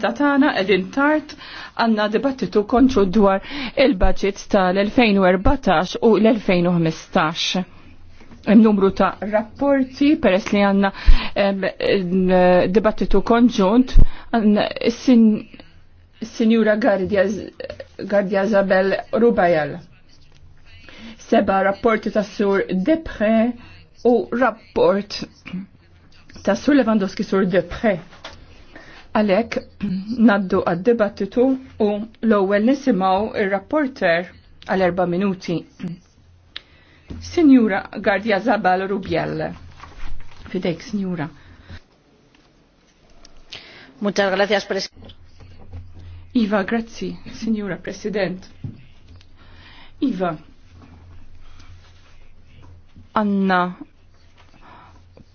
Datana edin tart għanna dibattitu kontru dwar il-budget tal-2014 u l-2015. Numru ta' rapporti peress li għanna dibattitu konġunt s-Sinjura Gardia Zabel Rubajal. Seba rapporti ta' sur Depre u rapport ta' sur Lewandowski sur Depre. Għalek, naddu għad debattitu u l-ewwel nisimaw ir-rapporter għal erba' minuti. Sinjura Gardia Zabal Rubjell. Fidejk, Sinjura. Muchas gracias, Presidente. Iva, grazzi, signora President. Iva, Anna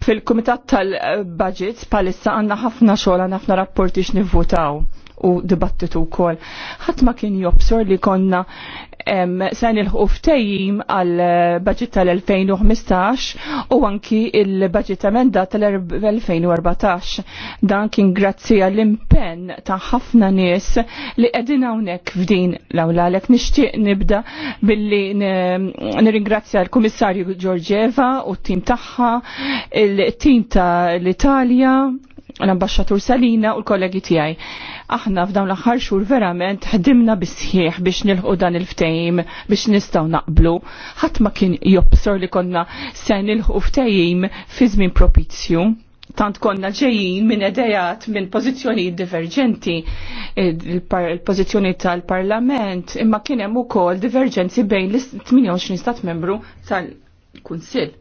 Fil-Kumitat tal-Budgets palissa għanna ħafna xogħol għanna ħafna rapporti x'nivvutaw u dibattitu wkoll. Ħadd ma kien jobsor li konna se il-ħuftajim għal budget tal-2015 u anki il-budget emenda tal-2014. Dan kien grazzi għall-impenn ta' ħafna nies li qegħdin hawnhekk f'din l-awla għalhekk nixtieq nibda billi nirringrazzja l-Kummissarju Giorgieva u t-tim tagħha, il-tim ta' l-Italja, l-ambasċatur Salina u l-kollegi tiegħi. Aħna f'dawn l-aħħar xhur verament ħdimna bisħieħ biex nilħu dan il-ftehim biex nistgħu naqblu. Ħadd ma kien jobsor li konna se nilħu ftehim fi żmien propizju tant konna ġejjin minn edejat minn pożizzjonijiet diverġenti il-pożizzjoni tal-Parlament imma kien hemm ukoll divergenzi bejn l-28 stat membru tal-Kunsill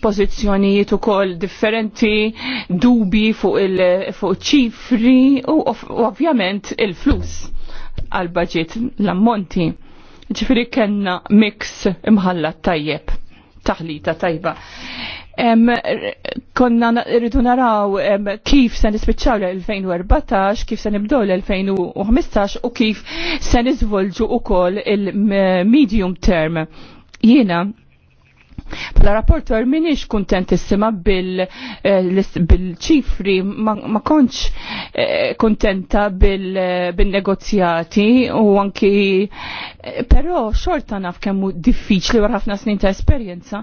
pozizjonijiet u koll differenti, dubi fuq il-ċifri u ovvjament il-flus għal-budget l-ammonti. Ġifiri kena mix imħallat tajjeb, taħlita tajba. Em, konna rridu naraw em, kif se nispiċċaw l-2014, kif se nibdow l-2015 u kif se niżvolġu ukoll il-medium term. Jiena Pala rapporter minix issima eh, bil-ċifri, ma konċ eh, kontenta eh, bil-negozjati u anki, pero xorta naf kemmu diffiċli li ħafna snin ta' esperienza,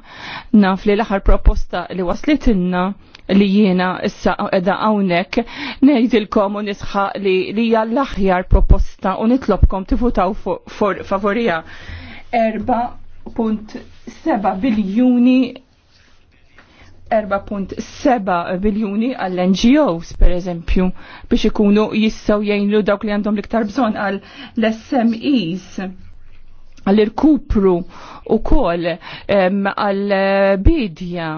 naf li l-aħar proposta li waslitinna li jiena issa edha għawnek nejdilkom u nisħa li li l-aħjar proposta u nitlobkom tifutaw favorija erba' 4.7 biljuni 4.7 biljuni għall-NGOs, per eżempju, biex ikunu jissaw jgħinlu dawk li għandhom liktar bżon għall-SMEs għall-irkupru u kol għall-bidja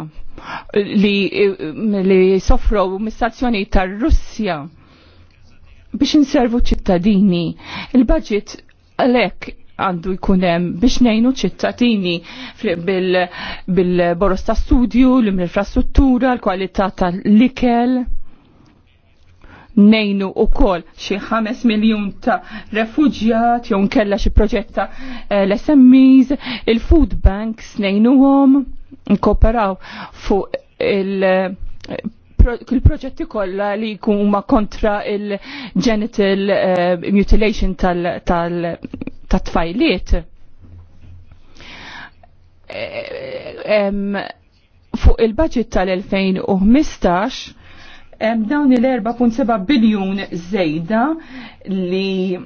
li, li soffru mistazzjoni tar-Russja biex inservu ċittadini. Il-budget għalek għandu jkunem biex nejnu ċittatini bil-boros ta' studju, l-infrastruttura, l-kwalità tal-likel. Nejnu u kol xie 5 miljon ta' refugjat, jew nkella xie proġetta eh, l-SMEs, il-food banks nejnu għom, nkoperaw fuq il- il-proġetti kollha li jkun kontra il-genital uh, mutilation tal-, tal ta' tfajliet e, e, fuq il-budget tal-2015 dawn il-4.7 biljun zejda li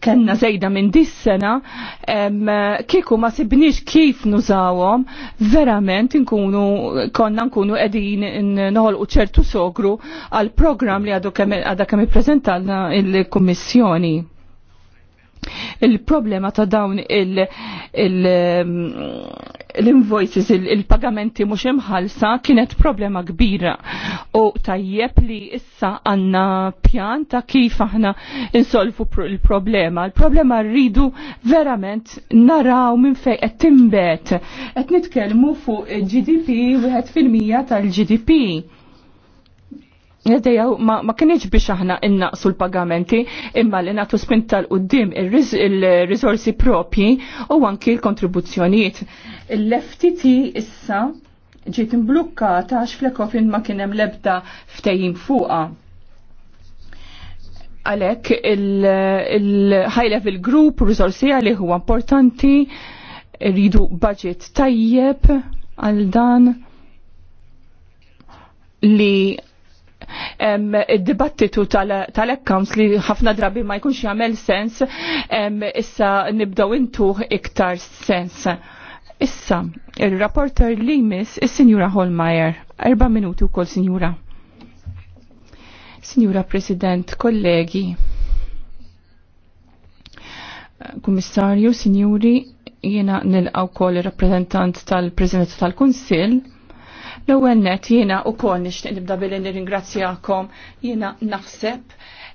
kenna zejda minn dis sena kieku ma sibniex kif nużawhom verament nkunu konna nkunu qegħdin noħolqu ċertu sogru għal programm li għadu kemm ippreżentalna il-Kummissjoni il-problema ta' dawn mm, l-invoices, il-pagamenti mux imħalsa kienet problema kbira u tajjeb li issa għanna pjan ta' kif aħna insolfu il-problema. Il-problema rridu verament naraw minn fej qed timbet. Qed nitkellmu fuq GDP wieħed fil-mija tal-GDP Dejaw, ma, ma kienieċ biex aħna innaqsu l-pagamenti imma li natu spinta l-qoddim il-rizorsi propji u anki l-kontribuzzjonijiet. L-FTT issa ġiet imblukkata għax fl-ekofin ma kienem lebda ftejim fuqa għalek il-high level group risorsi għalli huwa importanti rridu budget tajjeb għal dan li id-dibattitu tal-accounts li ħafna drabi ma jkunx jagħmel sens issa nibdaw intuh iktar sens. Issa, il-rapporter li miss is-Sinjura Holmeyer. Erba minuti wkoll, Sinjura. Sinjura President, kollegi, Kummissarju, Sinjuri, jiena nil-awkol kol il-rappresentant tal-President tal-Kunsil L-ewwel jena jiena wkoll nixtieq nibda billi nirringrazzjakom. Jiena naħseb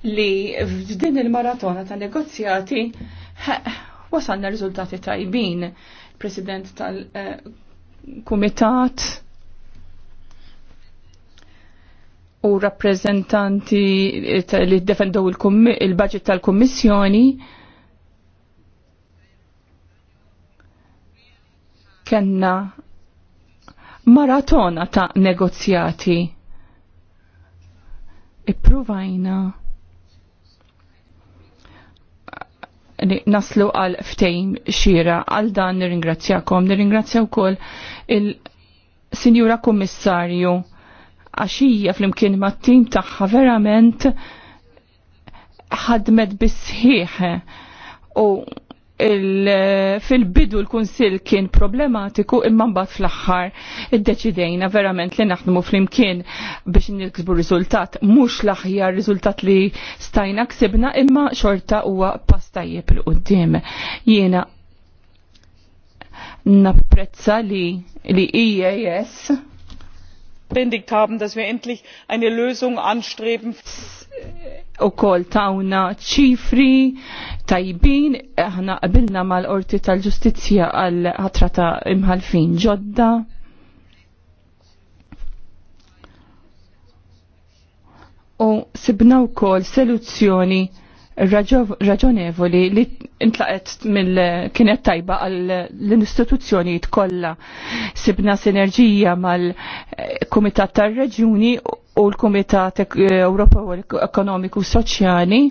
li f'din il-maratona ta' negozjati wasalna riżultati tajbin. President tal-Kumitat eh, u rappreżentanti eh, li defendow il-budget tal-Kummissjoni kenna maratona ta' negozjati. Ippruvajna naslu għal ftejm xira għal dan nirringrazzjakom, nirringrazzja kol il-Sinjura Kommissarju għaxija fl-imkien mat tim tagħha, verament ħadmet bisħiħ u fil-bidu l-Kunsil kien problematiku imma mbagħad fl-aħħar iddeċidejna verament li naħdmu flimkien biex niksbu rizultat mhux l-aħjar rizultat li stajna ksibna imma xorta huwa pass tajjeb il qudiem Jiena napprezza li li IAS e haben, dass wir endlich eine Lösung anstreben u kol tawna ċifri tajbin aħna qabilna mal-orti tal-ġustizja għal ħatra ta' imħalfin ġodda. U sibna u kol soluzzjoni raġonevoli li intlaqet mill kienet tajba għall-istituzzjonijiet kollha. Sibna sinerġija mal-Kumitat tar-Reġjuni u l-Kumitat Ewropew Ekonomiku Soċjali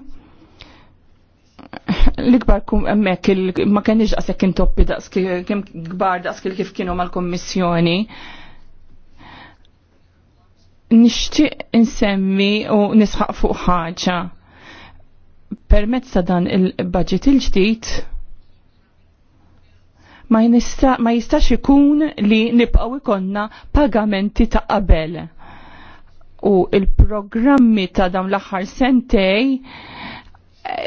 l-ikbar kum emmek, ma kenniġ għasek intoppi daqski, kem gbar daqski kif kienu mal-kommissjoni. Nishtiq insemmi u nisħaq fuq ħaġa permezz ta' dan il-budget il-ġdid ma, jinista, ma jistax ikun li nibqaw ikonna pagamenti ta' qabel. U il-programmi ta' dawn l-aħħar sentej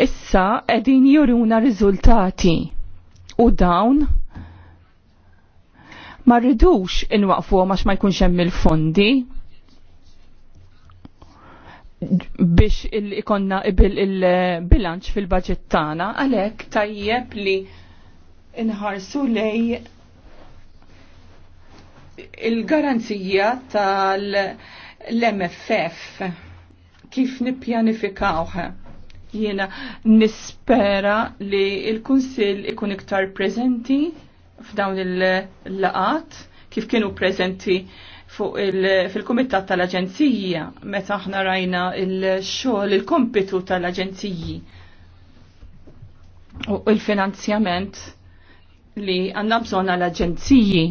issa qegħdin juruna riżultati. U dawn ma rridux inwaqfu għax ma jkunx hemm il-fondi biex ikonna il-bilanċ fil-budget tagħna, għalhekk tajjeb li inħarsu lej il-garanzija tal-MFF kif nippjanifikawha. Jiena nispera li il-Kunsill ikun iktar prezenti f'dawn il-laqat kif kienu prezenti. Fuq fil-Kumitat tal-Aġenzija meta aħna rajna il-xogħol il-kompitu tal-Aġenziji u il-finanzjament li għandna bżonna l-Aġenziji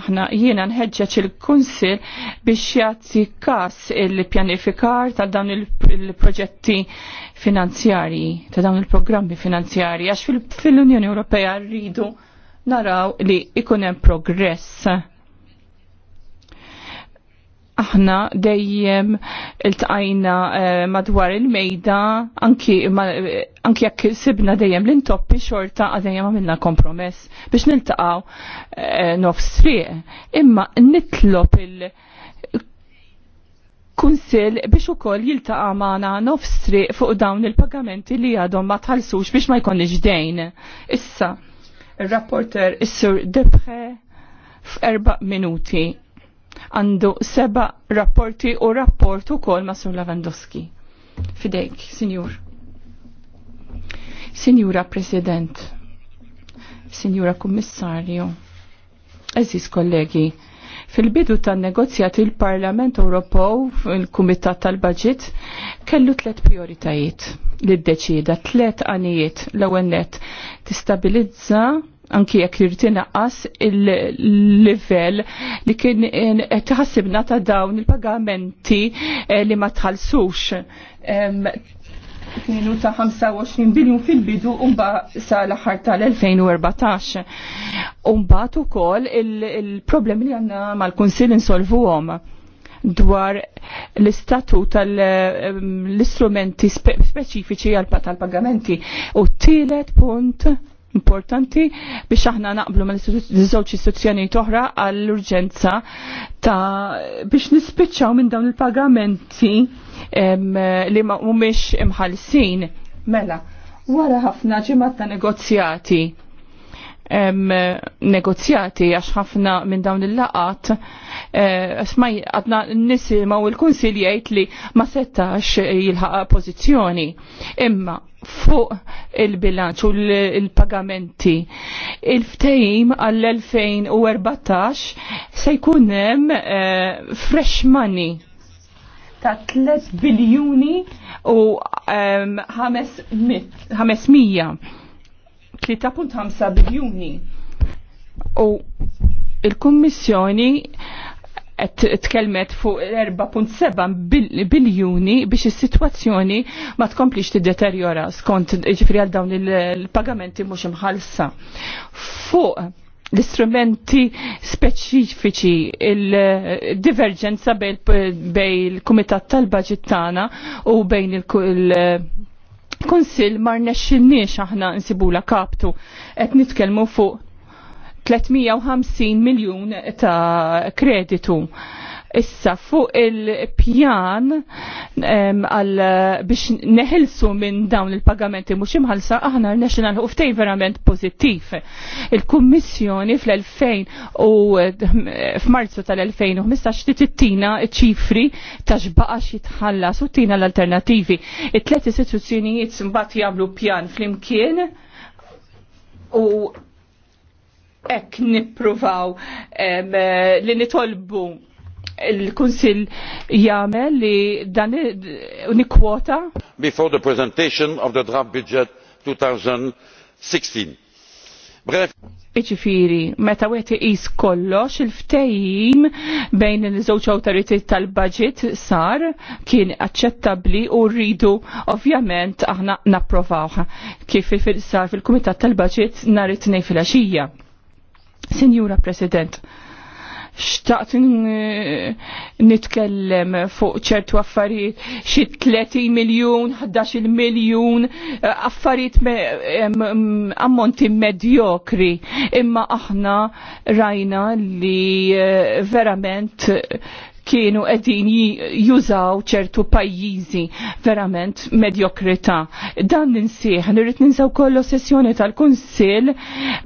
aħna jiena nħeġġeġ il-Kunsil biex jazzi każ il-pjanifikar ta' dawn il-proġetti finanzjarji, ta' dawn il-programmi finanzjarji, għax fil-Unjoni Ewropea rridu naraw li ikun hemm progress aħna dejjem il-tajna eh, madwar il-mejda anki jekk sibna dejjem l-intoppi xorta għadejjem għamilna kompromess biex niltaqaw eh, nofs Imma nitlob il- kunsil biex ukoll jiltaqa' magħna nofs fuq dawn il-pagamenti li għadhom ma tħallsux biex ma jkollniex dejn. Issa, ir-rapporter is-sur Debħe f'erba' minuti għandu seba rapporti u rapport ukoll ma' Sur Lavandoski. Fidejk, Sinjur. Sinjura President, Sinjura Kummissarju, Eżis kollegi, fil-bidu tan negozjat il-Parlament Ewropew, il-Kumitat tal-Budget, kellu tlet prioritajiet li d-deċida, tlet għanijiet l-ewwel net tistabilizza anki jekk irid inaqqas il-livell li kien taħsibna ta' dawn il-pagamenti eh, li ma tħallsux. Kienu ta' 25 biljun fil-bidu umba sa' l-aħħar tal-2014. tu ukoll il-problemi li għandna mal-Kunsil għom dwar l-istatu tal-istrumenti speċifiċi għal-pagamenti. U t-tielet punt importanti biex aħna naqblu mal żewġ istituzzjoni toħra għall-urġenza ta' biex nispiċċaw minn dawn il-pagamenti li ma' mumiex imħalsin. Mela, wara ħafna ġimgħat ta' negozjati negozjati għax ħafna minn dawn il-laqat smaj eh, għadna nisimaw il-kunsil jgħid li ma settax jilħaq pożizzjoni. Imma fuq il-bilanċ u l-pagamenti il-ftejim għall-2014 se jkun hemm eh, fresh money ta' 3 biljuni u 500 3.5 biljuni. U il kommissjoni qed tkellmet fuq 4.7 biljuni biex is-sitwazzjoni ma tkomplix tiddeteriora skont ġifri għal dawn il-pagamenti mhux imħallsa. Fuq l-istrumenti speċifiċi il-divergenza bej il-Kumitat tal-Baġit tagħna u bejn il- fil-Kunsill mar nexxinniex aħna la kaptu qed nitkellmu fuq 350 miljun ta' kreditu Issa fuq il-pjan biex neħilsu minn dawn il-pagamenti mhux imħalsa aħna national uftej verament pozittif. Il-Kummissjoni fl-2000 u f'Marzu tal-2015 titittina ċifri ta' x'baqax jitħallas u tina l-alternativi. It-tlet istituzzjonijiet mbagħad jagħmlu pjan flimkien u ek nipruvaw li nitolbu il-Kunsil jagħmel li dan nikwota? Before the presentation of the draft budget 2016. Bref. Iġifiri, meta wet iqis kollox il-ftejim bejn il-żewġ awtoritet tal-budget sar kien aċċettabbli u rridu ovvjament aħna napprovaw kif sar fil-Kumitat tal-Budget nhar it-tnejn fil-għaxija. President, xtaqt nitkellem fuq ċertu affarijiet xi 30 miljun, 11 miljun, affarijiet ammonti medjokri, imma aħna rajna li eh, verament kienu edin jużaw ċertu pajjiżi verament medjokrita. Dan ninsieħ, nirrit ninsaw kollu sessjoni tal-Kunsil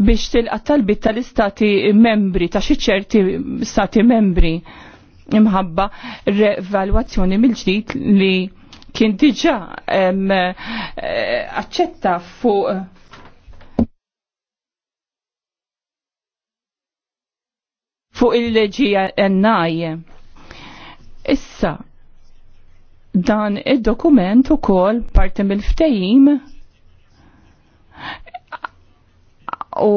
biex tilqa talbit tal-istati membri, ta' xi ċerti stati membri imħabba revalwazzjoni mill-ġdid li kien diġa eh, aċċetta fuq fuq il-leġi NI Issa, dan id-dokument ukoll parti mill-ftejim u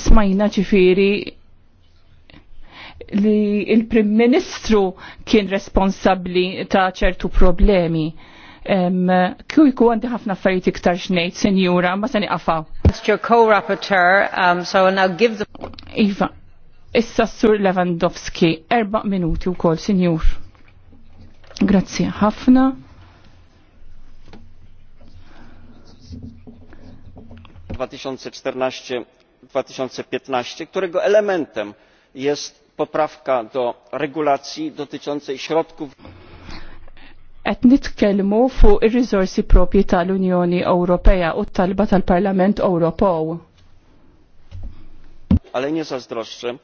smajna ċifiri li il-Prim Ministru kien responsabli ta' ċertu problemi. Kju jku għandi ħafna affarijiet iktar xnejt, senjura, ma sani qafaw. Mr. Co-Rapporteur, um, so now give the... Iva, Issa Sur Lewandowski, erba minuti u kol, sinjur. Grazie, ħafna. dwa tysiące którego elementem jest poprawka do regulacji dotyczącej środków qed nitkellmu fuq ir-riżorsi propji tal-Unjoni Ewropea u talba tal-Parlament Ewropew. Ale nie zazdroszczę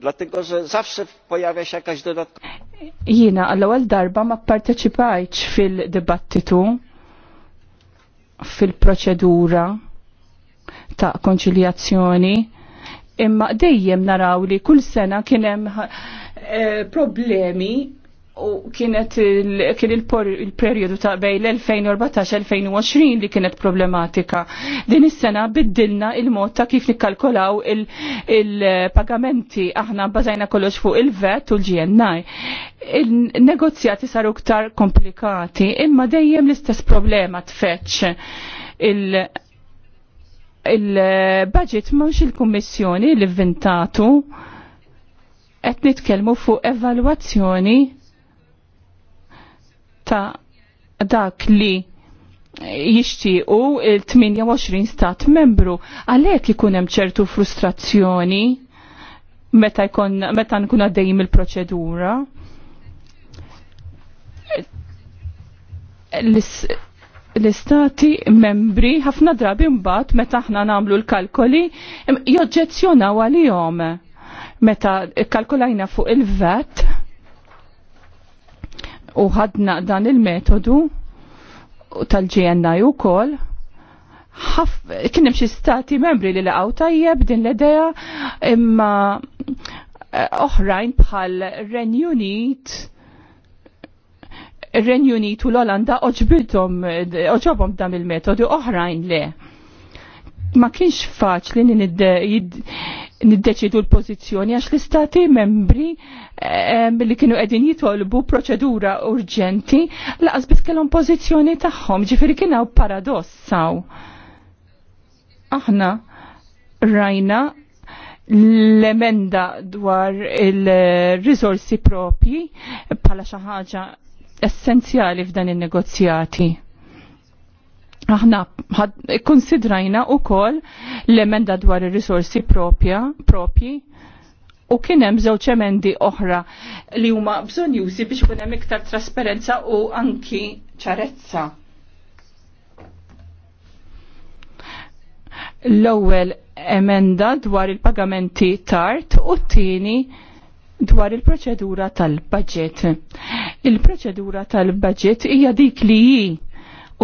dlatego że zawsze pojawia się jakaś dodatkowa. Jina, għall-ewwel darba ma pparteċipajtx fil-dibattitu fil-proċedura ta' konċiljazzjoni imma dejjem naraw li kull sena kien hemm eh, problemi u kienet kien il-periodu ta' bej l-2014-2020 li kienet problematika. Din is-sena biddilna il-mod ta' kif nikkalkolaw il-pagamenti il aħna bażajna kollox fuq il-vet u l-GNI. Il-negozjati saru ktar komplikati imma dejjem l-istess problema tfetx il- il-budget mux il-kummissjoni l-inventatu qed nitkellmu fuq evalwazzjoni ta' dak li jixtiequ il-28 stat membru għalhekk ikun hemm ċertu frustrazzjoni meta jkun meta nkun għaddejjim il-proċedura. L-istati membri ħafna drabi mbagħad meta aħna nagħmlu l-kalkoli joġġezzjonaw għalihom meta kalkolajna fuq il-vet u ħadna dan il-metodu tal-GNI u kol kienem xi stati membri li laqaw tajjeb din l-idea imma eh, oħrajn bħal Renju Unit Renju Unit u l-Olanda oġbilhom oġobhom dam il metodu oħrajn le. Ma kienx faċli li niddeċidu l-pozizjoni għax l-istati membri eh, li kienu qegħdin jitolbu proċedura urġenti laqas biss kellhom pożizzjoni tagħhom, ġifieri kien paradoss saw. Aħna rajna l-emenda dwar il-risorsi propji bħala xi ħaġa essenzjali f'dan in-negozjati aħna konsidrajna u koll l-emenda dwar il-risorsi propji u kienem zewċ emendi oħra li huma bżonjużi biex kunem iktar trasparenza u anki ċarezza. L-ewwel emenda dwar il-pagamenti tard u t-tieni dwar il-proċedura tal-budget. Il-proċedura tal-budget hija dik li hi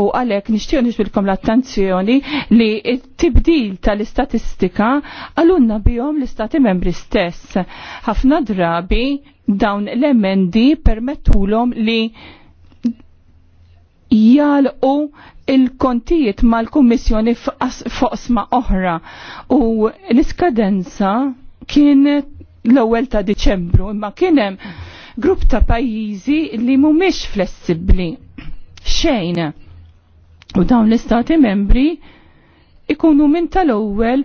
u għalek nishtiju nixbilkom l-attenzjoni li t-tibdil tal-istatistika għalunna bijom l-istati membri stess. ħafna drabi dawn l-emendi permettulom li jgħalqu il-kontijiet mal-Kummissjoni f'osma oħra u l-iskadenza kien l-ewwel ta' Diċembru imma kien hemm grupp ta' pajjiżi li mhumiex flessibbli xejn U dawn l-istati membri ikunu minn tal-ewwel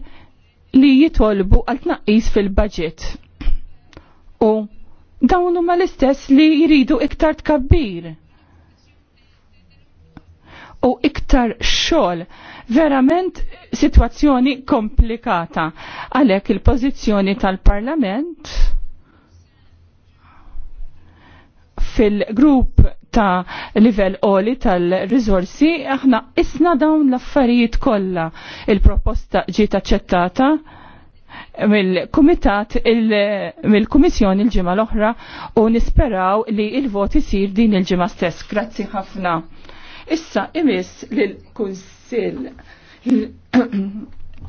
li jitolbu għal tnaqqis fil-budget. U dawn huma l-istess li jridu iktar tkabbir. U iktar xogħol verament sitwazzjoni komplikata għalhekk il-pożizzjoni tal-Parlament fil-grupp ta' livell oli tal-rizorsi, aħna isna dawn l-affarijiet kollha. Il-proposta ġiet aċċettata mill-Kumitat mill-Kummissjoni l-ġimgħa l-oħra u nisperaw li il-vot isir din il-ġimgħa stess. Grazzi ħafna. Issa imiss lill-Kunsill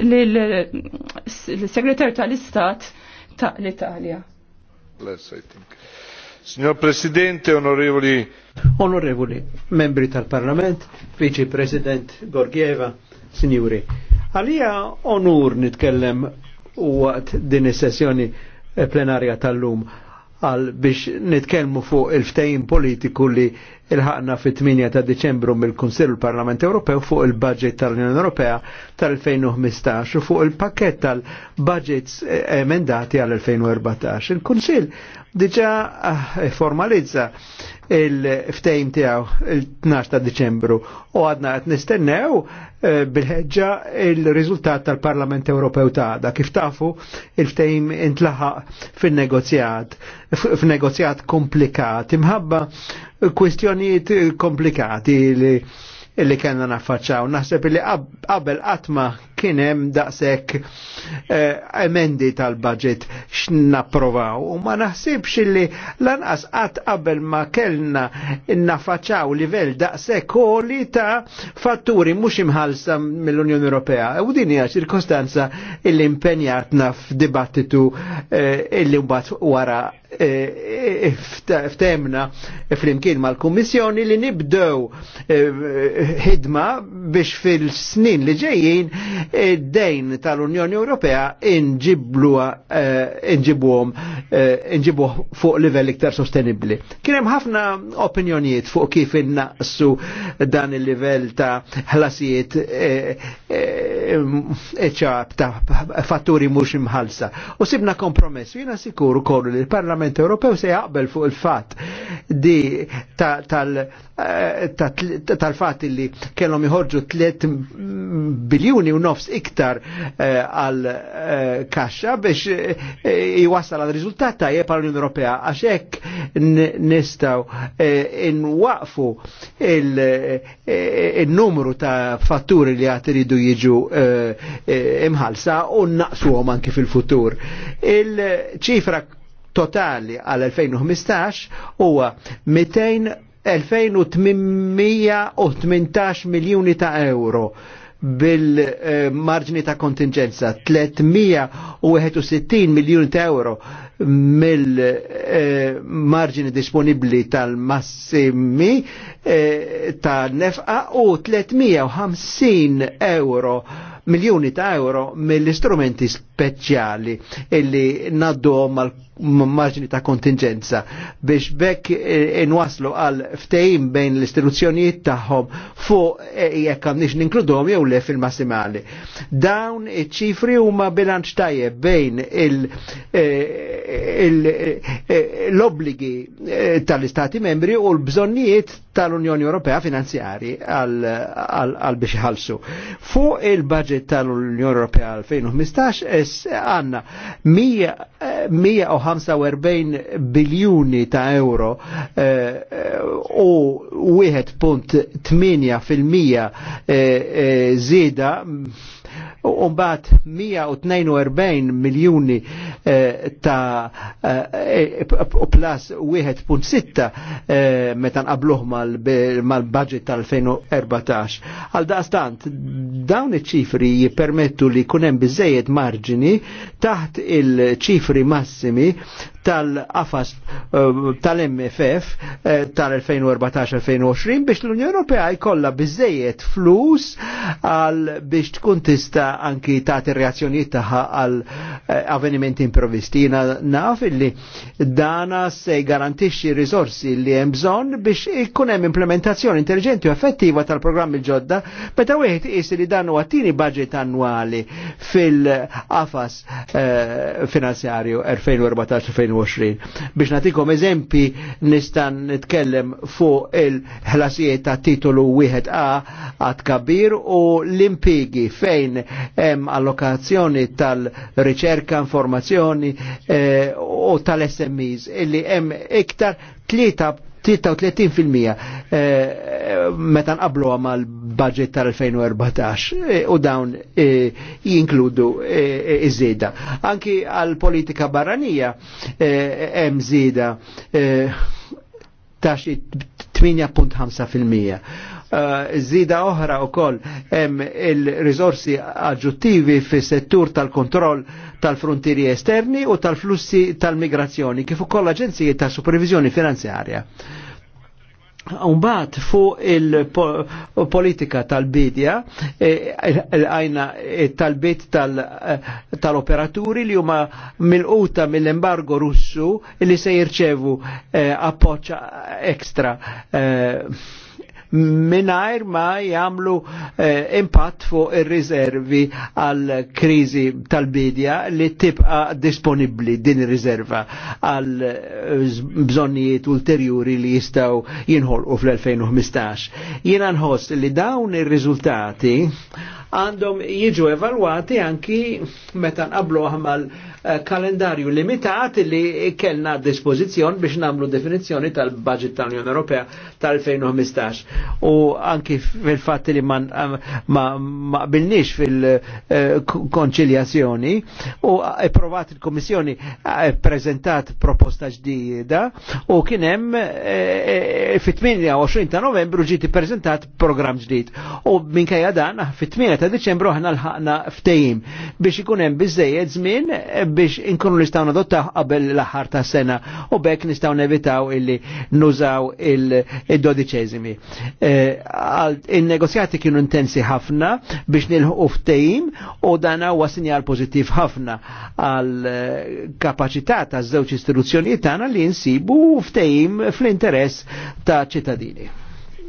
lill-Segretar tal-Istat ta' l-Italja. Bless, I think. Signor Presidente, onorevoli... Onorevoli, membri tal-Parlament, Vice President Gorgieva, Signori, għalija onur nitkellem waqt din is-sessjoni plenarja tal-lum għal biex nitkellmu fuq il-ftejn politiku li il-ħakna fit-8 ta' Deċembru mill-Kunsill Parlament Ewropew fuq il-budget tal-Unjoni Ewropea tal-2015 u fuq il-pakket tal-budgets eh, emendati għal-2014. Il-Kunsill diġa ah, e, formalizza il-ftejm tiegħu il-12 ta' Diċembru u għadna qed nistennew eh, bil-ħeġġa il-riżultat tal-Parlament Ewropew ta' Kif tafu il-ftejm intlaħaq fin-negozjat f'negozjat komplikat imħabba kwistjonijiet komplikati li li kena naffaċċaw. Naħseb li qabel qatma kienem daqsek eh, emendi tal-budget x'napprovaw u ma naħsibx li lanqas qatt qabel ma kellna nafaċaw livell daqsek li ta' fatturi mhux imħalsa mill-Unjoni Ewropea. U din hija ċirkostanza illi impenjatna f'dibattitu eh, illi mbagħad wara eh, ftemna fl-imkien mal-Kummissjoni li nibdew ħidma biex fil-snin li ġejjin id-dejn tal-Unjoni Ewropea eh, inġibuhom eh, inġibu fuq livell iktar sostenibbli. Kien hemm ħafna opinjonijiet fuq kif innaqsu dan il-livell ta' ħlasijiet eh, ċab ta' fatturi mhux imħalsa. U sibna kompromess, jiena sikuru kollu li l-Parlament Ewropew se jaqbel fuq il-fatt di tal-fatt li kellhom iħorġu 3 biljuni u nofs nofs iktar eh, għal eh, kaxxa biex jwassal eh, għal riżultat tajjeb jepa l-Unjoni Ewropea għax hekk nistgħu nwaqfu il-numru ta' fatturi li għat iridu jiġu imħalsa u naqsuhom anki fil-futur. Il-ċifra totali għal 2015 huwa 200 2818 miljoni ta' euro bil-marġni ta' kontingenza 361 miljoni ta' euro mill-marġni disponibli tal-massimi eh, tal-nefqa u 350 euro miljoni ta' euro mill-istrumenti speċjali illi naddu mal marġni ta' kontingenza biex bekk inwaslu e, e, għal ftejim bejn l-istituzzjonijiet tagħhom fuq e, jekk għandix ninkludhom jew le fil-massimali. Dawn iċ-ċifri huma bilanċ tajjeb bejn l-obbligi tal-Istati membri u l-bżonnijiet tal-Unjoni Ewropea finanzjari għal biex ħalsu. Fuq il-budget tal-Unjoni Ewropea 2015 għandna 100 45 biljuni ta' euro eh, eh, u 1.8% eh, zida u mbagħad 142 miljuni ta' eh, e, plus 1.6 meta nqabluh mal-budget tal-2014. Għal daqstant, dawn iċ-ċifri jippermettu li jkun hemm biżejjed marġini taħt il-ċifri massimi tal-qafas eh, tal-MFF eh, tal-2014-2020 biex l-Unjoni Ewropea jkollha biżejjed flus għal biex tkun tista anki tagħti reazzjonijiet tagħha għal eh, avvenimenti improvisti. naf illi dana se jgarantixxi risorsi li hemm bżonn biex ikun hemm implementazzjoni intelligenti u effettiva tal-programmi ġodda meta wieħed qis li dan huwa tieni budget annwali fil-qafas eh, finanzjarju 2014-2020. Biex nagħtikom eżempi nistan nitkellem fuq il-ħlasijiet ta' titolu wieħed A għad kabir u l-impigi fejn fejn hemm allokazzjoni tal-riċerka, informazzjoni eh, u tal-SMEs illi hemm iktar 33% eh, meta nqablu mal budget tal-2014 eh, u dawn eh, jinkludu eh, iż-żieda. Anki għal politika barranija hemm żieda ta' xi 8.5%. Eh, zida oħra u koll hemm il-rizorsi aġġuttivi fis settur tal-kontroll tal-frontieri esterni u tal-flussi tal-migrazzjoni kif ukoll l-Aġenziji ta' Supervizjoni Finanzjarja. Umbat fu il-politika tal-bidja, eh, għajna eh, tal bid tal-operaturi li huma mil-quta mill-embargo russu li se jirċevu appoċa ekstra. Eh, minajr ma jamlu eh, impatt fuq ir rizervi għal krizi tal-bidja li tibqa disponibli din ir rizerva għal eh, bżonnijiet ulterjuri li jistaw jinħolqu fl-2015. Jiena nħoss li dawn ir-riżultati għandhom jiġu evalwati anki meta nqablu mal Eh, kalendarju limitat li kellna dispożizzjon biex namlu definizzjoni tal-budget tal-Unjoni Ewropea tal-2015. U anki fil-fatt li man, ma qbilniex fil-konċiljazzjoni u approvat il-Komissjoni eh, prezentat proposta ġdida u kien hemm e, eh, fit-28 ta' novembru ġiti prezentat program ġdid. U minkejja dan fit-8 ta' Deċembru aħna l ħana ftejim biex ikun hemm zmin żmien biex inkunu nistaw nadottaħ qabel l-aħħar ta' sena u bekk nistaw nevitaw illi nużaw il-dodiċezimi. Eh, il-negozjati kienu intensi ħafna biex nilħu ftejim u dan huwa sinjal pożittiv ħafna għal eh, kapacità ta' żewġ istituzzjonijiet tagħna li nsibu ftejim fl-interess ta' ċittadini.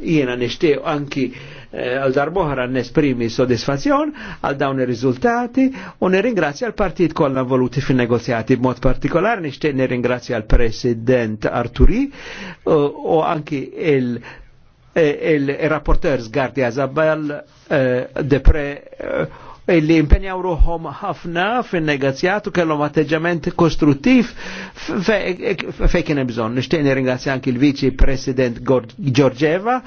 Jiena nixtieq anki Eh, għal darboħra n-esprimi soddisfazzjon għal dawn ir-riżultati u nirringrazzja l-partit kollha voluti fin-negozjati b'mod partikolari nixtieq nirringrazzja l-President Arturi eh, u anki il- eh, il-rapporters Gardia Zabal, Depre illi impenjaw ruħom ħafna fin negozjatu kellhom atteġġament kostruttiv fejn kien hemm bżonn. Nixtieq nirringrazzja anki l-Viċi President Giorgeva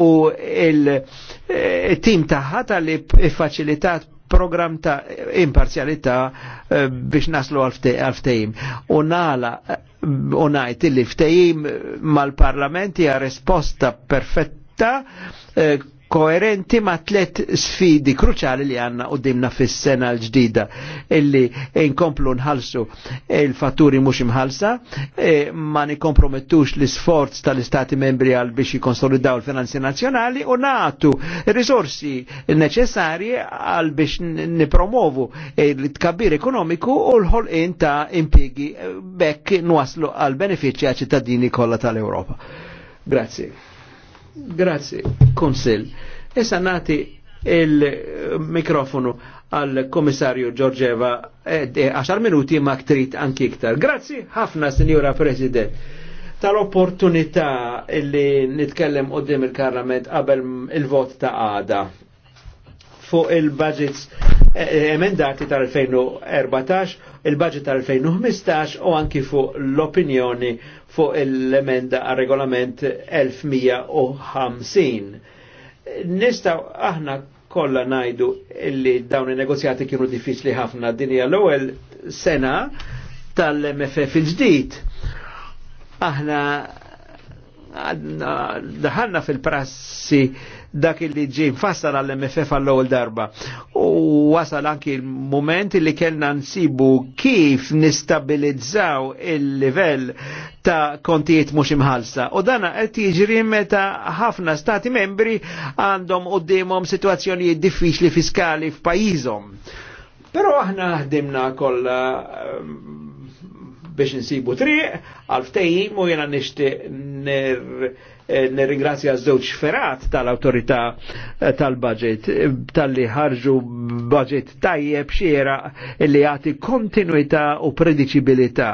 u il-tim eh, tagħha tal-li ffaċilitat program ta' imparzjalità eh, biex naslu għal-ftejim. U nala eh, u najt li ftejim mal-parlamenti għal resposta perfetta koerenti ma' tlet sfidi kruċali li għanna u dimna fis-sena l-ġdida illi inkomplu nħalsu il-fatturi mux imħalsa, e, ma nikompromettux l-sforz tal-Istati membri għal biex jikonsolidaw l-finanzi nazjonali u natu risorsi neċessari għal biex nipromovu l tkabbir ekonomiku u l-ħolqin ta' impiegi bekk nwaslu għal benefiċċja ċittadini kollha tal-Europa. Grazie. Grazie, Konsil. Issa nati il-mikrofonu għal komissarju Giorgeva 10 minuti ma ktrit anki iktar. Grazzi ħafna, Signora President, tal-opportunità li nitkellem qoddim il-Parlament qabel il-vot ta' għada fuq il-budgets eh, emendati tal-2014, il-budget tal-2015 u anki fuq l-opinjoni fuq l-emenda għal regolament 1150. Nistaw aħna kolla najdu illi dawn il-negozjati kienu diffiċli ħafna dinja l-ewwel sena tal-MFF il-ġdid. Aħna daħanna fil-prassi dak li ġi fassar għall-MFF għall-ewwel darba. U wasal anki l-moment li kellna nsibu kif nistabilizzaw il-livell ta' kontijiet mhux imħalsa. U dana qed jiġri meta ħafna stati membri għandhom qudiemhom sitwazzjonijiet diffiċli fiskali f'pajjiżhom. Però aħna ħdimna kollha ehm, biex nsibu triq, għalftejjim u jena nishti nir Eh, nirringrazzja żewġ ferat tal-autorità eh, tal-budget eh, tal-li ħarġu budget tajjeb xiera li jagħti kontinuità u prediċibilità.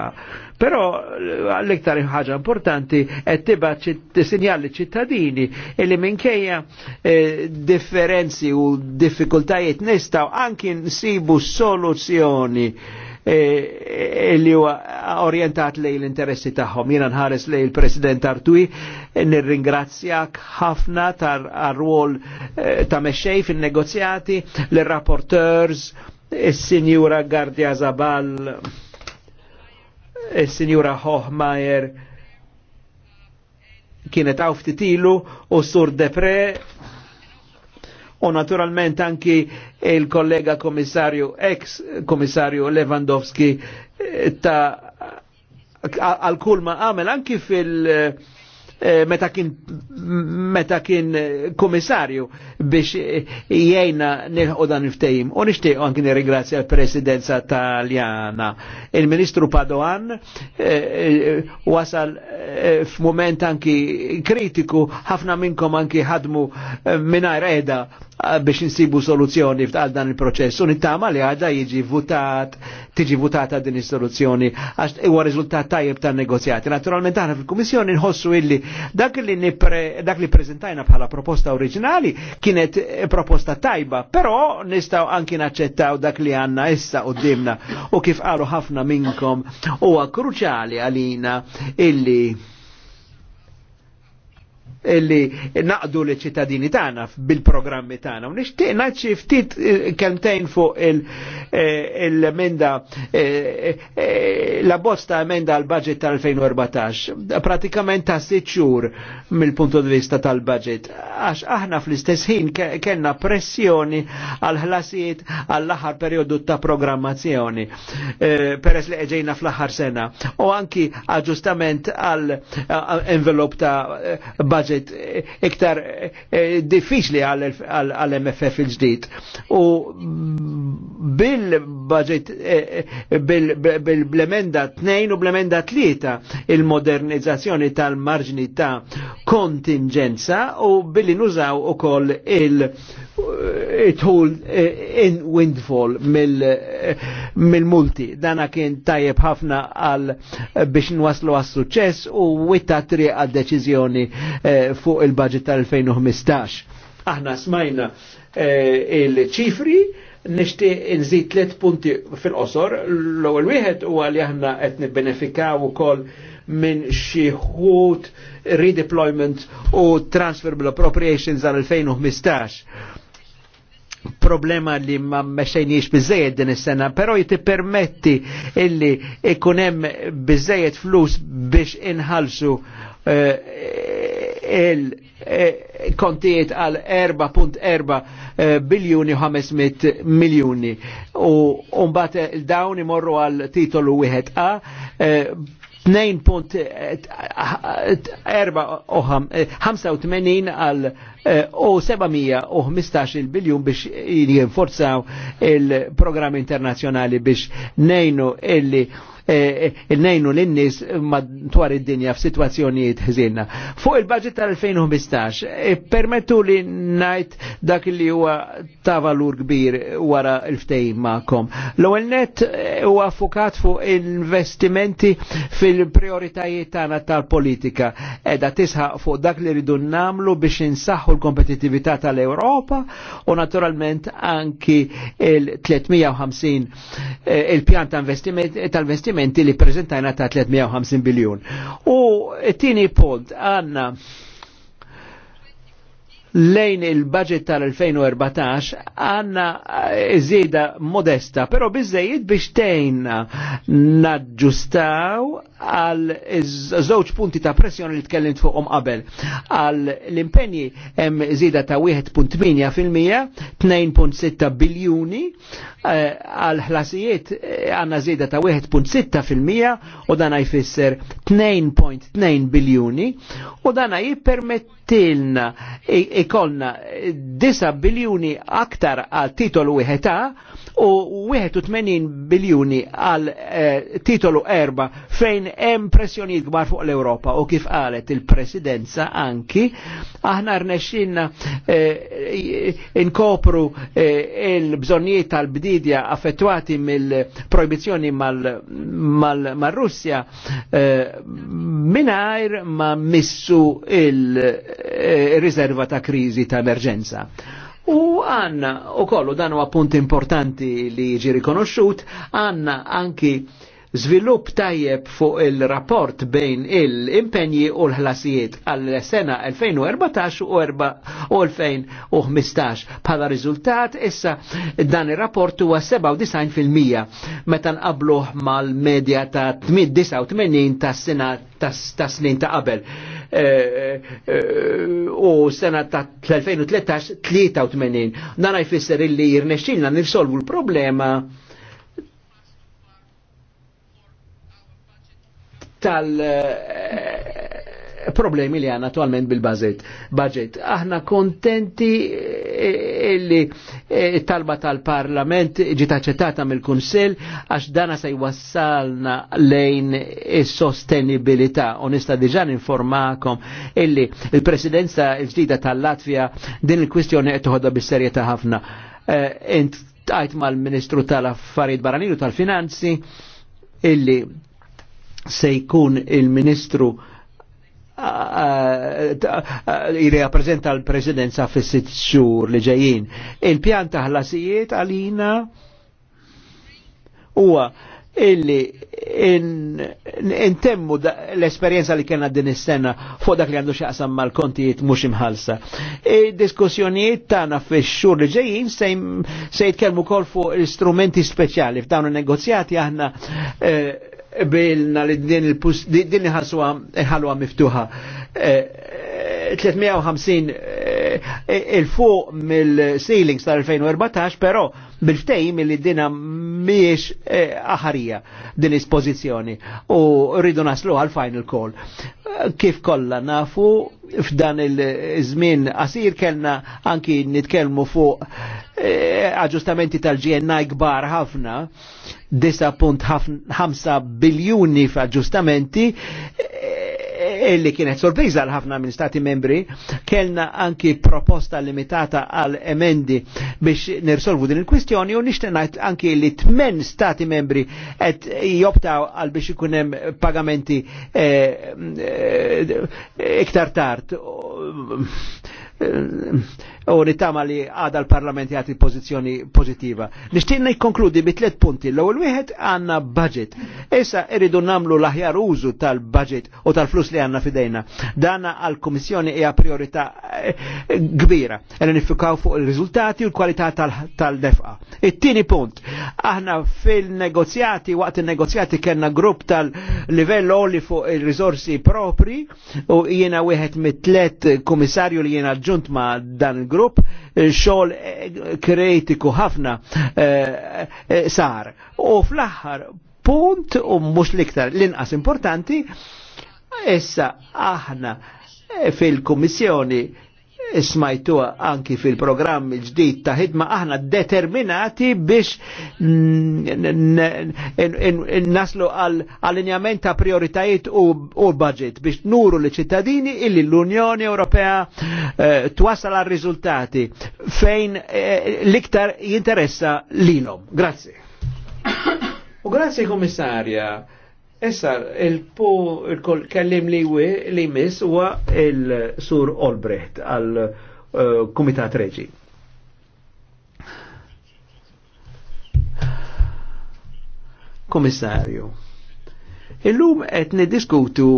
Però l-iktar ħaġa importanti qed tibgħat tisinjali ċittadini li minkejja differenzi u diffikultajiet nistgħu anki nsibu soluzzjoni E, e, li huwa orientat lej l-interessi tagħhom. Jiena nħares lej il-President Artui e, nirringrazzjak ħafna tar-rwol ar ta' mexxej fin-negozjati, l-rapporteurs, is-Sinjura Gardia Zabal, is-Sinjura Hochmeier, kienet għaw ftitilu u sur depre u naturalment anki il-kollega komissarju, ex komissarju Lewandowski eh, ta' għal kull ma għamel anki fil- eh, meta kien meta kien eh, komissarju biex jgħajna nilħu dan il-ftejim. U nishtiq anki nirringrazzja l-presidenza taljana. Il-ministru Padoan wasal f'moment anki kritiku, ħafna minnkom anki ħadmu mingħajr edha biex insibu soluzzjoni f'tal dan il-proċess. U nittama li għadha jiġi votat, tiġi votata din is-soluzzjoni għax huwa riżultat tajjeb tan-negozjati. Naturalment aħna fil-Kummissjoni nħossu illi dak li dak li preżentajna bħala proposta oriġinali kienet eh, proposta tajba, però nistgħu anki naċċettaw dak li għandna issa qudiemna u kif qalu ħafna minnkom huwa kruċjali għalina illi illi naqdu li ċittadini tagħna bil-programmi tagħna u nixtieq naċċi ftit eh, kemtejn fuq eh, il-emenda eh, la bosta emenda għal budget tal-2014 pratikament ta' siċur mill punt di vista tal-budget għax aħna fl-istess ħin kellna pressjoni għal ħlasijiet għall-aħħar perjodu ta' programmazzjoni peress li ġejna fl-aħħar sena u anki aġġustament għal envelop ta' budget budget eh, iktar eh, diffiċli għal-MFF il-ġdid. U bil-budget, eh, bil-blemenda 2 u blemenda 3 il-modernizzazzjoni tal-marġni ta' kontingenza u billi nużaw u koll il-tool in windfall mill-multi. Dana kien tajjeb ħafna għal biex nwaslu għas suċess u witta triq għal deċizjoni e, Eh, fuq il-budget tal-2015. Aħna smajna eh, il-ċifri, nishti nżid tliet punti fil-qosor, l-ewwel wieħed huwa li aħna qed nibbenefikaw ukoll minn xi ħut redeployment u transferable appropriations għal 2015 problema li ma mexejniex bizzejed din is-sena, però jitippermetti illi ikun hemm biżejjed flus biex inħalsu eh, il kontiet għal 4.4 eh, biljuni 500 miljuni. U mbagħad il-dawn eh, imorru għal titolu wieħed A 2.85 eh, għal u 715 il-biljun biex jinforzaw il-programm internazjonali biex nejnu illi Eh, eh, il-nejnu l-innis madwar id-dinja f'sitwazzjonijiet ħżinna. Fuq il-budget tal-2015, eh, permettu li najt dak li huwa ta' valur kbir wara il-ftejn ma'kom. L-ewwel net huwa fukat fuq investimenti fil-prioritajiet tagħna tal-politika edha tisħaq fuq dak li ridu namlu biex insaħħu l kompetitività tal-Europa u naturalment anki il-350 il-pjan tal investimenti l li prezentajna ta' 350 biljun. U t-tini punt għanna lejn il-budget tal-2014 għanna iżida eh, modesta, pero bizzejiet biex tejna naġġustaw għal żewġ punti ta' pressjoni li tkellimt fuqhom qabel. Għal l-impenji hemm iżida ta' 1.8 fil-mija, 2.6 biljuni, eh, għal ħlasijiet eh, għanna żieda ta' 1.6 fil-mija u dan jfisser 2.2 biljuni u dan jippermettilna ikonna disa' biljuni aktar għal titol wieħed u 81 biljuni għal eh, titolu erba fejn hemm pressjonijiet kbar fuq l-Ewropa u kif qalet il-presidenza anki aħna rnexxinna eh, inkopru eh, il-bżonnijiet tal-bdidja affettwati mill-projbizzjoni mal-Russja mingħajr ma missu il-riserva ta' kriżi ta' emerġenza. U għanna, u kollu dan u punt importanti li ġi rikonoxxut, għanna anki Zvilup tajjeb fuq il-rapport bejn il-impenji u l-ħlasijiet għall-sena 2014 u 2015. Bħala riżultat, issa dan il-rapport huwa 97% meta nqabluh mal-medja ta' 89 ta' sena ta' snin ta' qabel. Eh, eh, u sena ta' 2013 83. Dan jfisser illi jirnexxilna nifsolvu l-problema tal-problemi li għanna attualment bil bazet Budget. Aħna kontenti eh, eh, illi eh, talba tal-parlament ġiet aċċettata mill-Kunsell għax dana se jwassalna lejn is-sostenibilità. Onesta diġà informakom illi il-presidenza il ġdida tal-Latvja din il-kwistjoni qed toħodha bis-serjetà ħafna. Int l mal-Ministru tal-Affarijiet Barranin u tal-Finanzi illi se jkun il-Ministru jirreapprezenta l-presidenza fis sitt xhur li ġejjin. Il-pjan ta' ħlasijiet għalina huwa illi intemmu l-esperienza li kena din is-sena fuq dak li għandu xaqsam mal-kontijiet mhux imħalsa. Id-diskussjonijiet tagħna fix-xhur li ġejjin se jitkellmu wkoll fuq istrumenti speċjali f'dawn in-negozjati aħna eh, bilna li din il-pus, din ħaswa ħalwa miftuħa. 350 eh, eh, eh, il-fuq mill-ceilings tal-2014, pero bil ftejm li dina miex aħarija din ispożizzjoni u rridu naslu għal-final call. Kif kollha nafu f'dan il-żmien qasir kellna anki nitkellmu fuq aġġustamenti tal-GNI kbar ħafna 9.5 biljuni f'aġġustamenti eh, illi kienet sorpriża għal ħafna minn stati membri, kellna anki proposta limitata għal emendi biex nirsolvu din il-kwistjoni u nishtenajt anki li tmen stati membri et joptaw għal biex ikunem pagamenti iktar e, eh, eh, tard eh, u nittama li għada l-Parlament jgħati pozizjoni pozitiva. Nishtinna jkonkludi bi tliet punti. L-ewwel wieħed għandna budget. Issa irridu namlu l-aħjar użu tal-budget u tal-flus li għandna fidejna. Dana għall-Kummissjoni hija priorità eh, kbira. Qed nifikaw fuq il-riżultati u l-kwalità tal-defqa. It-tieni punt. Aħna fil-negozjati waqt il-negozjati kellna grupp tal-livell li fuq il rizorsi propri u jiena wieħed mit-tlet komissarju li jiena ġunt ma' dan il-grupp xogħol eh, kreatiku ħafna eh, eh, sar. U fl-aħħar punt u mhux l-iktar l-inqas importanti issa aħna fil-Kummissjoni smajtu anki fil-programm il-ġdid ta' ħidma aħna determinati biex naslu għal linjament ta' prioritajiet u budget biex nuru li ċittadini illi l-Unjoni Ewropea eh, twasal għal riżultati fejn eh, l-iktar jinteressa lilhom. Grazie. U grazie komissarja Issa, il-po, il-kellim li we li mis huwa il-sur Olbrecht għal eh, Kumitat Reġi. Komissarju, illum qed diskutu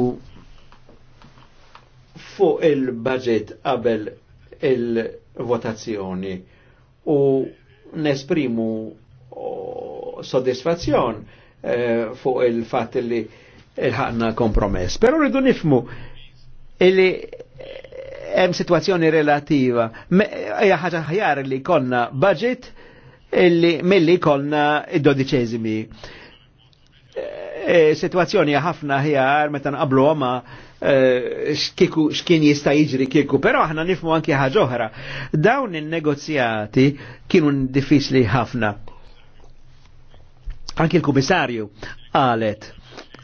fuq il-budget qabel il-votazzjoni u nesprimu oh, soddisfazzjon Eh, fuq il-fat li il-ħanna kompromess. Pero rridu nifmu illi eh, hemm situazzjoni relativa. Hija ħaġa ħjar li konna budget illi milli konna id-dodiċeżimi. Eh, situazzjoni ħafna ħjar meta nqablu ma x'kien jista' jiġri kieku, però aħna nifmu anki ħaġa oħra. Dawn in-negozjati kienu diffiċli ħafna anki l-Kummissarju għalet.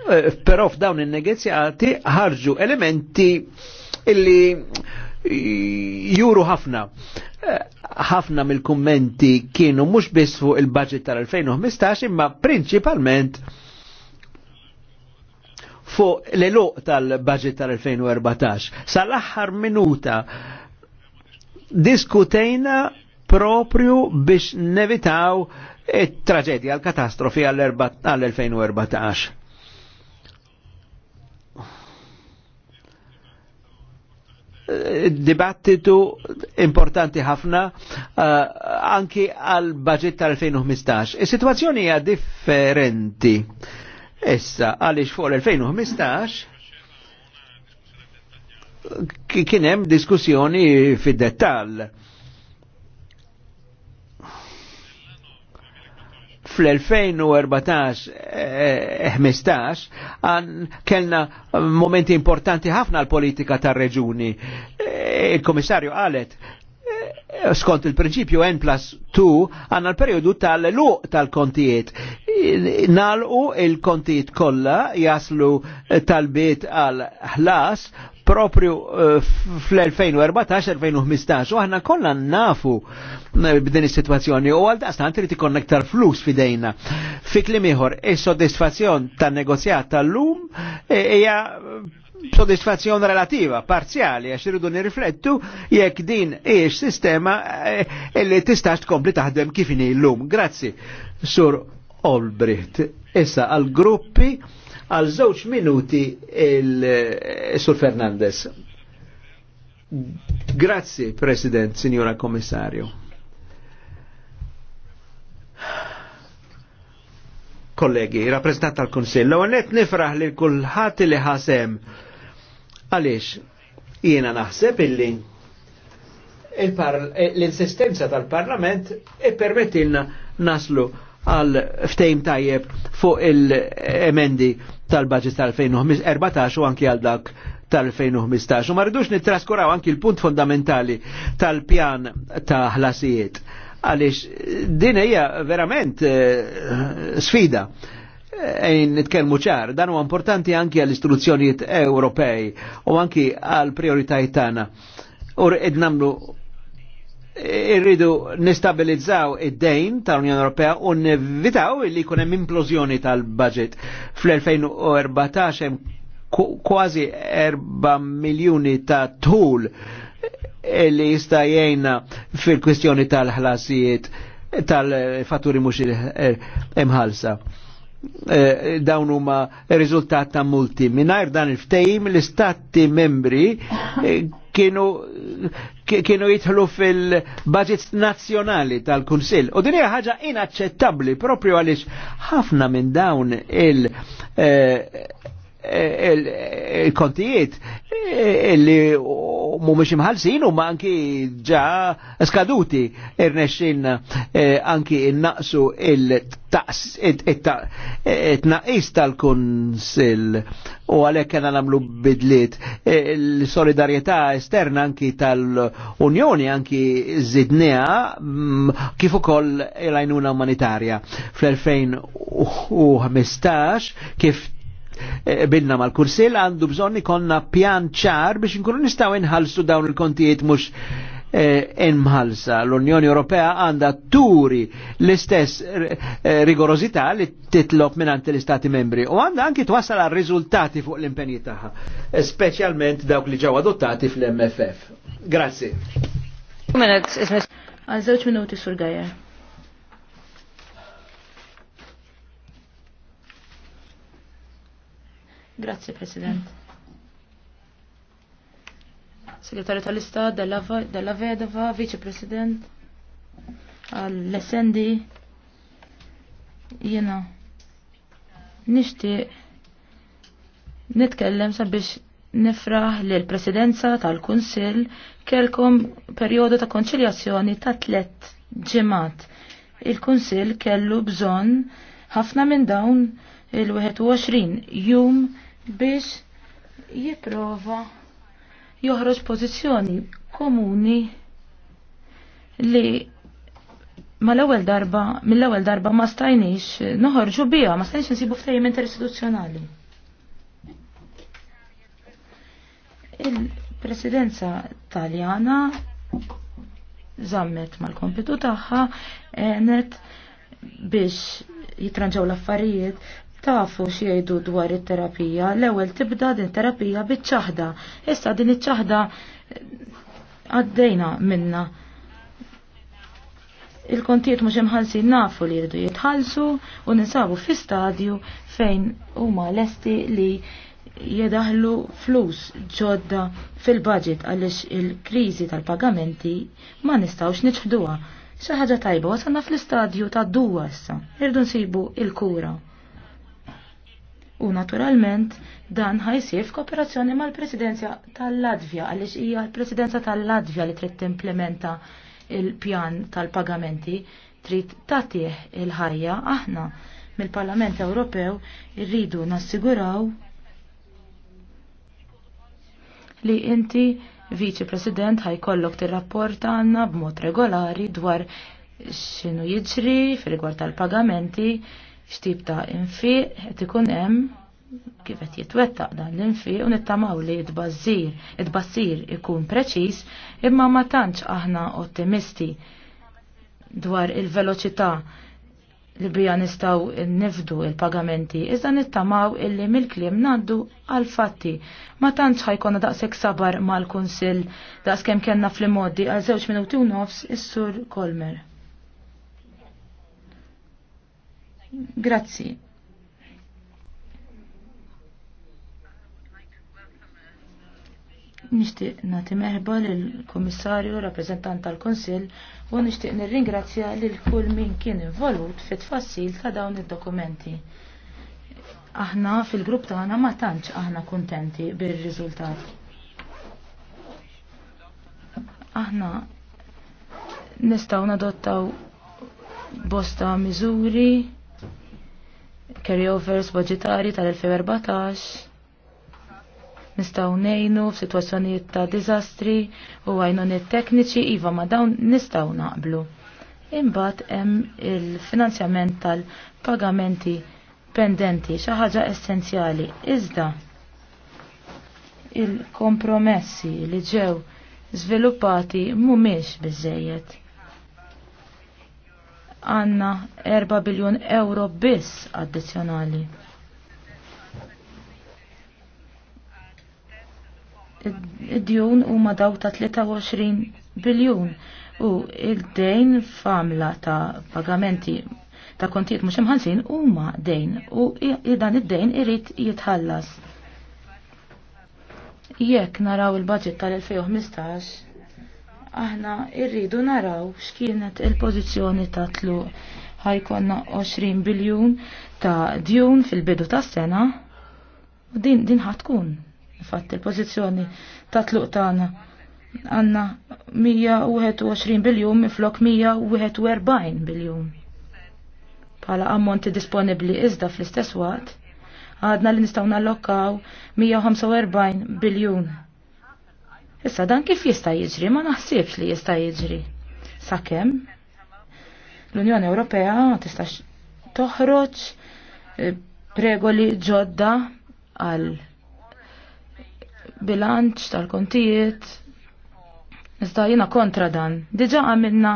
Eh, però f'dawn il-negozjati ħarġu elementi illi juru ħafna. Eh, ħafna mill-kummenti kienu mhux biss fuq il-budget tal-2015 imma prinċipalment fuq l-eluq tal-budget tal-2014. Sal-aħħar minuta diskutejna propju biex nevitaw it traġedja l katastrofi għall-2014. dibattitu importanti ħafna uh, anki għal budget tal-2015. Is-sitwazzjoni hija differenti. Issa, għaliex fuq l-2015 kien hemm diskussjoni fid-dettall fl-2014-15 eh, eh, kellna momenti importanti ħafna l-politika tar-reġuni. Eh, il-komissarju qalet skont il-prinċipju n plus 2 għanna l-periodu tal-luq tal-kontijiet. Nalqu il-kontijiet kolla jaslu tal-bit għal-ħlas propju eh, fl-2014-2015 u aħna kollha nafu eh, b'din is-sitwazzjoni u għal daqstant trid ikon flus fidejna. Fi kliem ieħor, is-sodisfazzjon tan-negozjat tal-lum eh, hija soddisfazzjon relativa, parzjali, għax irridu nirriflettu jekk din iex sistema li tistax tkompli taħdem kif l-lum. Grazzi, Sur Olbricht. Issa għal gruppi għal żewġ minuti il-Sur eh, Fernandez. Grazzi, President, Signora Kommissarju. Kollegi, rappresentant tal-Konsill, għonet nifraħ li kullħat li ħasem. Għalix, jiena naħseb illi l-insistenza tal-Parlament e permettilna naslu għal ftejm tajjeb fuq il-emendi tal-budget tal-2014 u anki għal dak tal-2015. U marridux nittraskuraw anki l-punt fondamentali tal-pjan ta' ħlasijiet. Għalix din hija verament eh, sfida ejn nitkellmu ċar, dan huwa importanti anki għall istruzzjonijiet Ewropej u anki għall prioritajiet tagħna. U qed irridu nistabilizzaw id-dejn tal-Unjoni Ewropea u nevitaw li jkun hemm implożjoni tal-budget. Fl-2014 hemm kważi 4 miljuni ta' tul li jista' jgħinna fil-kwistjoni tal-ħlasijiet tal-fatturi mhux imħalsa. Eh, dawn huma riżultat ta' multi. Mingħajr dan il-ftehim l-istati membri eh, kienu kienu jitħlu fil-budget nazjonali tal-Kunsill. U dinja ħaġa inaċċettabbli propju għaliex ħafna minn dawn il- eh, il-kontijiet eh, illi mumiex imħalsin u ma anki ġa skaduti irnexin eh, anki innaqsu il-tnaqis eh, tal-kunsil u għalhekk kena nagħmlu bidliet il-solidarjetà esterna anki tal-Unjoni anki Zidnea mm, kif ukoll l-għajnuna umanitarja fl-2015 kif Eh, bilna mal-kursil għandu bżonn ikonna pjan ċar biex nkunu nistgħu inħalsu dawn il-kontijiet mhux eh, inmħalsa. L-Unjoni Ewropea għandha turi l-istess eh, rigorozità li titlob minant l-Istati membri u għandha anki twassal għal riżultati fuq l-impenji tagħha, speċjalment dawk li ġew adottati fl-MFF. Grazie. Għal minuti sur Gajer. Grazie, President. Segretarju tal-Istat, Della Vedova, Vice President, għall snd jena, nishti nitkellem sabiex nifraħ li l-presidenza tal-Kunsill kelkom perjodu ta' konċiljazzjoni ta' tlet ġemat. Il-Kunsill kellu bżonn ħafna minn dawn il-21 jum biex jiprova joħroġ pożizzjoni komuni li mal-ewwel darba, mill-ewwel darba ma stajniex noħorġu biha, ma stajniex nsibu ftehim interistituzzjonali. Il-presidenza Taljana zammet mal-kompitu tagħha għenet biex jitranġaw l-affarijiet tafu xiejdu dwar it-terapija, l-ewwel tibda din terapija biċ-ċaħda. Issa din iċ-ċaħda eh, għaddejna minna. Il-kontijiet mhux imħallsin nafu li jridu jitħallsu u ninsabu fi stadju fejn huma lesti li jedaħlu flus ġodda fil-budget għaliex il-kriżi tal-pagamenti ma nistawx niċħduha. Xi ħaġa tajba wasanna fl-istadju ta' duwa issa, irdu nsibu il-kura. U naturalment dan ħajsir f'kooperazzjoni mal-Presidenzja tal-Latvja għaliex hija l-Presidenza tal-Latvja li trid timplementa il-pjan tal-pagamenti trid tagħtih il-ħajja aħna mill-Parlament Ewropew irridu nassiguraw li inti Viċi President ħajkollok tirrapporta għandna b'mod regolari dwar x'inhu jiġri fir-rigward tal-pagamenti xtib ta' infi, qed ikun hemm kif qed jitwettaq dan l infi u nittamaw li tbażżir, it-bassir ikun preċiż, imma ma tantx aħna ottimisti dwar il-veloċità li bija nistaw nifdu il-pagamenti, iżda nittamaw illi mill-kliem naddu għal-fatti. Ma tantx ħajkonna daqshekk sabar mal-Kunsill daqskemm kellna fl-modi għal żewġ minuti u nofs is-sur Kolmer. Grazzi. Nishtiq nati meħba l-Komissarju, rappresentant tal-Konsil, u nishtiq nirringrazzja lil kull min kien involut fit tfassil ta' dawn id-dokumenti. Aħna fil-grupp tagħna ma tantx aħna kuntenti bir-riżultat. Aħna nistgħu nadottaw bosta miżuri carryovers budgetari tal-2014 nistaw nejnu f'sitwazzjonijiet ta' dizastri u għajnuniet tekniċi iva ma' dawn nistaw naqblu. Imbagħad hemm il-finanzjament tal-pagamenti pendenti xaħġa ħaġa essenzjali. Iżda il-kompromessi li ġew żviluppati mhumiex biżejjed għanna 4 biljon euro biss addizjonali. Id-djun huma daw ta' 23 biljon u id-dejn famla ta' pagamenti ta' kontijiet mhux imħallsin huma dejn u dan id-dejn irid jitħallas. Jekk naraw il-budget tal-2015 aħna irridu naraw x'kienet il-pożizzjoni ta' tluq ħajkonna 20 biljun ta' djun fil-bidu ta' sena u din din ħatkun fatt il-pożizzjoni ta' tluq tagħna għanna 121 biljun miflok 141 biljun. Bħala ammonti disponibli iżda fl-istess waqt għadna li nistaw nallokaw 145 biljun Issa dan kif jista' jiġri ma naħsibx li jista' jiġri. Sakemm l-Unjoni Ewropea ma tistax toħroġ eh, regoli ġodda għal bilanċ tal-kontijiet. Iżda jina kontra dan. Diġa għamilna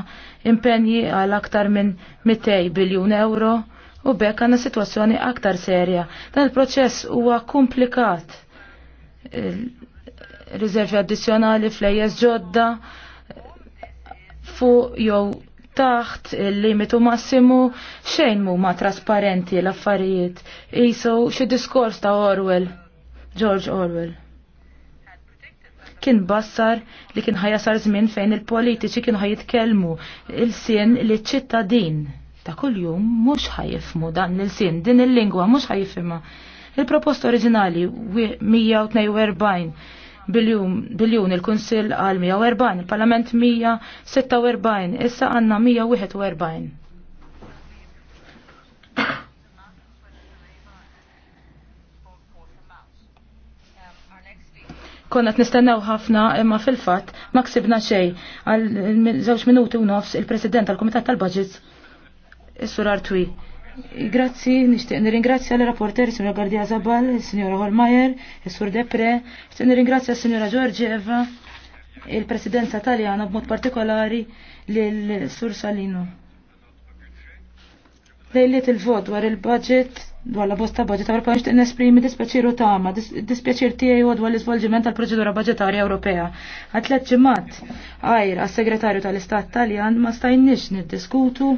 impenji għal aktar minn 200 biljun euro u bekk għanna situazzjoni aktar serja. Dan il-proċess huwa komplikat eh, Rizervi addizzjonali flejjes ġodda fuq jew taħt il-limitu massimu xejn ma trasparenti l-affarijiet. Iso xi diskors ta' Orwell, George Orwell. Kien bassar li kien ħajasar żmien fejn il-politiċi kienu ħajitkellmu il-sien li ċittadin ta' kuljum mhux ħajifmu dan il-sien, din il-lingwa mhux ħajifhimha. Il-proposta oriġinali 142 biljun il-Kunsill għal 140, il-Parlament 146, issa għanna 141. Konna t-nistennew ħafna imma fil-fat ma ksibna xej għal żewġ minuti u nofs il-President tal-Komitat tal-Budgets, is-Sur Artwi. Grazzi, nishtiq nirringrazzja l-rapporter, signora Gardia Zabal, signora Holmajer, sur Depre, nishtiq nirringrazzja signora Giorgieva, il-presidenza taljana b'mod partikolari l-sur Salino. Lejliet il-vot dwar il-budget, dwar la bosta budget, għarpa nishtiq nesprimi dispjaċiru tama, dispjaċir tiegħi u dwar l-izvolġiment tal-proċedura budgetarja Ewropea. Għatlet ġemat, għajr, għas-segretarju tal-Istat Taljan ma stajnix niddiskutu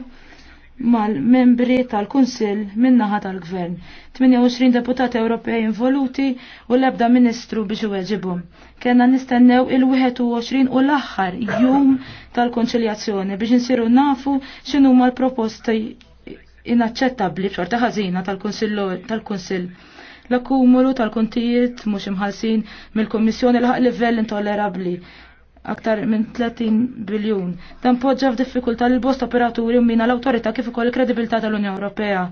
mal-membri tal-Kunsill minnaħa tal-Gvern. 28 deputati Ewropej involuti u l-ebda ministru biex weġibhom. Kenna nistennew il-21 u l-aħħar jum tal-konċiljazzjoni biex insiru nafu xinu l-proposti inaċċettabbli bċorta ħażina tal-Kunsill. L-akkumulu tal-kuntijiet mhux imħallsin mill-Kummissjoni l ħak livell intolerabbli aktar minn 30 biljun. Dan poġġa f'diffikultà l bost operaturi minn l-autorità kif ukoll il-kredibilità tal-Unjoni Ewropea.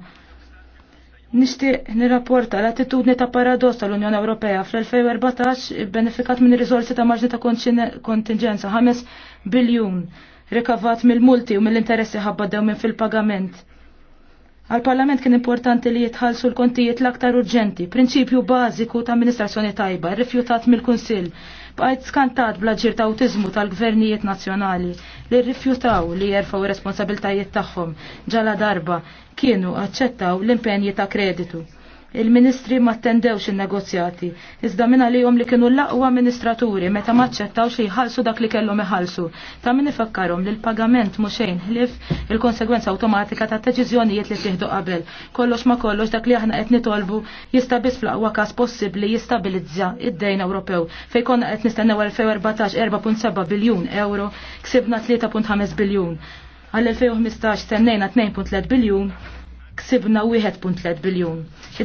Nixtieq nirrapporta l-attitudni ta' paradoss tal-Unjoni Ewropea fl-2014 benefikat minn riżorsi ta' marġni ta' kontingenza 5 biljun rikavat mill-multi u mill-interessi dew minn fil-pagament. Għal-Parlament kien importanti li jitħallsu l-kontijiet l-aktar urġenti, prinċipju bażiku ta' amministrazzjoni tajba, rifjutat mill-Kunsill bħajt skantat bl-ġir ta' autizmu tal-gvernijiet nazzjonali li rrifjutaw li jerfaw responsabiltajiet tagħhom ġala darba kienu aċċettaw l-impenji ta' kreditu il-ministri ma attendewx il-negozjati, iżda minna li jom li kienu l-aqwa ministraturi meta maċċettaw xie jħalsu dak li kellhom iħalsu. Ta' min ifakkarhom li l-pagament muxejn ħlif il-konsegwenza automatika ta' deċiżjonijiet li tieħdu qabel. Kollox ma kollox dak li aħna qed nitolbu jista' biss fl-aqwa każ possibbli jistabilizza id-dejn Ewropew. Fejn konna qed nistennew 2014 4.7 biljun euro, ksibna 3.5 biljun. Għal 2015 stennejna 2.3 biljun, ksibna 1.3 biljun.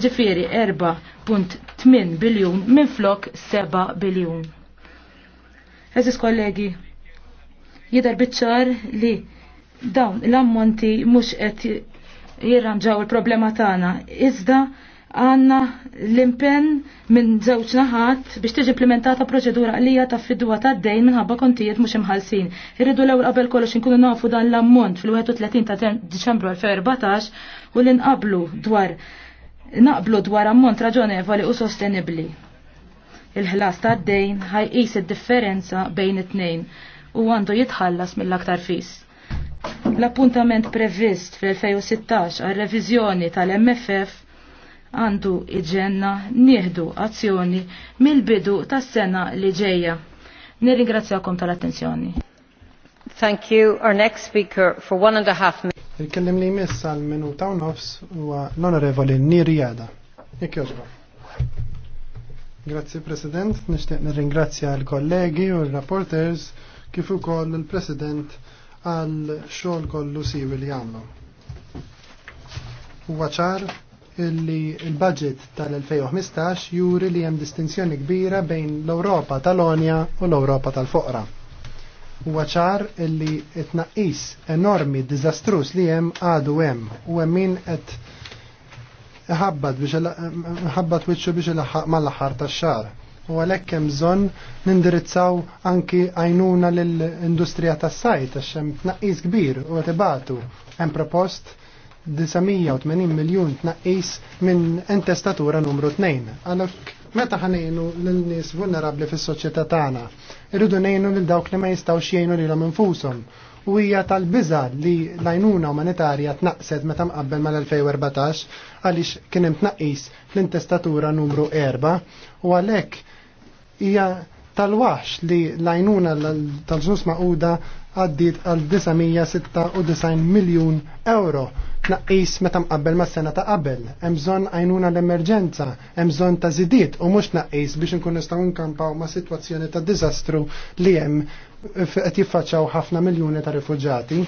Ġifiri 4.8 biljun minn flok 7 biljun. Eżis kollegi, jidher bitċar li dawn l-ammonti mhux qed jirranġaw il-problema tagħna iżda għanna l-impen minn żewġ naħat biex tiġi implementata proċedura għalija ta' fidwa ta' dejn minħabba kontijiet mhux imħallsin. Irridu l-ewwel qabel kollox inkunu nafu dan l-ammont fil-31 ta' Diċembru 2014 u li inqablu dwar naqblu dwar ammont raġonevoli u sostenibbli. Il-ħlas ta' dejn ħajqis id-differenza bejn it-tnejn u għandu jitħallas mill-aktar fis. L-appuntament previst fil-2016 għal revizjoni tal-MFF għandu iġenna nieħdu azzjoni mill-bidu tas-sena li ġejja. Nirringrazzjakom tal-attenzjoni. Thank you. Our next speaker for one and a half minutes. Il-kellim li jmiss għal minuta u nofs huwa l-Onorevoli Jada. Jekk joġba. Grazzi President, nixtieq nirringrazzja l-kollegi u l-rapporters kif ukoll il-President għal xogħol kollu siwi li għamlu. Huwa ċar li l-budget tal-2015 juri li hemm distinzjoni kbira bejn l-Ewropa tal-Onja u l-Ewropa tal-Foqra. Huwa ċar li t-tnaqqis enormi dizastrus li hemm għadu hemm u hemm min qed ħabbat biex wiċċu biex ilaħħaq mal-aħħar tax-xahar. U għalhekk hemm bżonn nindirizzaw anki għajnuna lill-industrija tas-sajt għaxem t tnaqqis kbir u qed ibatu hemm propost 980 miljon tnaqqis minn intestatura numru 2. Għalhekk meta ħanejnu l-nies vulnerabbli fis-soċjetà tagħna, irridu ngħinu lil dawk li ma jistgħux jgħinu lilhom infushom. U hija tal-biża li l-għajnuna umanitarja tnaqset meta mqabbel mal-2014 għaliex kien hemm tnaqqis fl-intestatura numru 4 u għalhekk hija tal waħx li l-għajnuna tal-ġnus maquda għaddit għal 996 miljun euro tnaqqis meta mqabbel ma' sena ta' qabel. Hemm bżonn għajnuna l-emerġenza, hemm bżonn ta' zidiet u mhux naqqis biex inkun nistgħu nkampaw ma' sitwazzjoni ta' diżastru li hemm qed jiffaċċaw ħafna miljuni ta' rifuġati.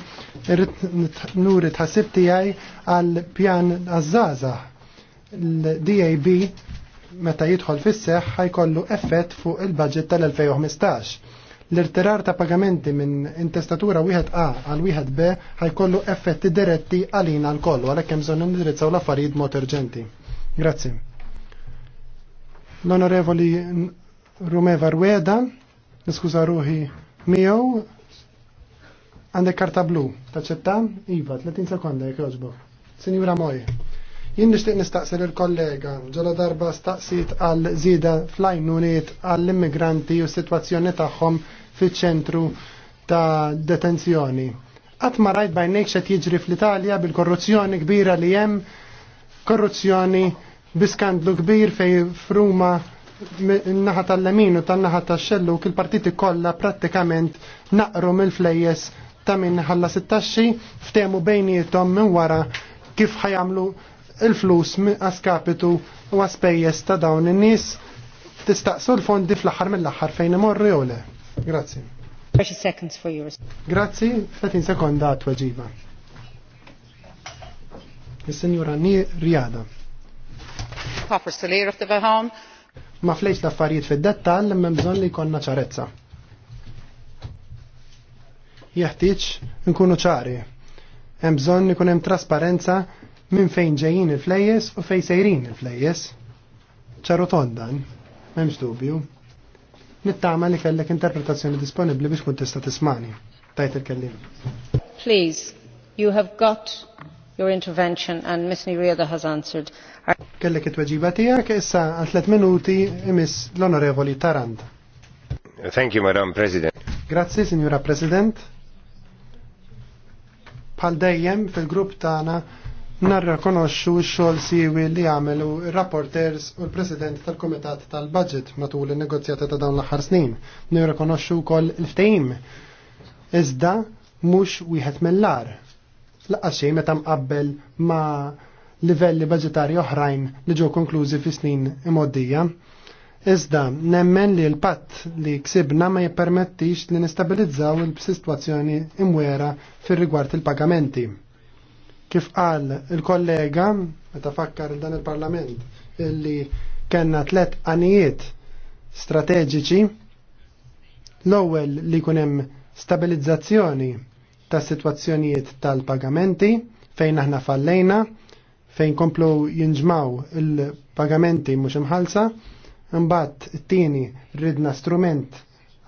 Irrid nuri tħassib tiegħi għal pjan għażaża l-DAB meta jidħol fis-seħħ ħajkollu effett fuq il-budget tal-2015 L-irtirar ta' pagamenti minn intestatura wieħed A għal wieħed B ħajkollu effetti diretti għalina għal kollu għalhekk hemm bżonn indirizzaw l-affarijiet mod urġenti. Grazzi. L-Onorevoli Rumeva Rueda, niskuża ruħi miegħu għandek karta blu, taċċetta? Iva, 30 sekonda jekk joġbok. Sinjura Moj. Jien nixtieq nistaqsir il-kollega ġola darba staqsit għal żieda fl-għajnuniet għall-immigranti u s-sitwazzjoni tagħhom fiċ-ċentru ta' detenzjoni. Qatt ma rajt bajnejk xed jiġri fl-Italja bil-korruzzjoni kbira li hemm korruzzjoni biskandlu kbir fej fruma n-naħa tal-lemin u tan-naħa tax-xellu kil partiti kollha prattikament naqru mill-flejjes ta' minn ħalla 16 ftemu bejnietom minn wara kif ħajamlu il-flus għaskapitu u għaspejjes ta' dawn in-nies tistaqsu l-fondi fl-aħħar mill-aħħar fejn imorru jew le. Grazzi. seconds for yours. Grazzi, 30 sekonda għat weġiba. Il-Senjura Riada. Papa Salir of the Baham. Ma flejx l-affarijiet fid-dettal li bżonn li jkollna ċarezza. Jeħtieġ nkunu ċari. Hemm bżonn ikun hemm trasparenza minn fejn ġejjin il-flejjes u fejn sejrin il-flejjes. ċaru dan, memx dubju. Nittama li kellek interpretazzjoni disponibli biex kun tista' tismani. Tajt il-kellim. Please, you have got your intervention and Miss Nirieda has answered. Kellek it-tweġiba tiegħek issa għal tliet minuti imis l-Onorevoli Tarand. Thank you, Madam President. Grazzi, Signora President. Pal dejjem fil-grupp tagħna narrakonoxxu x-xogħol siwi li għamelu rapporters u l-President tal-Kumitat tal-Budget matul in-negozjata ta' dawn l-aħħar snin. konoxxu wkoll il-ftehim. Iżda mhux wieħed mill għar Laqgħa xejn meta mqabbel ma' livelli budgetari oħrajn li ġew konklużi fi snin imoddija. Iżda, nemmen li l-patt li ksibna ma jippermettix li nistabilizzaw il-situazzjoni imwera fir rigward il-pagamenti. Kif qal il-kollega, meta fakkar dan il-Parlament illi kellna tlet għanijiet strateġiċi, l-ewwel li jkun hemm stabilizzazzjoni ta' situazzjonijiet tal-pagamenti fejn aħna fallejna, fejn komplu jinġmaw il-pagamenti mhux imħalsa, imbagħad it-tieni ridna strument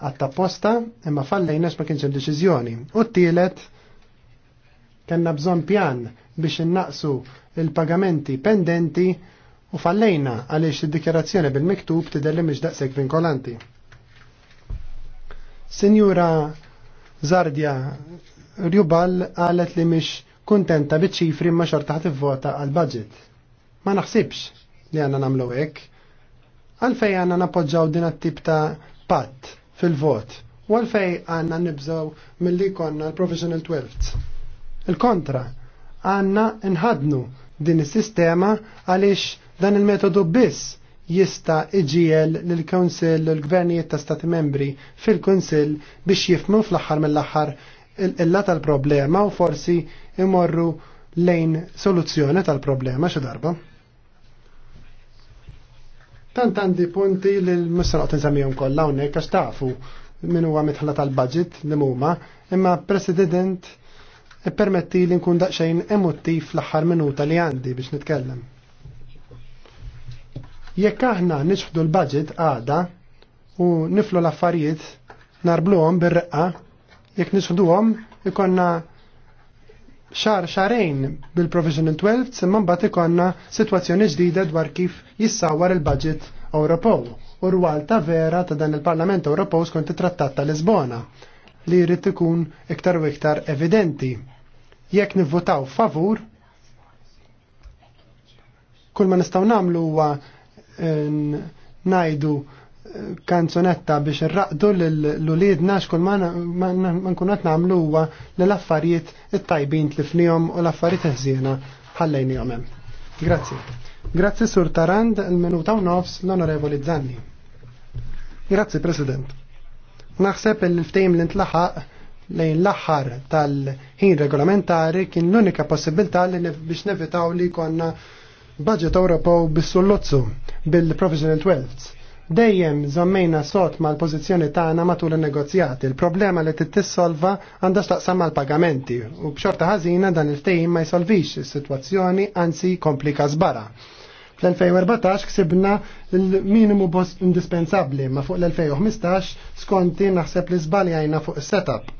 għatta posta imma fallejna ma kienx hemm deċiżjoni. U t-tielet kena bżon pjan biex innaqsu il-pagamenti pendenti u fallejna għaliex id-dikjarazzjoni bil-miktub tidher li mhix vinkolanti. Sinjura Zardja Rjubal qalet li mhix kuntenta biċ-ċifri ma xorta vota għal-budget. Ma naħsibx li għanna namlu hekk. Għalfej għanna napoġġaw din tip ta' patt fil-vot. U għalfej għanna nibżaw mill-li konna l-Professional 12. Il-kontra, għanna nħadnu din is-sistema għaliex dan il-metodu biss jista iġiel l-Konsil l-Gvernijiet ta' Stati Membri fil-Konsil biex jifmu fl-axar mill-axar illa tal-problema u forsi imorru lejn soluzzjoni tal-problema xi darba. Tant għandi punti li l-mussanot nsemmiħum kollha hawnhekk għax tafu min huwa mitħalla tal-budget li muma, imma President ippermetti li nkun daqsxejn emottiv fl-aħħar minuta li għandi biex nitkellem. Jekk aħna nisħdu l-budget għada u niflu l-affarijiet narbluhom bir-reqqa, jekk għom ikonna xar xarejn bil-Provisional 12 semman bat ikonna situazzjoni ġdida dwar kif jissawar il-budget Ewropew u rwal ta' vera ta' dan il-Parlament Ewropew skont it-Trattat ta' Lisbona li jrid ikun iktar u iktar evidenti jekk nivvotaw favur, kull ma nistaw namlu huwa eh, najdu eh, kanzonetta biex irraqdu l-ulidna xkull ma nkunat namlu huwa li l-affarijiet it-tajbin tlifnihom u l-affarijiet ħżiena ħallejnihom hemm. Grazzi. Grazzi Sur Tarand, il-minuta u nofs l-Onorevoli Zanni. Grazzi President. Naħseb il-ftejm li ntlaħaq lejn l-aħħar tal-ħin regolamentari kien l-unika possibilità li biex nevitaw li konna budget Ewropew bis-sulluzzu bil-Provisional 12. Dejjem zommejna sot mal-pożizzjoni tagħna matul in-negozjati. Il-problema li tissolva għandha staqsam mal-pagamenti u b'xorta ħażina dan il-ftehim ma jsolvix is-sitwazzjoni anzi komplika żbara fl-2014 ksibna l-minimu indispensabli ma fuq l-2015 skonti naħseb li zbali għajna fuq setup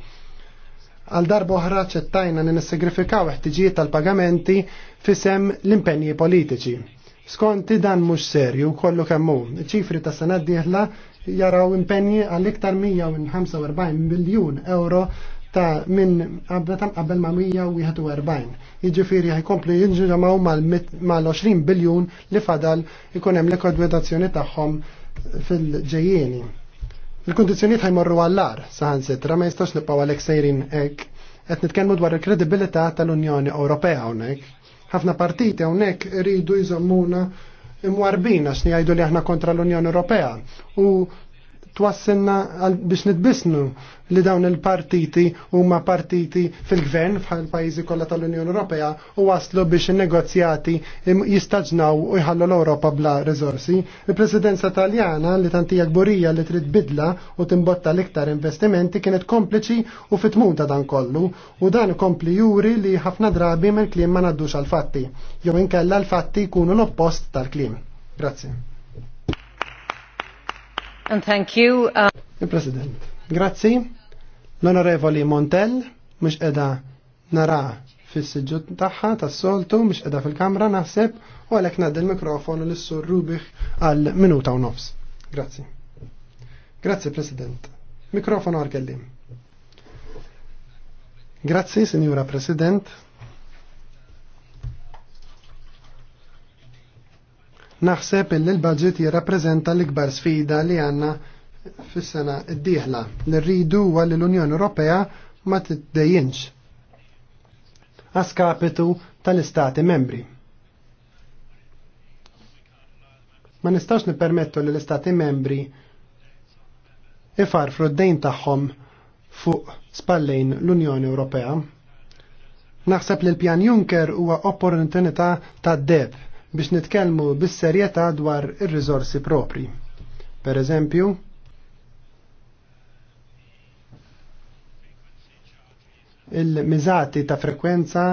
Għal darba oħra ċettajna n nissegrifikaw ħtiġijiet tal-pagamenti fisem l-impenji politiċi. Skonti dan mhux serju kollu kemm hu. Ċifri ta' sena d-dieħla jaraw impenji għal iktar 145 miljon euro ta' minn għabbetan qabel ma' 141. Jiġifieri ħajkomplu jinġamaw mal-20 biljun li fadal ikun hemm l-ekodwedazzjoni tagħhom fil-ġejjieni. Il-kondizjoniet ħajmorru għallar, saħansitra ma jistax nibqaw għalek sejrin ek, qed nitkellmu dwar il-kredibilità tal-Unjoni Ewropea hawnhekk. Ħafna partiti hawnhekk iridu jizommuna imwarbina għax għajdu li aħna kontra l-Unjoni Ewropea. U twassilna biex nitbisnu li dawn il-partiti huma partiti fil-gvern bħal pajjiżi kollha tal-Unjoni Ewropea u waslu biex in-negozjati jistaġnaw u jħallu l-Ewropa bla riżorsi. Il-Presidenza Taljana li tantija gburija li trid bidla u timbotta l-iktar investimenti kienet kompliċi u fitmun ta' dan kollu u dan kompli juri li ħafna drabi mill-kliem ma ngħaddux għal-fatti jew inkella l-fatti jkunu l-oppost tal-kliem. Grazie. And thank you. Uh... president grazzi. L-Onorevoli Montel, mux edha nara fis-sġud tagħha tas-soltu mhux qiegħda fil-kamra naħseb u għalhekk nadd il mikrofonu lis sur Rubih għal minuta u nofs. Grazzi. Grazzi President. Mikrofon għal kellim. Grazzi, Signora President. Naħseb illi l-budget jirrappreżenta l-ikbar sfida li għandna fis-sena d-dieħla. Nirridu huwa li l-Unjoni Ewropea ma t-dejjinx. Askapitu tal-istati membri. Ma nistax nippermettu li l-istati membri ifarfru d-dejn tagħhom fuq spallejn l-Unjoni Ewropea. Naħseb li l-pjan Juncker huwa opportunità ta' deb biex nitkellmu bis-serjetà dwar ir-riżorsi propri. Per eżempju, il-miżati ta' frekwenza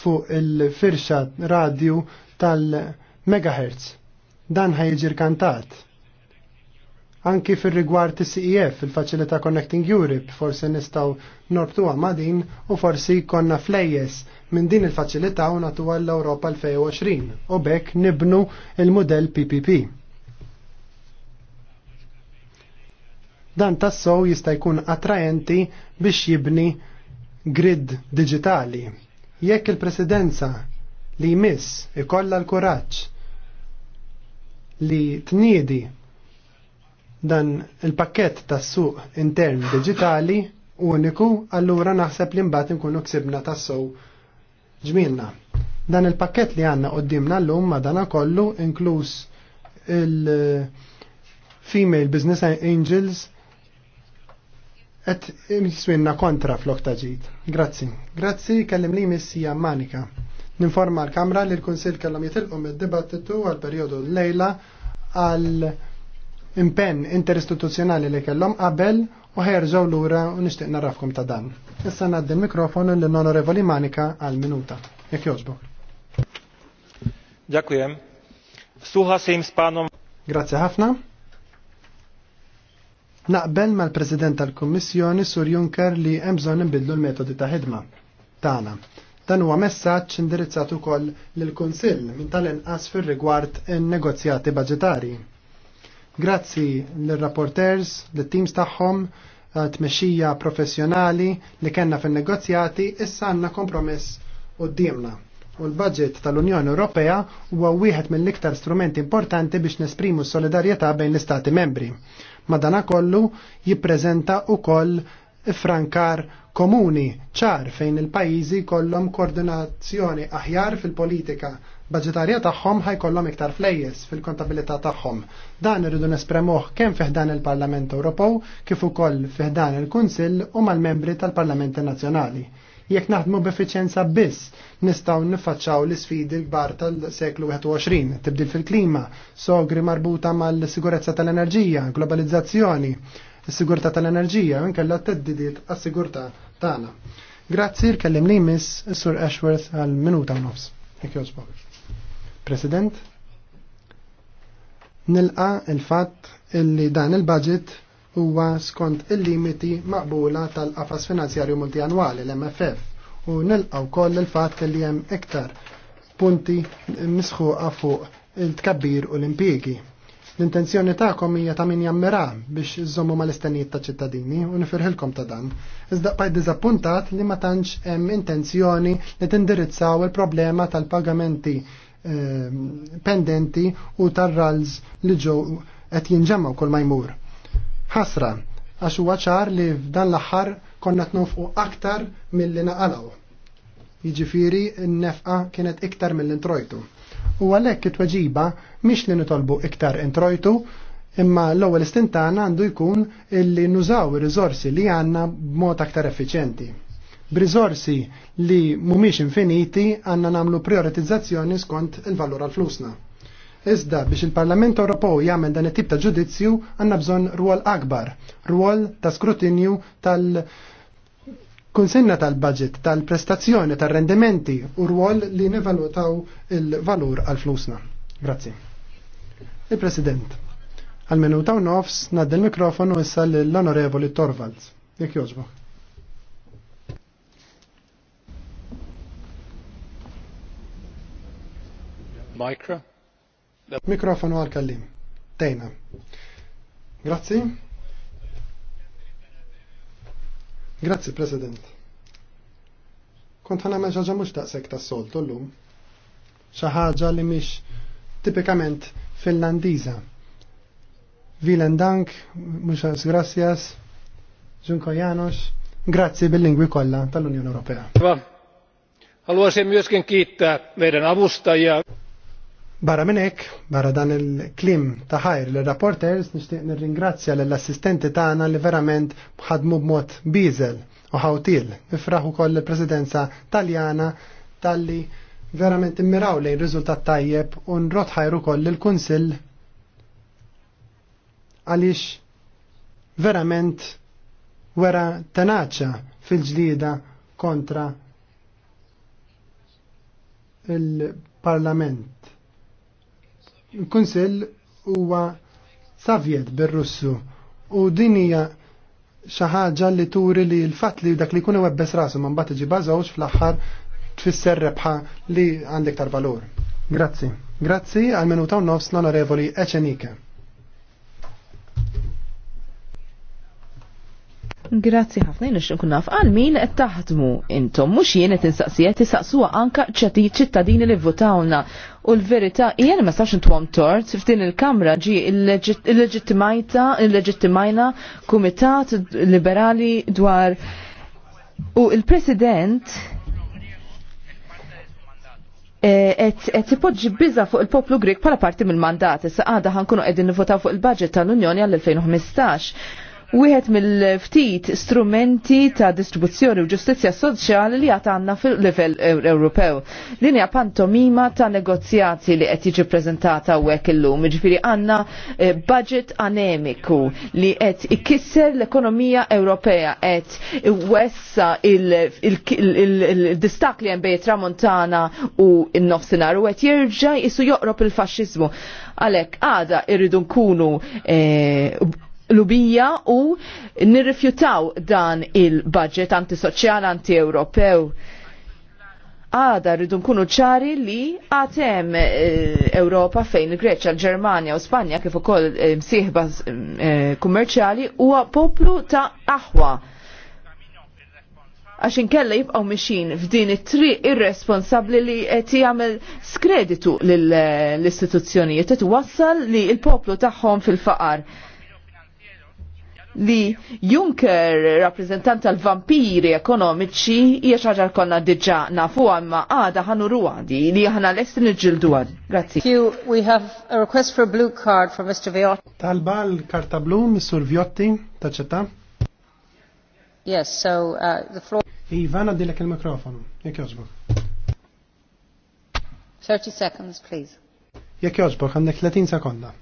fuq il-firxa radju tal-megahertz. Dan ħajġir kantat. Anki fil rigward CEF, il facilita Connecting Europe, forse nistaw nortu għamadin u forsi konna flejjes Minn din il-faċilità u natu għall-Europa 2020 u bekk nibnu il-modell PPP. Dan tassow jista' jkun attraenti biex jibni grid digitali. Jekk il-presidenza li jmiss ikolla l-kuraġġ li tniedi dan il-pakket tas suq intern digitali uniku, allura naħseb li mbagħad inkunu ksibna tas-sow ġmielna. Dan il-pakket li għanna għoddimna l-lum madana kollu inkluż il-Female Business Angels et jiswinna kontra flok taġid. Grazzi. Grazzi kellim li missija Manika. Ninforma l-Kamra li l-Konsil kellam jitilqu mid-dibattitu għal-periodu l-lejla għal impenn interistituzjonali li kellhom qabel u l lura u nixtieq narrafkom ta' dan. Issa ngħaddi l-mikrofonu lill-Onorevoli Manika għal minuta. Jekk jogħġbok. Ďakujem. Suħa sejm spanom. Grazzi ħafna. Naqbel mal-President tal-Kummissjoni Sur Juncker li hemm bżonn l-metodi ta' ħidma tagħna. Dan huwa messaġġ indirizzat ukoll lill-Kunsill minn tal-inqas fir-rigward in-negozjati baġitarji. Grazzi l-rapporters, l-teams tagħhom, eh, tmexxija professjonali li kellna fin-negozjati, issa għandna kompromess qudiemna. U l-budget tal-Unjoni Ewropea huwa wieħed mill-iktar strumenti importanti biex nesprimu s-solidarjetà bejn l-Istati membri. Madanakollu jippreżenta ukoll frankar komuni ċar fejn il-pajjiżi kollhom koordinazzjoni aħjar fil-politika budgetarja tagħhom ħajkollhom iktar flejjes fil-kontabilità tagħhom. Dan irridu nespremuh kemm fiħdan il-Parlament Ewropew kif ukoll fiħdan il-Kunsill u mal-membri tal-Parlamenti Nazzjonali. Jekk naħdmu b'effiċjenza biss nistgħu niffaċċaw l-isfidi l-kbar tal-seklu 21, tibdil fil-klima, sogri marbuta mal-sigurezza tal-enerġija, globalizzazzjoni, s-sigurtà tal-enerġija u nkella t-teddidiet għas-sigurtà tagħna. Grazzi, l-kellim li miss Sur Ashworth għal minuta u nofs. Thank you, President. Nilqa il-fatt illi dan il-budget huwa skont il-limiti maqbula tal-qafas finanzjarju multianwali l-MFF u nilqa wkoll il-fatt illi hemm iktar punti misħuqa fuq il-tkabbir u l-impjegi. L-intenzjoni tagħkom hija ta' min jammira biex iżommu mal-istenijiet ta' ċittadini u nifirħilkom ta' dan. Iżda bħaj dizappuntat li ma tantx hemm intenzjoni li tindirizzaw il-problema tal-pagamenti Ehm, pendenti u tar li ġew qed jinġemmaw kull ma jmur. Ħasra, għax huwa ċar li f'dan l-aħħar konna tnufqu aktar milli naqalaw. Jiġifieri n-nefqa kienet iktar mill-introjtu. U għalhekk it-tweġiba mhix li nitolbu iktar introjtu, imma l-ewwel istintana għandu jkun illi nużaw ir-riżorsi li għandna b'mod aktar effiċjenti b'rizorsi li mhumiex infiniti għandna nagħmlu prioritizzazzjoni skont il-valur għal flusna. Iżda biex il-Parlament Ewropew jagħmel dan it-tip ta' ġudizzju għandna bżonn rwol akbar, rwol ta' skrutinju tal- Kunsenna tal-budget, tal-prestazzjoni, tal-rendimenti u rwol li nevalutaw il-valur għal-flusna. Grazzi. Il-President, għal-menu taw nofs, nadd il-mikrofonu issa l-Onorevoli Torvalds. Jek joġbok. Micro. Mikrofonu għal-kallim. Tejna. Grazzi. Grazzi, President. Kont ħana meċa ġa mux taqsek ta' soltu l-lum. ħaġa li miex tipikament finlandiza. Vilen dank, muxas gracias, ġunko Janos. Grazzi bil-lingwi kolla tal-Unjoni Ewropea. Haluaisin myöskin kiittää meidän avustajia. Barra minnek, barra dan il-klim taħajr l-rapporters, nishtiq nir-ringrazzja l-assistenti taħna li verament ħadmu b'mod bizel u ħawtil. Ifraħu koll l-presidenza taljana tal-li verament immiraw li riżultat tajjeb u nrotħajru koll l-kunsil għalix verament wera tenaċa fil-ġlida kontra il-parlament il-Kunsill huwa savjet bir-Russu u din hija xi ħaġa li turi li l-fatt li dak li jkun webbes rasu ma mbagħad iġi bażawx fl-aħħar tfisser rebħa li għandek iktar valur Grazzi. Grazzi għal minuta ta' nofs l-onorevoli Eċenike. Grazzi ħafna jnux xinkun naf għal min qed taħdmu intom mhux jien qed insaqsija tisaqsuha anka ċati ċittadini li votawna U l-verità, jena ma stax intuħom tort, f'din il-kamra ġi il-leġittimajta, il-leġittimajna kumitat liberali dwar u il-president eh, et ipoġġi biza fuq il-poplu Grek pala parti mill-mandat, sa għada ħankunu edin nivotaw fuq il-budget tal-Unjoni għall-2015 wieħed mill-ftit strumenti ta' distribuzzjoni u ġustizzja soċjali li għat għandna fil-livell e, Ewropew. Linja pantomima ta' negozjati li qed jiġi preżentata hekk illum, jiġifieri għandna e, budget anemiku li qed ikisser l-ekonomija Ewropea qed wessa il-distak li hemm bejn tramontana u n-nofsinhar u qed jerġa' jisu joqrob il-faxxiżmu. Għalhekk għada irridu nkunu e, l-ubija u nirrifjutaw dan il-budget antisoċjal anti-Ewropew. Għada rridu nkunu ċari li għatem eh, Ewropa fejn il-Greċja, l-Ġermanja u Spanja kif ukoll eh, msieħba eh, kummerċjali huwa poplu ta' aħwa għax inkella jibqgħu mixin f'din it-triq irresponsabbli li qed jagħmel skreditu lill-istituzzjonijiet qed wassal li l-poplu tagħhom fil-faqar li Juncker, rappresentant tal-vampiri ekonomiċi, hija xaġa konna diġà nafu għamma għada ħanu ruwadi li ħana lest nġildu għad. Grazzi. We have a request for a blue card from Mr. Viotti. Talba l-karta blu, Mr. Viotti, taċċetta? Yes, so uh, the floor... Ivana, dilek il-mikrofonu, jek jożbok. 30 seconds, please. Jek jożbok, għandek 30 sekonda.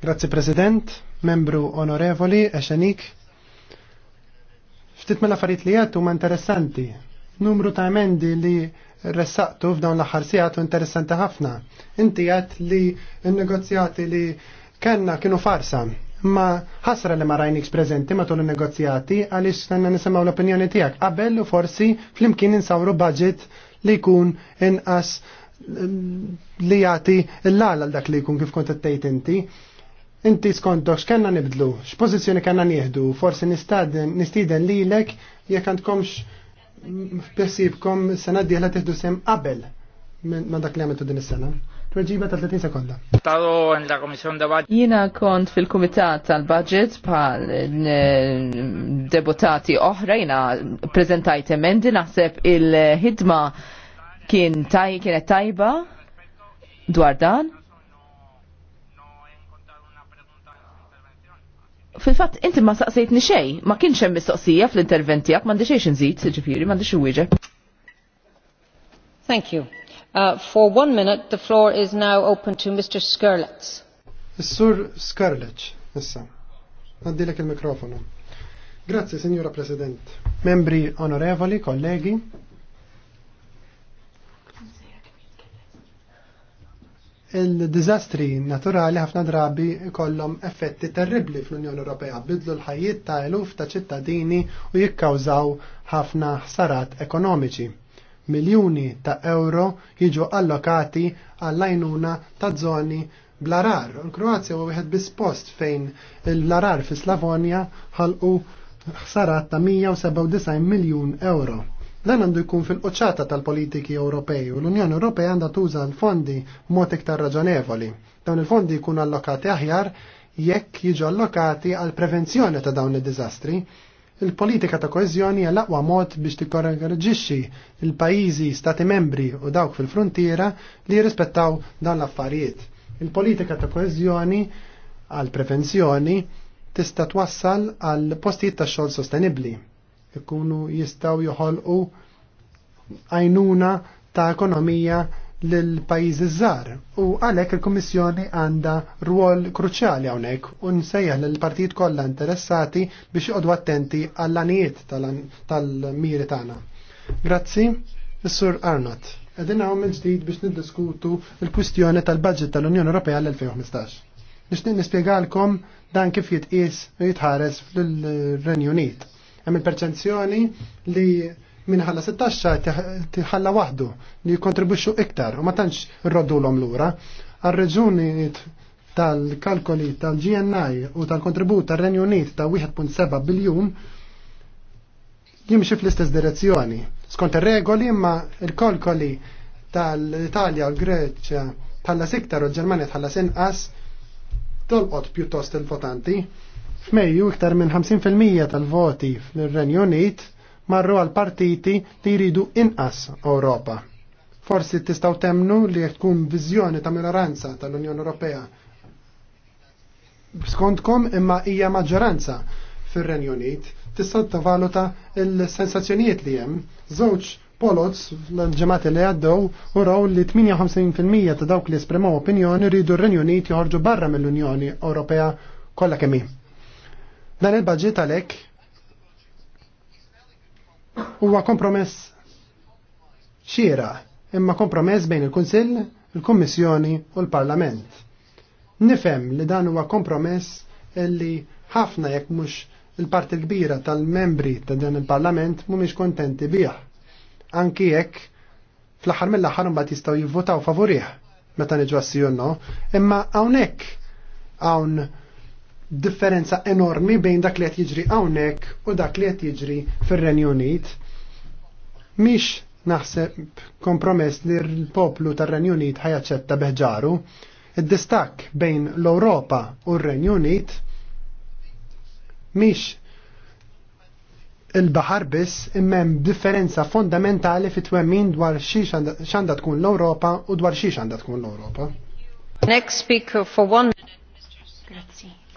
Grazie President, membru onorevoli, eċenik. Ftit mela farit li għattu ma interessanti. Numru ta' emendi li ressaqtu f'dawn l-aħħar sigħat interessanti ħafna. Inti għat li n-negozjati li kellna kienu farsa. Ma ħasra li ma rajnikx prezenti matul tullu negozjati għaliex kanna nisemaw l-opinjoni tiegħek qabel u forsi flimkien insawru budget li jkun inqas li jagħti l-għal dak li jkun kif kont tgħid inti. Inti skontok x'kanna nibdlu, x'pożizzjoni kanna nieħdu, forsi nistieden lilek jekk għandkomx f'pjassibkom sena diħla dieħla teħdu sem qabel ma dak li għamiltu din is-sena. Tweġiba ta' 30 sekonda. Tado en la Comisión da Budget. Jina kont fil-Kumitat tal-Budget bħal eh, deputati oħra jina prezentajt emendi naħseb il-ħidma kien taj, kienet tajba dwar dan. Fil-fatt, inti ma saqsejtni xej, ma kienx hemm mistoqsija fl-intervent tiegħek m'għandi xejn inżid, ma m'għandix iwieġeb. Thank you. Uh, for one minute, the floor is now open to Mr. Skerlitz. is Skerlitz, issa. Għaddilek il-mikrofonu. Grazie, Signora President. Membri onorevoli, kollegi, il-dizastri naturali ħafna drabi kollom effetti terribli fl-Unjoni Ewropea, bidlu l-ħajjiet ta' eluf ta' ċittadini u jikkawżaw ħafna ħsarat ekonomiċi. Miljuni ta' euro jiġu allokati għall-għajnuna ta' zoni blarar. Kroazja u wieħed bispost fejn il larar fi Slavonja ħalqu ħsarat ta' 197 miljun euro Dan għandu jkun fil qoċata tal-politiki Ewropej u l-Unjoni Ewropea għandha tuża l-fondi mod iktar raġonevoli. Dawn il-fondi jkunu allokati aħjar jekk jiġu allokati għal prevenzjoni ta' dawn id-diżastri. Il-politika ta' koeżjoni hija l-aqwa mod biex tikkoraġixxi il-pajjiżi, stati membri u dawk fil-frontiera li jirrispettaw dan l-affarijiet. Il-politika ta' koeżjoni għal prevenzjoni tista' twassal għal postijiet ta' xogħol sostenibbli ikunu jistaw joħolqu għajnuna ta' ekonomija lil pajjiżi żgħar u għalhekk il-Kummissjoni għandha rwol kruċjali hawnhekk u nsejjaħ lill partit kollha interessati biex joqgħdu attenti għall-anijiet tal-miri tagħna. Grazzi, sur Arnott. Qegħdin hawn minn ġdid biex niddiskutu l-kwistjoni tal-budget tal-Unjoni Ewropea l-2015. Nixtieq nispjegalkom dan kif jitqies u jitħares fil-Renju Unit Hemm il-perċenzjoni li minħalla ħalla 16 tħalla waħdu li jikontribuxxu iktar u ma tantx irroddu l-om lura. Għal-reġuni tal-kalkoli tal-GNI u tal-kontribut tal-Renju Unit ta' 1.7 biljum jimxi fl-istess direzzjoni. Skont ir-regoli imma il-kalkoli tal-Italja u l-Greċja tħallas iktar u l-Ġermanja tħallas inqas tolqot pjuttost il-votanti. F'Mejju iktar minn 50% tal-voti fl renju Unit marru għal partiti li jridu inqas Ewropa. Forsi tistaw temnu li jekk tkun viżjoni ta' minoranza tal-Unjoni Ewropea. Skontkom imma hija maġġoranza fir-Renju Unit tista' tavaluta l-sensazzjonijiet li hemm. Żewġ Polots l-ġemati li għaddew uraw li 58% ta' dawk li espremaw opinjoni rridu r-Renju Unit joħorġu barra mill-Unjoni Ewropea kollha kemm Dan il-budget għalhekk huwa kompromess xiera, imma kompromess bejn il-Kunsill, il-Kummissjoni u l-Parlament. Nifhem li dan huwa kompromess illi ħafna jekk mhux il-parti kbira tal-membri ta' dan il-Parlament mhumiex kontenti bih. Anki jekk fl-aħħar mill-aħħar mbagħad jistgħu jivvotaw favorih meta niġu no, imma hawnhekk hawn differenza enormi bejn dak li qed jiġri hawnhekk u dak li qed jiġri fir-Renju Unit. Mhix naħseb kompromess li l-poplu tar-Renju Unit ħajaċċetta beħġaru. Id-distak bejn l-Ewropa u r-Renju Unit mhix il baħar biss immem differenza fondamentali fit twemmin dwar xi għandha tkun l-Ewropa u dwar xi għandha tkun l-Ewropa. Next speaker for one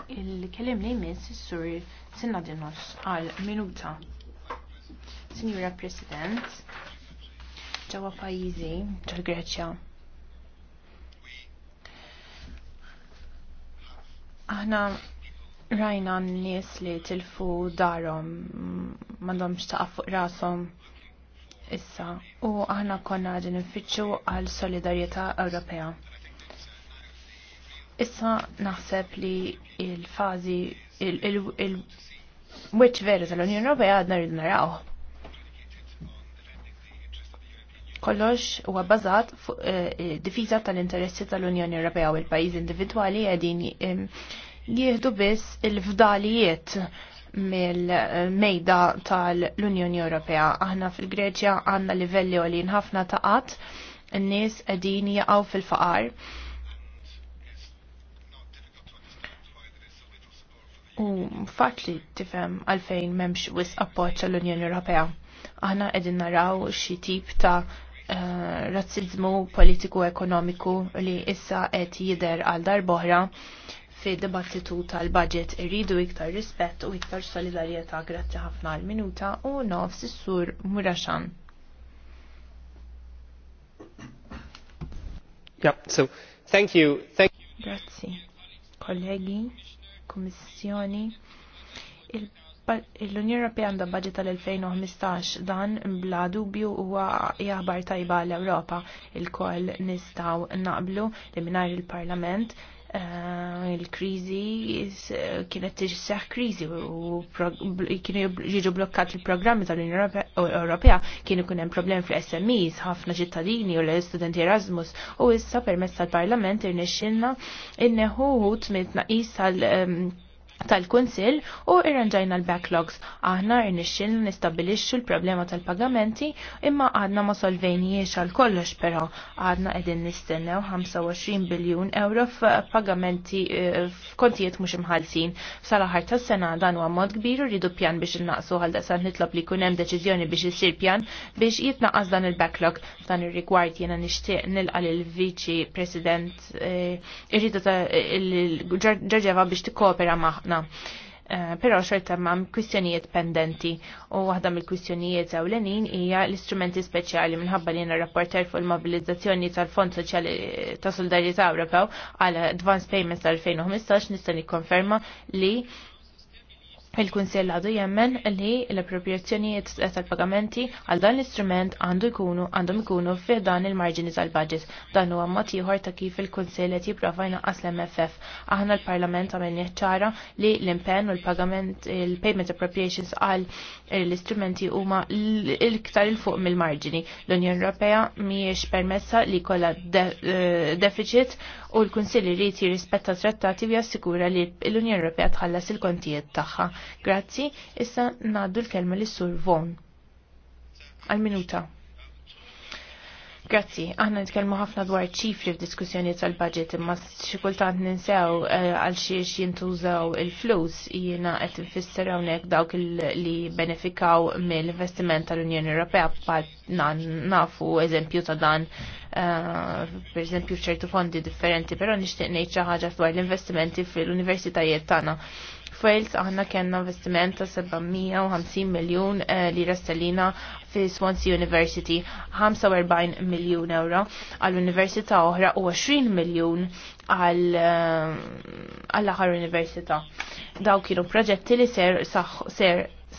il-kelim li jmiss sur sinna dinos għal minuta. Signora President, ġewwa pajjiżi tal-Greċja. Aħna rajna n-nies li tilfu darhom m'għandhomx taqa' fuq rashom issa u aħna konna għadin nfittxu għal solidarjetà Ewropea Issa naħseb li il-fazi il-wiċ veru tal-Unjoni Ewropea għadna rridu naraw. Kollox huwa bażat fuq eh, eh, difiża tal-interessi tal-Unjoni Ewropea u l-pajjiż individwali qegħdin ehm, jieħdu biss il-fdalijiet mill-mejda tal-Unjoni Ewropea. Aħna fil-Greċja għandna livelli għolin ħafna ta' qatt, n-nies qegħdin jaqgħu fil-faqar U fatt li tifhem għalfejn m'hemmx wis appoġġ għall-Unjoni Ewropea. Aħna qegħdin naraw xi tip ta' uh, razzizmu politiku ekonomiku li issa qed jidher għal darboħra fi dibattitu tal-budget irridu iktar rispett u iktar solidarjetà grazzi ħafna għal minuta u nofs is-sur Muraxan. Yeah, so thank you. Thank you. Grazzi. Kollegi Kummissjoni. L-Unjoni Ewropea għandha budget tal-2015 dan bla dubju huwa jaħbar tajba l-Ewropa il-koll nistgħu naqblu li mingħajr il-Parlament Eh, il-krizi eh, kienet tiġisseħ krizi u kienu jiġu blokkat il-programmi tal-Unjoni Ewropea kienu kunem problem fl smis ħafna ċittadini u l-studenti Erasmus u issa permessa tal-Parlament irnexxinna inneħu tmit naqis tal- tal-Kunsill u irranġajna l-backlogs. Aħna rnixxilna nistabilixxu l-problema tal-pagamenti imma għadna ma solvejniex għal kollox però għadna qegħdin nistennew 25 biljun euro f'pagamenti eh, f'kontijiet mhux imħallsin. Sal-aħħar tas-sena dan huwa mod kbir rridu pjan biex innaqsu għal daqsan nitlob li jkun hemm deċiżjoni biex isir pjan biex jitnaqqas dan il-backlog. Dan ir-rigward jiena nixtieq nilqa' il viċi President eh, irridu ta' il-ġerġeva biex tikkopera maħna ħafna. Eh, però xorta ma' kwistjonijiet pendenti u waħda mill-kwistjonijiet ewlenin hija l-istrumenti speċjali minħabba li rapporter fuq il-mobilizzazzjoni tal-Fond Soċjali ta' Solidarjetà Ewropew għal Advance Payments tal-2015 nista' nikkonferma li Il-Kunsell għadu jemmen li l-appropriazzjonijiet tal-pagamenti għal dan l-istrument għandu jkunu għandhom jkunu fi dan il-marġini tal-budget. Dan huwa mod ieħor ta' kif il-Kunsell qed jipprova jinqas l-MFF. Aħna l-Parlament għamilni ċara li l-impenn u l-pagament il-payment appropriations għal l-istrumenti huma l-iktar il fuq mill-marġini. L-Unjoni Ewropea mhijiex permessa li kollha eh, deficit u l kunsilli irid jirrispetta trattati bi assikura li l-Unjoni Ewropea tħallas il-kontijiet tagħha. Grazzi, issa ngħaddu l-kelma lis sur Von. Għal minuta. Grazzi, aħna nitkellmu ħafna dwar ċifri f'diskussjoni tal-budget imma kultant ninsew eh, għal xiex jintużaw il-flus jiena qed nfisser hawnhekk dawk li benefikaw mill-investiment tal-Unjoni Ewropea bħal nafu eżempju ta' dan eh, per eżempju ċertu fondi differenti, però nixtieq ngħid xi ħaġa dwar l-investimenti fil-universitajiet tagħna Wales aħna kellna investiment ta' 750 miljun eh, li rastellina fi Swansea University, 45 miljun euro għall-università oħra u 20 miljun eh, għall-aħħar università. Daw kienu proġetti li ser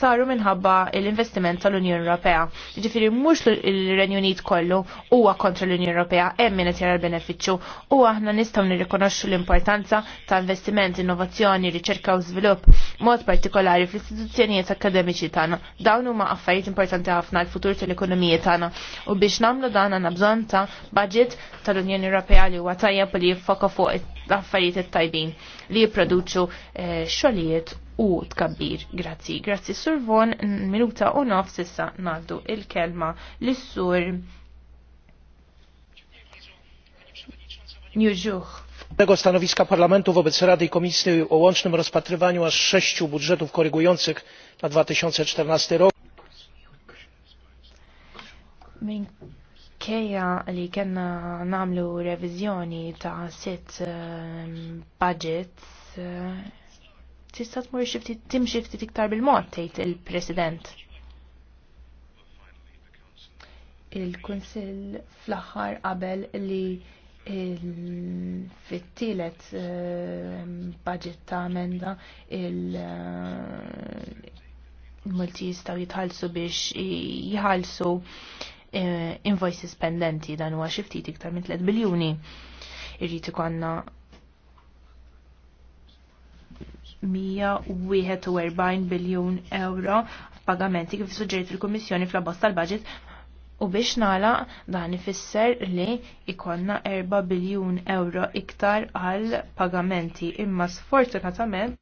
saru minħabba l-investiment tal-Unjoni Ewropea. Ġifiri mhux l renju Unit kollu huwa kontra l-Unjoni Ewropea hemm min qed jara l-benefiċċju u aħna nistgħu nirrikonoxxu l-importanza ta' investiment, innovazzjoni, riċerka u żvilupp mod partikolari fl-istituzzjonijiet akademiċi tagħna. Dawn huma affarijiet importanti ħafna għall futur tal-ekonomija tagħna u biex nagħmlu dan għandna bżonn ta' budget tal-Unjoni Ewropea li huwa tajjeb li jiffoka fuq l-affarijiet it-tajbin li jipproduċu eh, xogħlijiet u tkabbir. Grazzi, grazzi Sur Von, minuta u nof sissa naddu il-kelma l-Sur Njużuħ. Tego stanowiska Parlamentu wobec Rady i Komisji o łącznym rozpatrywaniu aż sześciu budżetów korygujących na 2014 rok. Min kejja li kena namlu rewizjoni ta' sitt budgets tista' tmur xifti timxi ftit iktar bil-mod tgħid il-President. Il-Kunsill fl-aħħar qabel li fit-tielet ehm, budget ta' amenda il-multi ehm, jistgħu jitħallsu biex jħallsu eh, invoices pendenti dan huwa xi ftit iktar minn 3 biljuni irrid ikonna 141 biljun euro pagamenti kif suġġeriet il-Kummissjoni fl-abbozz tal-budget u biex nala dan ifisser li ikonna 4 biljun euro iktar għal pagamenti imma sfortunatament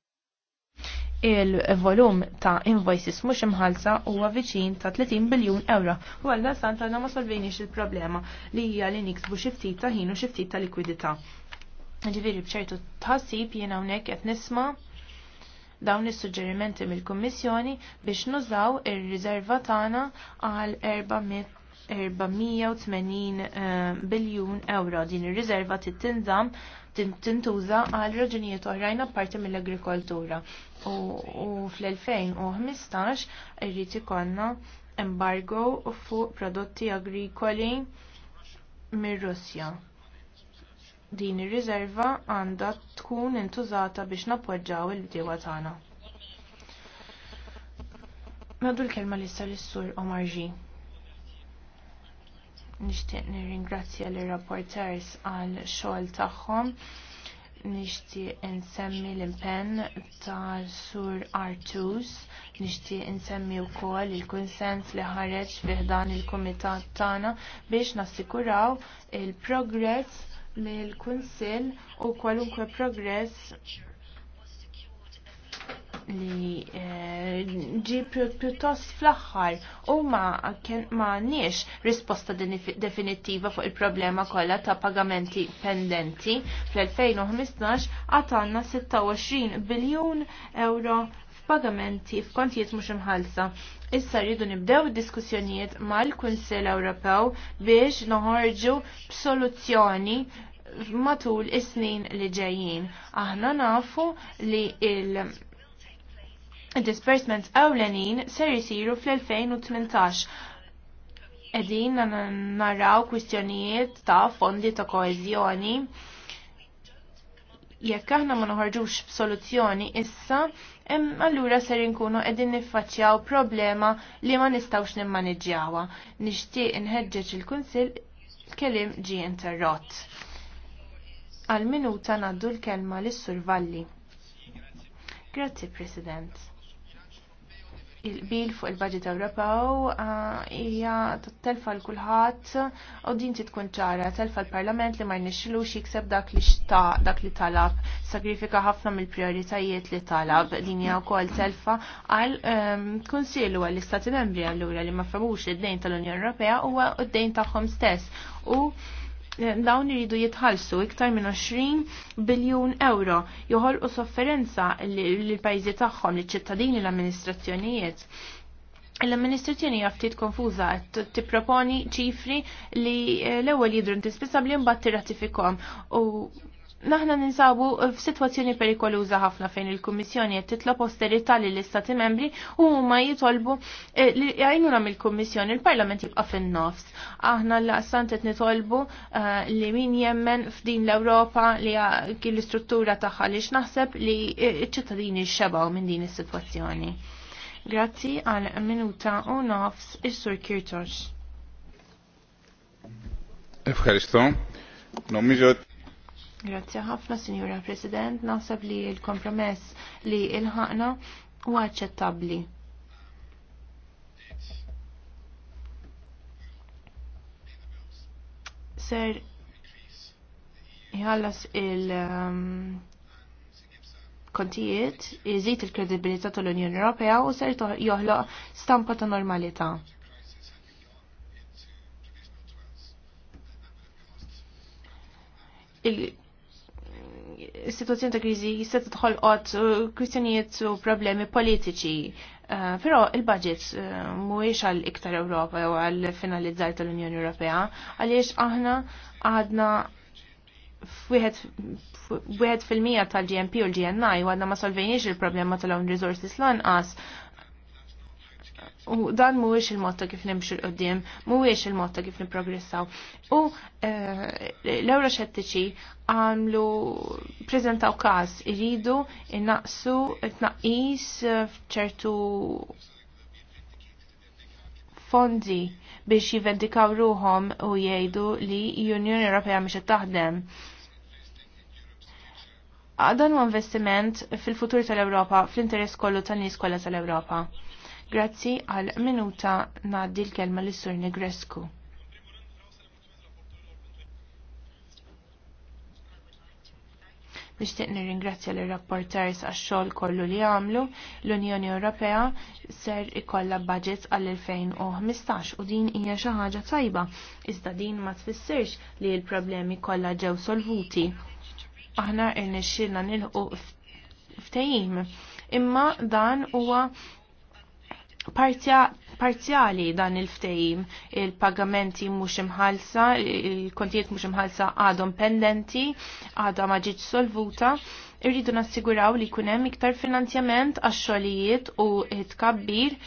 il-volum ta' invoices mhux imħalsa huwa viċin ta' 30 biljun euro. U għalda dan sant għandna ma solvejniex il-problema li hija li niksbu xi ftit ta' ħin u xi ftit ta' likwidità. Ġifieri bċertu tħassib jiena hawnhekk qed nisma' dawn is-suġġerimenti mill-Kummissjoni biex nużaw ir-riserva tagħna għal 480 eh, biljun euro. Din ir-riserva tittinżam tintuża għal raġunijiet oħrajn apparti mill-agrikoltura. U fl-2015 irrid ikollna embargo fuq prodotti agrikoli mir-Russja. Din ir-riserva għandha tkun intużata biex nappoġġaw il-bdiewa tagħna. Nadu l-kelma lissa l-sur Omar G. Nishtiq nirringrazzja l-rapporters għal xogħol tagħhom. Nishtiq insemmi l-impenn ta' sur Artus. Nishtiq insemmi wkoll il-kunsens li ħareġ fiħdan il-kumitat tagħna biex nassikuraw il-progress l kunsill u kwalunkwe progress li eh, ġi pjuttost fl-axħar u ma nix risposta definittiva fuq il-problema kollha ta' pagamenti pendenti fl-2015 għatanna 26 biljun euro f'pagamenti f'kontijiet mhux imħalsa. Issa rridu nibdew diskussjonijiet mal-Kunsill Ewropew biex noħorġu b'soluzzjoni matul is-snin li ġejjin. Aħna nafu li il- disbursements ewlenin ser jisiru fl-2018. Edin naraw kwistjonijiet ta' fondi ta' koezjoni. Jekk aħna ma noħarġux soluzzjoni issa, allura ser inkunu qegħdin niffaċċjaw problema li ma nistgħux nimmaniġġjawha. Nixtieq inħeġġeġ il-Kunsill kelim ġie interrott għal minuta naddu l-kelma l Valli. Grazzi, President. Il-bil fuq il-budget Ewropew ah, hija telfa l kulħadd u din tkun ċara telfa l-Parlament li ma jnexxilux jikseb dak li xta' dak li talab sagrifika ħafna mill-prioritajiet li talab din hija wkoll telfa għal ehm, u għall-Istati Membri allura li ma fhemux id-dejn tal-Unjoni Ewropea huwa d-dejn tagħhom stess u dawn iridu jitħallsu iktar minn 20 biljun euro joħolqu sofferenza lill-pajjiżi tagħhom liċ-ċittadini l-amministrazzjonijiet. L-amministrazzjoni ftit konfuża qed tipproponi ċifri li eh, l-ewwel jidru intispisabli mbagħad tirratifikhom u Naħna ninsabu f'sitwazzjoni perikoluża ħafna fejn il-Kummissjoni qed titlob li lill istati membri u huma jitolbu eh, li nam mill-Kummissjoni il-Parlament jibqa' fin-nofs. Aħna l-qassan qed nitolbu eh, li min jemmen f'din l-Ewropa li kien l-istruttura tagħha li naħseb li eh, ċittadini xebgħu minn din is-sitwazzjoni. Grazzi għal minuta u nofs is-Sur Kirtosh. Ευχαριστώ. nomiġot Grazie ħafna, Signora President. Nasab li il kompromess um, li il-ħakna u għacċettabli. Ser jħallas il-kontijiet, jizit il kredibilitat u l unjoni Ewropea u ser joħloq stampa ta' normalità. il situazzjoni ta' kriżi jista' tħolqot uh, kwistjonijiet u problemi politiċi. Uh, però il-budget uh, mhuwiex għal iktar Ewropa jew għal finalizzar tal-Unjoni Ewropea, għaliex aħna għadna f'wieħed fil-mija tal-GMP u l-GNI u għadna ma solvejniex il-problema tal-own resources lanqas U dan mhuwiex il-motta kif nimxu l-qoddim, mhuwiex il-motta kif nipprogressaw. U eh, l xettiċi għamlu preżentaw każ iridu innaqsu tnaqqis f'ċertu fondi biex jivendikaw ruhom u jgħidu li l-Unjoni Ewropea mhix taħdem. Dan huwa investiment fil-futur tal-Ewropa fl-interess kollu tan-nies kollha tal-Ewropa. tal europa fl interess kollu tan nies kollha tal europa tal ewropa Grazzi għal minuta naddi l-kelma l-Sur Negresku. Nishtiq nirringrazzja l rapporters għax xogħol kollu li għamlu, l-Unjoni Ewropea ser ikolla budgets għall-2015 u din hija xi ħaġa tajba, iżda din ma tfissirx li l-problemi kollha ġew solvuti. Aħna irnexxilna nilħu ftehim. Imma dan huwa parzjali dan il-ftejim, il-pagamenti mhux imħalsa, il-kontijiet mhux imħalsa għadhom pendenti, għadha ma ġietx solvuta, irridu nassiguraw li jkun hemm iktar finanzjament għax xogħlijiet u it-kabbir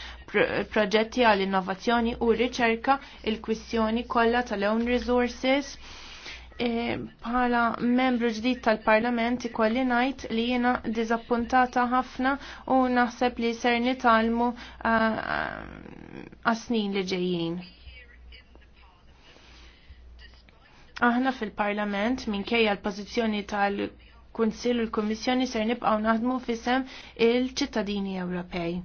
proġetti għall innovazzjoni u riċerka il-kwistjoni kollha tal-own resources E, bħala membru ġdid tal-Parlament ikolli ngħid li jiena diżappuntata ħafna u naħseb li ser nitalmu għas-snin li ġejjin. Aħna fil-Parlament minkejja l-pożizzjoni tal-Kunsill u l-Kummissjoni ser nibqgħu naħdmu fisem il-ċittadini Ewropej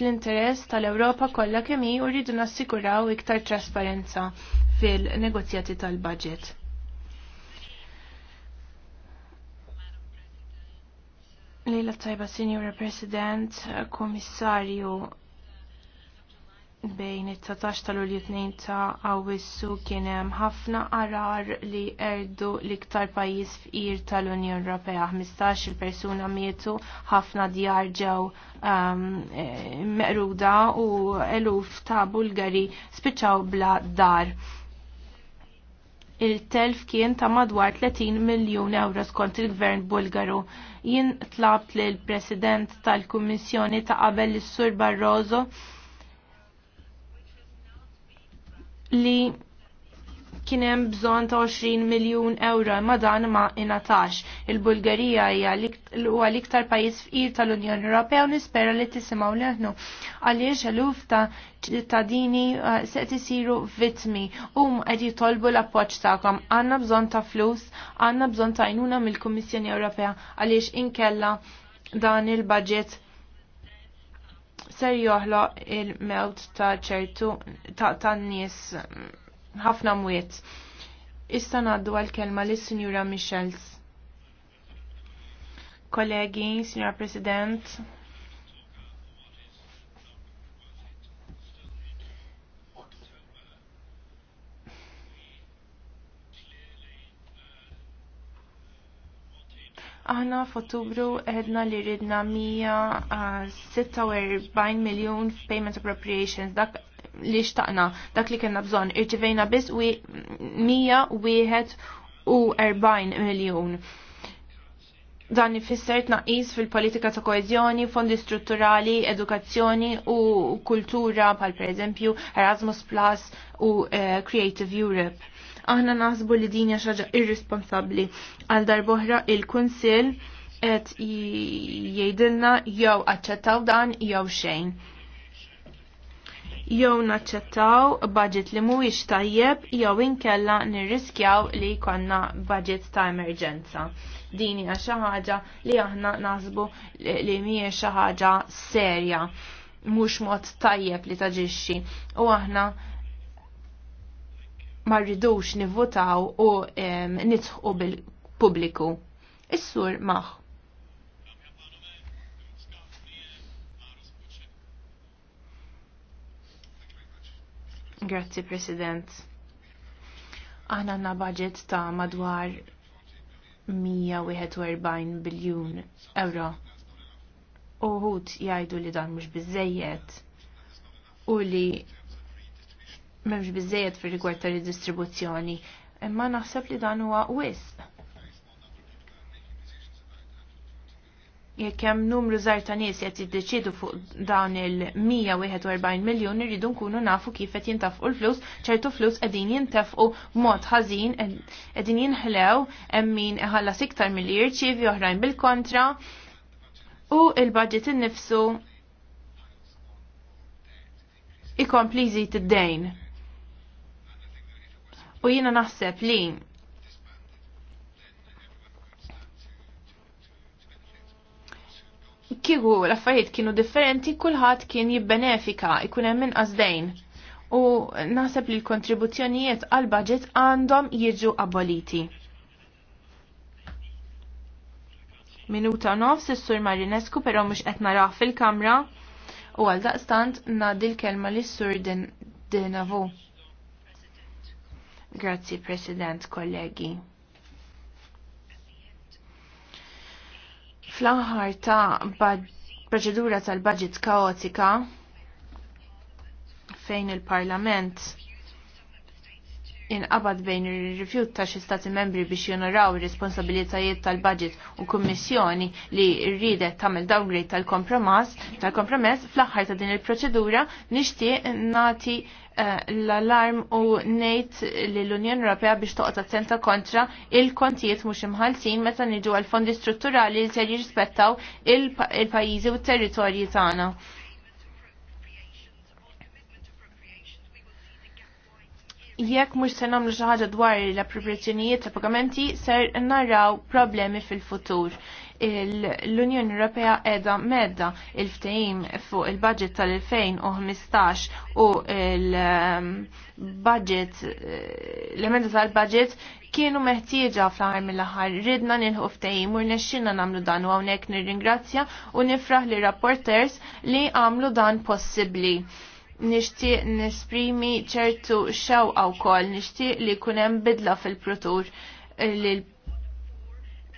fl-interess tal-Ewropa kollha kemm hi u rridu nassikuraw iktar trasparenza fil-negozjati tal-budget. Lejla tajba, Signora President, Komissarju, bejn it-19 tal-ulju 2 ta' għawissu kien hemm ħafna arar li erdu l-iktar pajjiż fqir tal-Unjoni Ewropea. 15 il-persuna mietu, ħafna djar ġew um, meqruda u eluf ta' Bulgari spiċċaw bla dar il-telf kien ta' madwar 30 miljun euro skont il-gvern Bulgaru. Jien tlabt li l-president tal-Kummissjoni ta' qabel is-Sur Barroso li kien hemm bżonn ta' 20 miljun euro ma dan ma ingħatax. Il-Bulgarija hija huwa l-iktar pajjiż fqir tal-Unjoni Ewropea u nispera li tisimgħu leħnu għaliex eluf ta' ċittadini eh, se isiru vittmi u qed jitolbu l-appoġġ tagħkom. Għandna bżonn ta' flus, għandna bżonn ta' għajnuna mill-Kummissjoni Ewropea għaliex inkella dan il-budget ser joħloq il-mewt ta' ċertu ta' tan-nies ħafna mwiet. Issa naddu għal-kelma li Sinjura Michels. Kollegi, Sinjura President, aħna f'Ottubru għedna li ridna 146 ah, miljon f'payment appropriations dak li xtaqna dak li kena bżon irċivejna biss u 141 miljon. Dan ifisser tnaqis fil-politika ta' koezjoni, fondi strutturali, edukazzjoni u kultura pal per eżempju Erasmus Plus u uh, Creative Europe. Aħna naħsbu li dinja xaġa irresponsabli għal darboħra il-Kunsil et jgħidilna jew aċċettaw dan jew xejn jew naċċettaw budget li mhuwiex tajjeb jew inkella nirriskjaw li jkollna budget ta' emerġenza. Din hija xi ħaġa li aħna naħsbu li mhijiex xi ħaġa serja mhux mod tajjeb li taġixxi u aħna ma rridux nivvotaw u nitħu bil-pubbliku. Is-sur maħ. Grazzi, President. Aħna għanna budget ta' madwar 141 biljun euro. Uħut jgħidu li dan mhux biżejjed u li memx bizzejet fil rigward ta' redistribuzzjoni, imma naħseb li dan huwa wisq. jekk hemm numru zar ta' nies qed jiddeċiedu fuq dawn il-141 miljun irridu nkunu nafu kif qed jintafqu l-flus, ċertu flus qegħdin jintefqu mod ħażin qegħdin jinħlew hemm min iħallas iktar milli jirċievi oħrajn bil-kontra u l-budget innifsu ikompli jżid id-dejn. U jiena naħseb li kieku l-affarijiet kienu differenti, kulħadd kien jibbenefika, ikun hemm inqas dejn. U naħseb li l-kontribuzzjonijiet għal budget għandhom jiġu aboliti. Minuta nofs is-Sur Marinescu però mhux qed narah fil-kamra u għal daqstant nagħdi l-kelma lis sur dinavu. Grazzi President, kollegi. Fl-aħħar ta' proċedura tal-budget kaotika fejn il-Parlament inqabad bejn ir-rifjut ta' xi stati membri biex jonoraw ir-responsabilitajiet tal-budget u kummissjoni li rridet tagħmel downgrade tal-kompromess, tal-kompromess fl-aħħar ta' din il-proċedura nixtieq nagħti Eh, l-alarm u nejt li l-Unjoni Ewropea biex toqgħod attenta kontra il-kontijiet mhux imħallsin meta niġu għal fondi strutturali li se jirrispettaw il-pajjiżi u t-territorji tagħna. Jekk mhux se nagħmlu xi ħaġa dwar l-appropriazzjonijiet ta' pagamenti ser narraw problemi fil-futur l-Unjoni Ewropea edha medda il-ftehim fuq il-budget tal-2015 u il-budget um, eh, l-emenda tal-budget kienu meħtieġa fl-ħar mill-ħar ridna nilħu ftehim u rnexxina nagħmlu dan u hawnhekk nirringrazzja u nifraħ li rapporters li għamlu dan possibbli nixtieq nisprimi ċertu xewqa wkoll nixtieq li jkun hemm bidla fil-protur eh, li l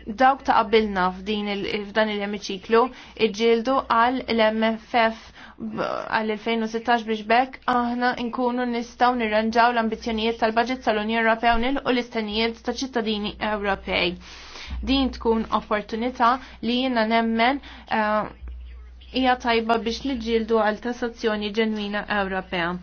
dawk ta' qabilna f'din f'dan il-emiċiklu iġildu għal l-MFF għal 2016 biex bekk aħna nkunu nistaw nirranġaw l-ambizjonijiet tal-budget tal-Unjoni Ewropea u l-istennijiet ta' ċittadini Ewropej. Din tkun opportunità li jiena nemmen eh, hija tajba biex niġġieldu għal tassazzjoni ġenwina Ewropea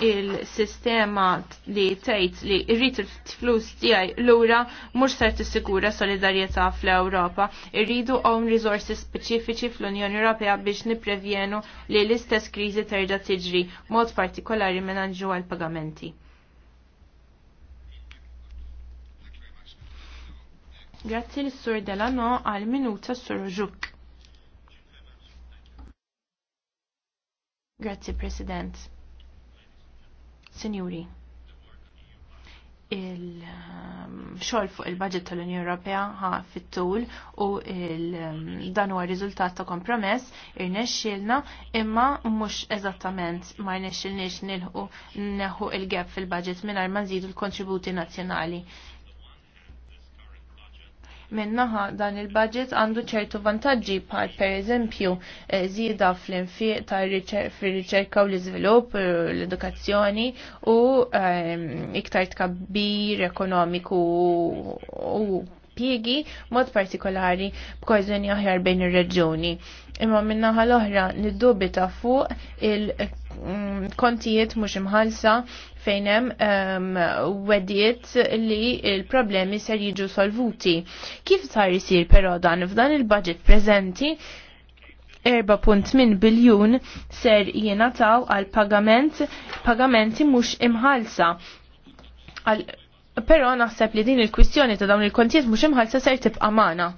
il-sistema li tgħid li irrit il-flus tiegħi lura mhux ser tissigura solidarjetà fl-Ewropa. Irridu hawn risorsi speċifiċi fl-Unjoni Europea biex niprevjenu li l-istess kriżi terġa' tiġri, mod partikolari minn għal pagamenti. Grazzi l-Sur Delano al minuta Sur Juk. Grazzi President. Signori, il-xol um, fuq il-budget tal-Unjoni Ewropea ha fit-tul u um, dan huwa riżultat ta' kompromess irnexxielna imma mhux eżattament ma rnexxilniex nilħu neħu il-gap fil-budget mingħajr ma nżidu l-kontributi nazzjonali Minnaħa dan il-budget għandu ċertu vantaġġi bħal per eżempju eh, zida fl-infiq ta' riċerka u l-iżvilupp, eh, l-edukazzjoni u ehm, iktar tkabbir ekonomiku u impjiegi mod partikolari b'kożjoni aħjar bejn ir reġuni Imma min-naħa l-oħra niddubita fuq il-kontijiet mm, mhux imħalsa fejn hemm ehm, wedijiet li l-problemi ser jiġu solvuti. Kif sar isir però dan f'dan il-budget preżenti 4.8 biljun ser jenataw għal pagament, pagamenti mhux imħalsa Però naħseb li din il-kwistjoni ta' dawn il-kontijiet mhux imħalsa ser tibqa' magħna.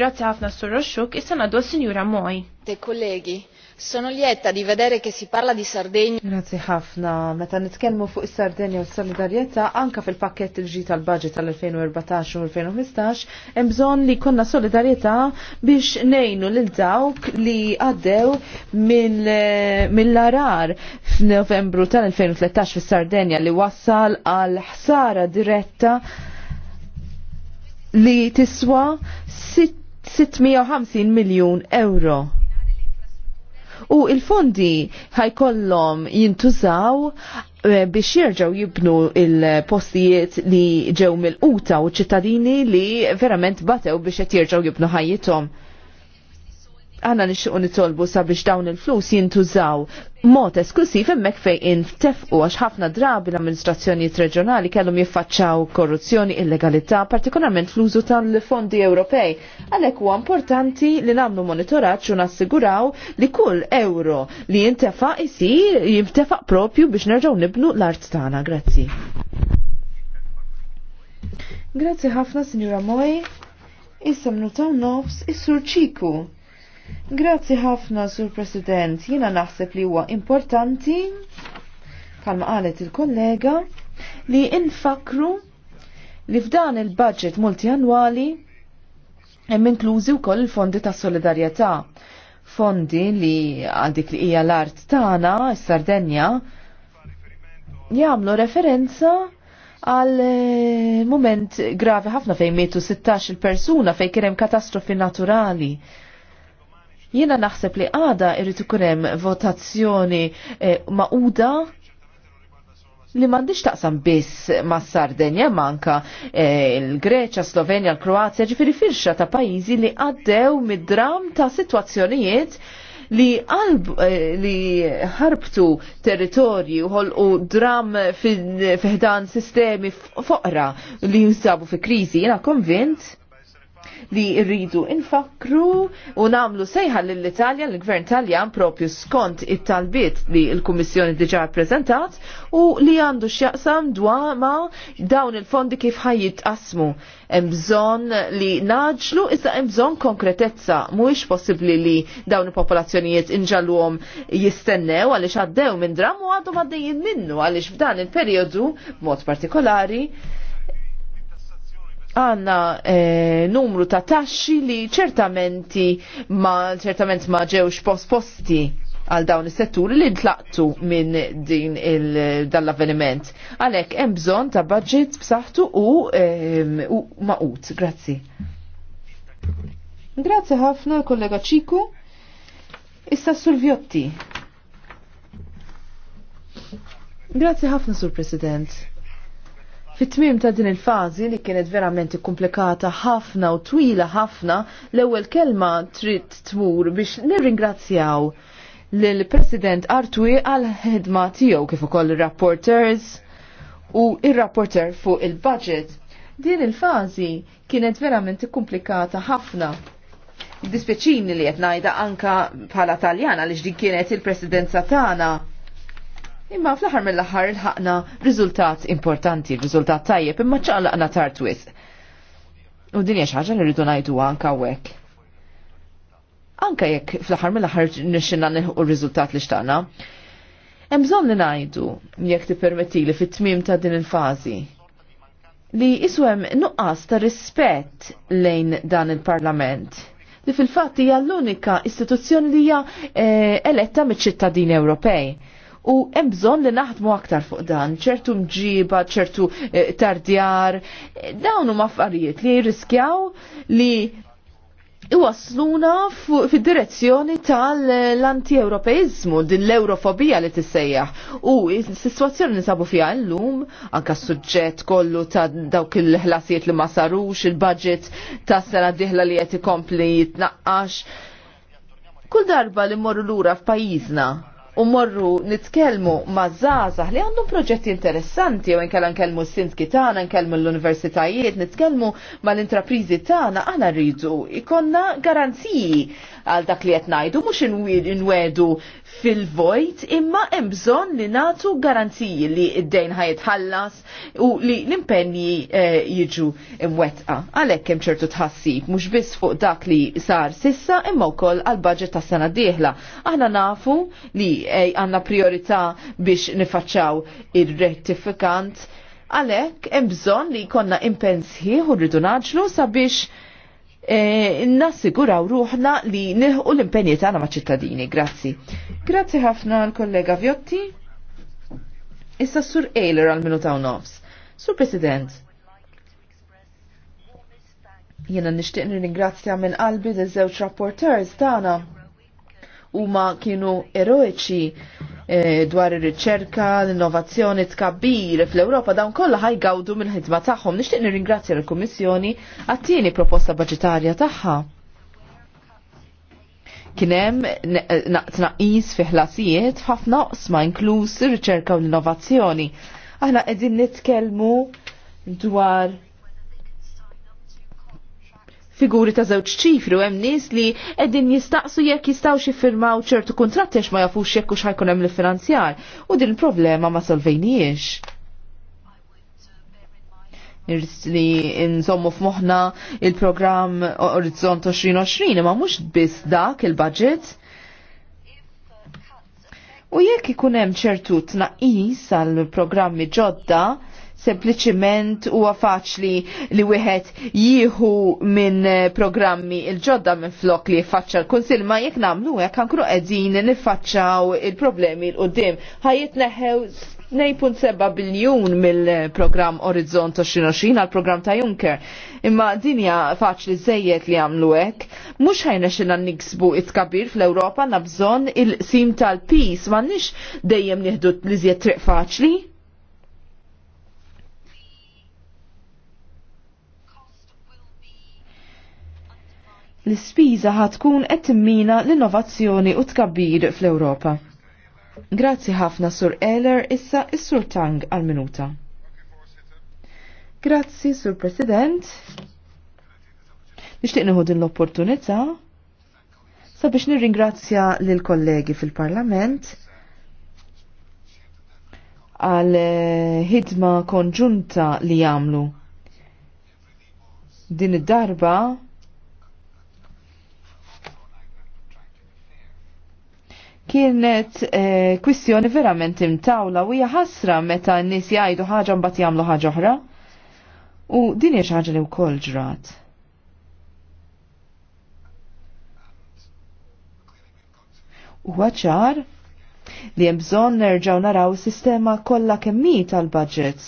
Grazzi ħafna Sur Roxxuk, issa ngħaddu s-Sinjura Moj. Te kollegi, Sono lieta di vedere che si parla di Sardegna. Grazie ħafna. Meta nitkellmu fuq is-Sardenja u s-solidarjetà anka fil-pakkett il ġid tal-budget tal-2014 u 2015 hemm bżonn li konna solidarjetà biex ngħinu lil dawk li għaddew mill-arar f'Novembru tal-2013 fis-Sardenja li wassal għal ħsara diretta li tiswa 650 miljun euro u il-fondi ħajkollhom jintużaw eh, biex jirġaw jibnu il-postijiet li ġew mill-quta u ċittadini li verament batew biex qed jirġaw jibnu ħajjithom għanna nixuqu nitolbu sabiex dawn il-flus jintużaw mod esklusiv hemmhekk fejn intefqu għax ħafna drabi l-amministrazzjonijiet reġjonali kellhom jiffaċċaw korruzzjoni, illegalità, partikolarment fl-użu tal-fondi Ewropej. Għalhekk huwa importanti li nagħmlu monitoraċ u nassiguraw li kull euro li jintefa' isir jintefa propju biex nerġgħu nibnu l-art tagħna. Grazzi. Grazzi ħafna, signora Moj. Issa mnu taw nofs is ċiku. Grazzi ħafna, Sur President. Jina naħseb li huwa importanti, bħalma qalet il-kollega, li infakru li f'dan il-budget multianwali hemm inklużi wkoll il-fondi ta' solidarjetà. Fondi li għal dik li hija l-art tagħna, s-Sardenja, jagħmlu referenza għal eh, moment gravi ħafna fejn mietu 16 il-persuna fejn kien hemm katastrofi naturali Jiena naħseb li għada irrid ikun hemm votazzjoni eh, maquda li mandiċ taqsam biss ma Sardenja manka eh, il-Greċa, Slovenja, l-Kroazja, ġifiri firxa ta' pajizi li għaddew mid-dram ta' situazzjonijiet li għalb eh, li ħarbtu territorji u dram fiħdan sistemi foqra li jinsabu fi krizi, jina konvint li rridu infakru u namlu sejħa l-Italja, l-Gvern Taljan propju skont it-talbiet li l-Kummissjoni diġa prezentat u li għandu xjaqsam ma dawn il-fondi kif ħajjit asmu. Mbżon li naġlu, issa mbżon konkretezza, mhuwiex possibbli li dawn il-popolazzjonijiet inġalluhom jistennew għaliex għaddew minn u għadhom għaddejjin minnu għaliex f'dan il periodu mod partikolari għanna e, numru ta' taxxi li ċertamenti ma ċertament ma ġewx posposti għal dawn is-setturi li ntlaqtu minn din dall-avveniment. Għalhekk hemm bżonn ta' budget b'saħħtu u, e, u maqut. Grazzi. Grazzi ħafna kollega Ċiku. Issa Sulvjotti. Grazzi ħafna, Sur President. Fit-tmim ta' din il-fazi li kienet verament komplikata ħafna u twila ħafna, l-ewwel kelma trid tmur biex nirringrazzjaw lill-President Artwi għal ħidma tiegħu kif ukoll ir-rapporters u ir-rapporter fuq il-budget. Din il-fażi kienet verament komplikata ħafna. Dispeċini li qed ngħidha anka bħala Taljana li din kienet il-presidenza tagħna Imma fl-aħħar mill-aħħar il-ħakna riżultat importanti, rizultat tajjeb, imma ċaqlaqna tard wisq. U din hija xi ħaġa li rridu ngħidu anke hawnhekk. Anke jekk fl-aħħar mill-aħħar nixxinna u r-riżultat li xtaqna. Hemm bżonn li ngħidu jekk li fit-tmiem ta' din il-fażi li iswem nuqqas ta' rispett lejn dan il-Parlament li fil-fatt hija l-unika istituzzjoni li hija eh, eletta miċ-ċittadini Ewropej u hemm bżonn li naħdmu aktar fuq dan, ċertu mġiba, ċertu eh, tardjar, dawn huma affarijiet li jirriskjaw li iwasluna fid-direzzjoni tal-anti-europeizmu, din l-eurofobija li tissejjaħ. U s-situazzjoni nisabu fija l-lum, anka s-sujġet kollu ta' dawk il-ħlasijiet li ma sarux, il-budget ta' sena diħla li jeti kompli jitnaqqax. Kull darba li morru l-ura f'pajizna, u morru nitkelmu ma' zazah li għandhom proġetti interessanti u nkella nkellmu s-sindki tagħna, nkellmu l-universitajiet, nitkellmu mal intrapriżi tagħna aħna rridu ikonna garanziji għal dak li qed ngħidu mhux inwedu fil-vojt imma hemm bżonn li nagħtu garanziji li d-dejn ħajtħallas u li l-impenji eh, jiġu imwetqa. Għalhekk hemm ċertu tħassib mhux biss fuq dak li sar sissa imma wkoll għal budget tas sena dieħla. Aħna nafu li eh, għandna priorità biex nifaċċaw ir-rettifikant għalhekk hemm bżonn li jkollna impensħi u rridu naġlu sabiex E, nassiguraw ruħna li nilħu l-impenji tagħna ma' ċittadini. Grazzi. Grazzi ħafna l-kollega Vjotti. Issa sur Eiler għal minuta u nofs. Sur President, jena nishtiq nirringrazzja minn qalbi d żewġ rapporteurs tagħna huma kienu eroiċi Eh, dwar ir-riċerka, l-innovazzjoni tkabbir fl-Ewropa dawn kollha ħajgawdu mill-ħidma tagħhom. Nixtieq nirringrazzja l-Kummissjoni għat-tieni proposta budġetarja tagħha. Kien hemm tnaqqis fi ħlasijiet f'ħafna oqsma inkluż ir-riċerka u l-innovazzjoni. Aħna qegħdin nitkellmu dwar figuri ta' żewġ ċifri u hemm nies li qegħdin jistaqsu jekk jistgħu jiffirmaw ċertu kuntratt għax ma jafux jekk hux ħajkun hemm l-finanzjar u din il-problema ma solvejniex li nżommu f'moħna il-programm Orizzont 2020 imma mhux biss dak il-budget. U jekk ikun hemm ċertu tnaqqis għall programmi ġodda, sempliciment huwa faċli li wieħed jieħu minn eh, programmi il-ġodda minn flok li jfaċċa l konsil ma jekk nagħmlu hekk ankru qegħdin niffaċċaw il-problemi l qoddim ħajjit neħew 2.7 biljun mill-programm Orizzont 2020 għal programm ta' Juncker. Imma dinja faċli zejjed li għamlu hekk. Mhux ħajna xina niksbu it-kabir fl-Ewropa nabżon il-sim tal-pis ma nix dejjem nieħdu l-iżjed triq faċli. l-ispiża ħatkun qed timmina l-innovazzjoni u tkabbir fl-Ewropa. Grazzi ħafna Sur Eller issa is-Sur Tang għal minuta. Grazzi Sur President. Nixtieq nieħu din l-opportunità sabiex nirringrazzja lil kollegi fil-Parlament għal eh, ħidma konġunta li jagħmlu. Din id-darba kienet eh, kwistjoni verament imtawla u hija ħasra meta n-nies jgħidu ħaġa mbagħad jagħmlu ħaġa oħra. U din hija xi ħaġa li wkoll ġrat. Huwa ċar li hemm bżonn nerġgħu naraw is-sistema kollha kemmi tal-budget.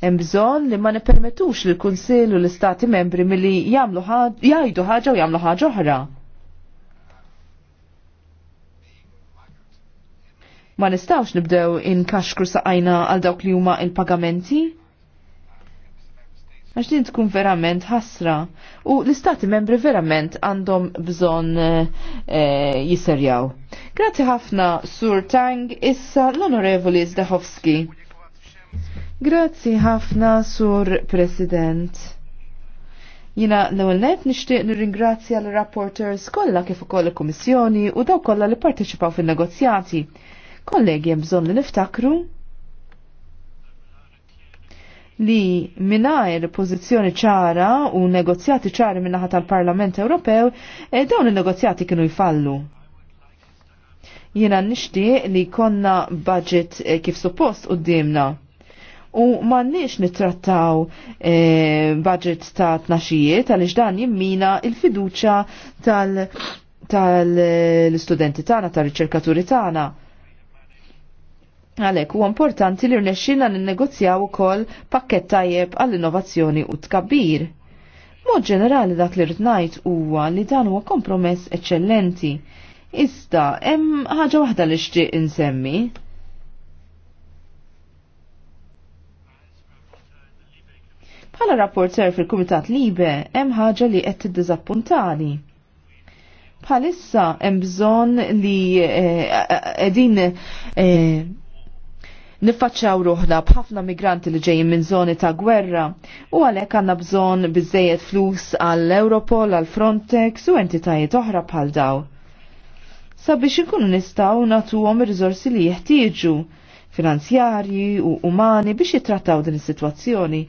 Hemm bżonn li ma nippermettux lill kunsill u l-Istati membri milli jagħmlu jgħidu ħaġa u jagħmlu ħaġa oħra ma nistawx nibdew inkaxkru saqajna għal dawk li huma il-pagamenti? Għax din tkun verament ħasra. U l-istati membri verament għandhom bżon e, eh, eh, jiserjaw. Grazzi ħafna, Sur Tang, issa l-Onorevoli Zdachowski. Grazzi ħafna, Sur President. Jina l-ewwel net nixtieq nirringrazzja l-rapporters kollha kif ukoll il-Kummissjoni u daw kollha li parteċipaw fin-negozjati. Kollegi, hemm bżonn li niftakru li minajr pozizjoni ċara u negozjati ċari minnaħat tal-Parlament Ewropew, eh, dawn il-negozjati kienu jfallu. Jena nishtiq li konna budget eh, kif suppost u d-dimna. U mannix nitrattaw e, eh, budget ta' tnaxijiet għalix dan jimmina il-fiduċa tal-studenti tal, tal tagħna, tal-riċerkaturi tagħna. Għalek, u importanti li rnexxina n-negozjaw ukoll pakket tajjeb għall-innovazzjoni u tkabbir. Mod ġenerali dak li rtnajt huwa li dan huwa kompromess eċċellenti. Ista, hemm ħaġa waħda li xtieq insemmi. Bħala rapporter fil-Kumitat Libe, hemm ħaġa li qed tiddiżappuntani bħalissa hemm bżonn li qegħdin eh, eh, eh, eh niffaċċaw ruħna bħafna migranti li ġejjin minn zoni ta' gwerra u għalhekk għandna bżonn biżejjed flus għall Europol, għall Frontex u entitajiet oħra bħal daw. Sabiex inkunu nistgħu nagħtuhom ir-riżorsi li jeħtieġu finanzjarji u umani biex jittrattaw din is-sitwazzjoni.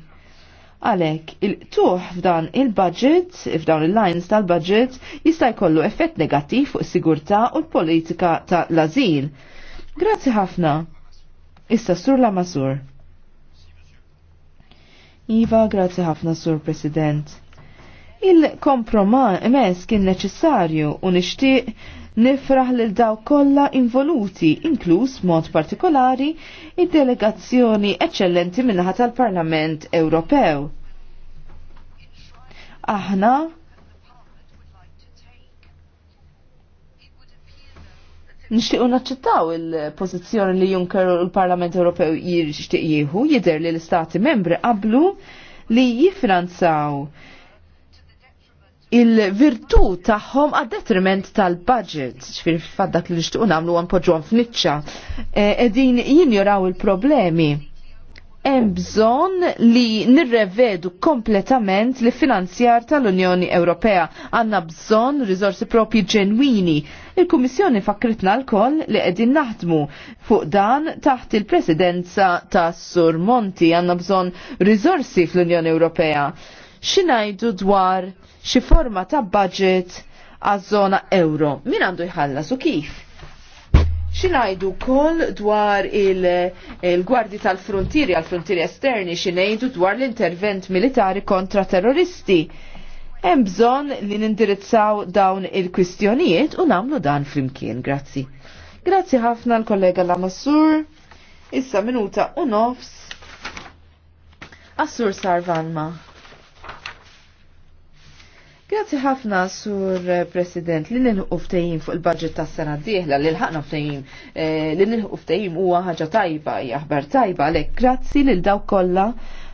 Għalhekk: il-tuħ f'dan il-budget, f'dawn il-lines tal-budget, jista' jkollu effett negattiv fuq is-sigurtà u l-politika ta' l-azil. Grazzi ħafna. Issa sur la mażur. Iva, grazie ħafna sur President. Il-kompromess kien neċessarju u nixtieq nifraħ lil daw kollha involuti, inkluż mod partikolari id-delegazzjoni eċċellenti minnaħa tal-Parlament Ewropew. Aħna Nishtiqu naċċettaw il-pozizjoni li Juncker u l-Parlament Ewropew jixtieq jieħu jidher li l-Istati membri qablu li jifranzaw il-virtu tagħhom għad detriment tal-budget, ċfir faddak li nixtiequ nagħmlu għan poġġu għan f'niċċa, eh, edin jinjoraw il-problemi hemm bżonn li nirrevedu kompletament li finanzjar tal-Unjoni Ewropea. Għandna bżonn riżorsi propri ġenwini. Il-Kummissjoni fakkritna l-koll li qegħdin naħdmu fuq dan taħt il-presidenza ta' Sur Monti għandna bżonn riżorsi fl-Unjoni Ewropea. Xinajdu dwar xi forma ta' budget għaż-żona euro. Min għandu jħallas u kif? Xinajdu kol dwar il-gwardi il tal-frontieri, għal-frontieri esterni, xinajdu dwar l-intervent militari kontra terroristi. Hemm bżonn li nindirizzaw dawn il-kwistjonijiet u nagħmlu dan flimkien, grazzi. Grazzi ħafna l-kollega Lamassur. Issa minuta u nofs. Assur Sarvanma. Grazie ħafna sur President li nilħu ftejim fuq il-budget tas sena d-dieħla li l-ħakna ftejim eh, li nilħu ftejim huwa ħaġa tajba jaħbar tajba għalhekk grazzi lil daw kollha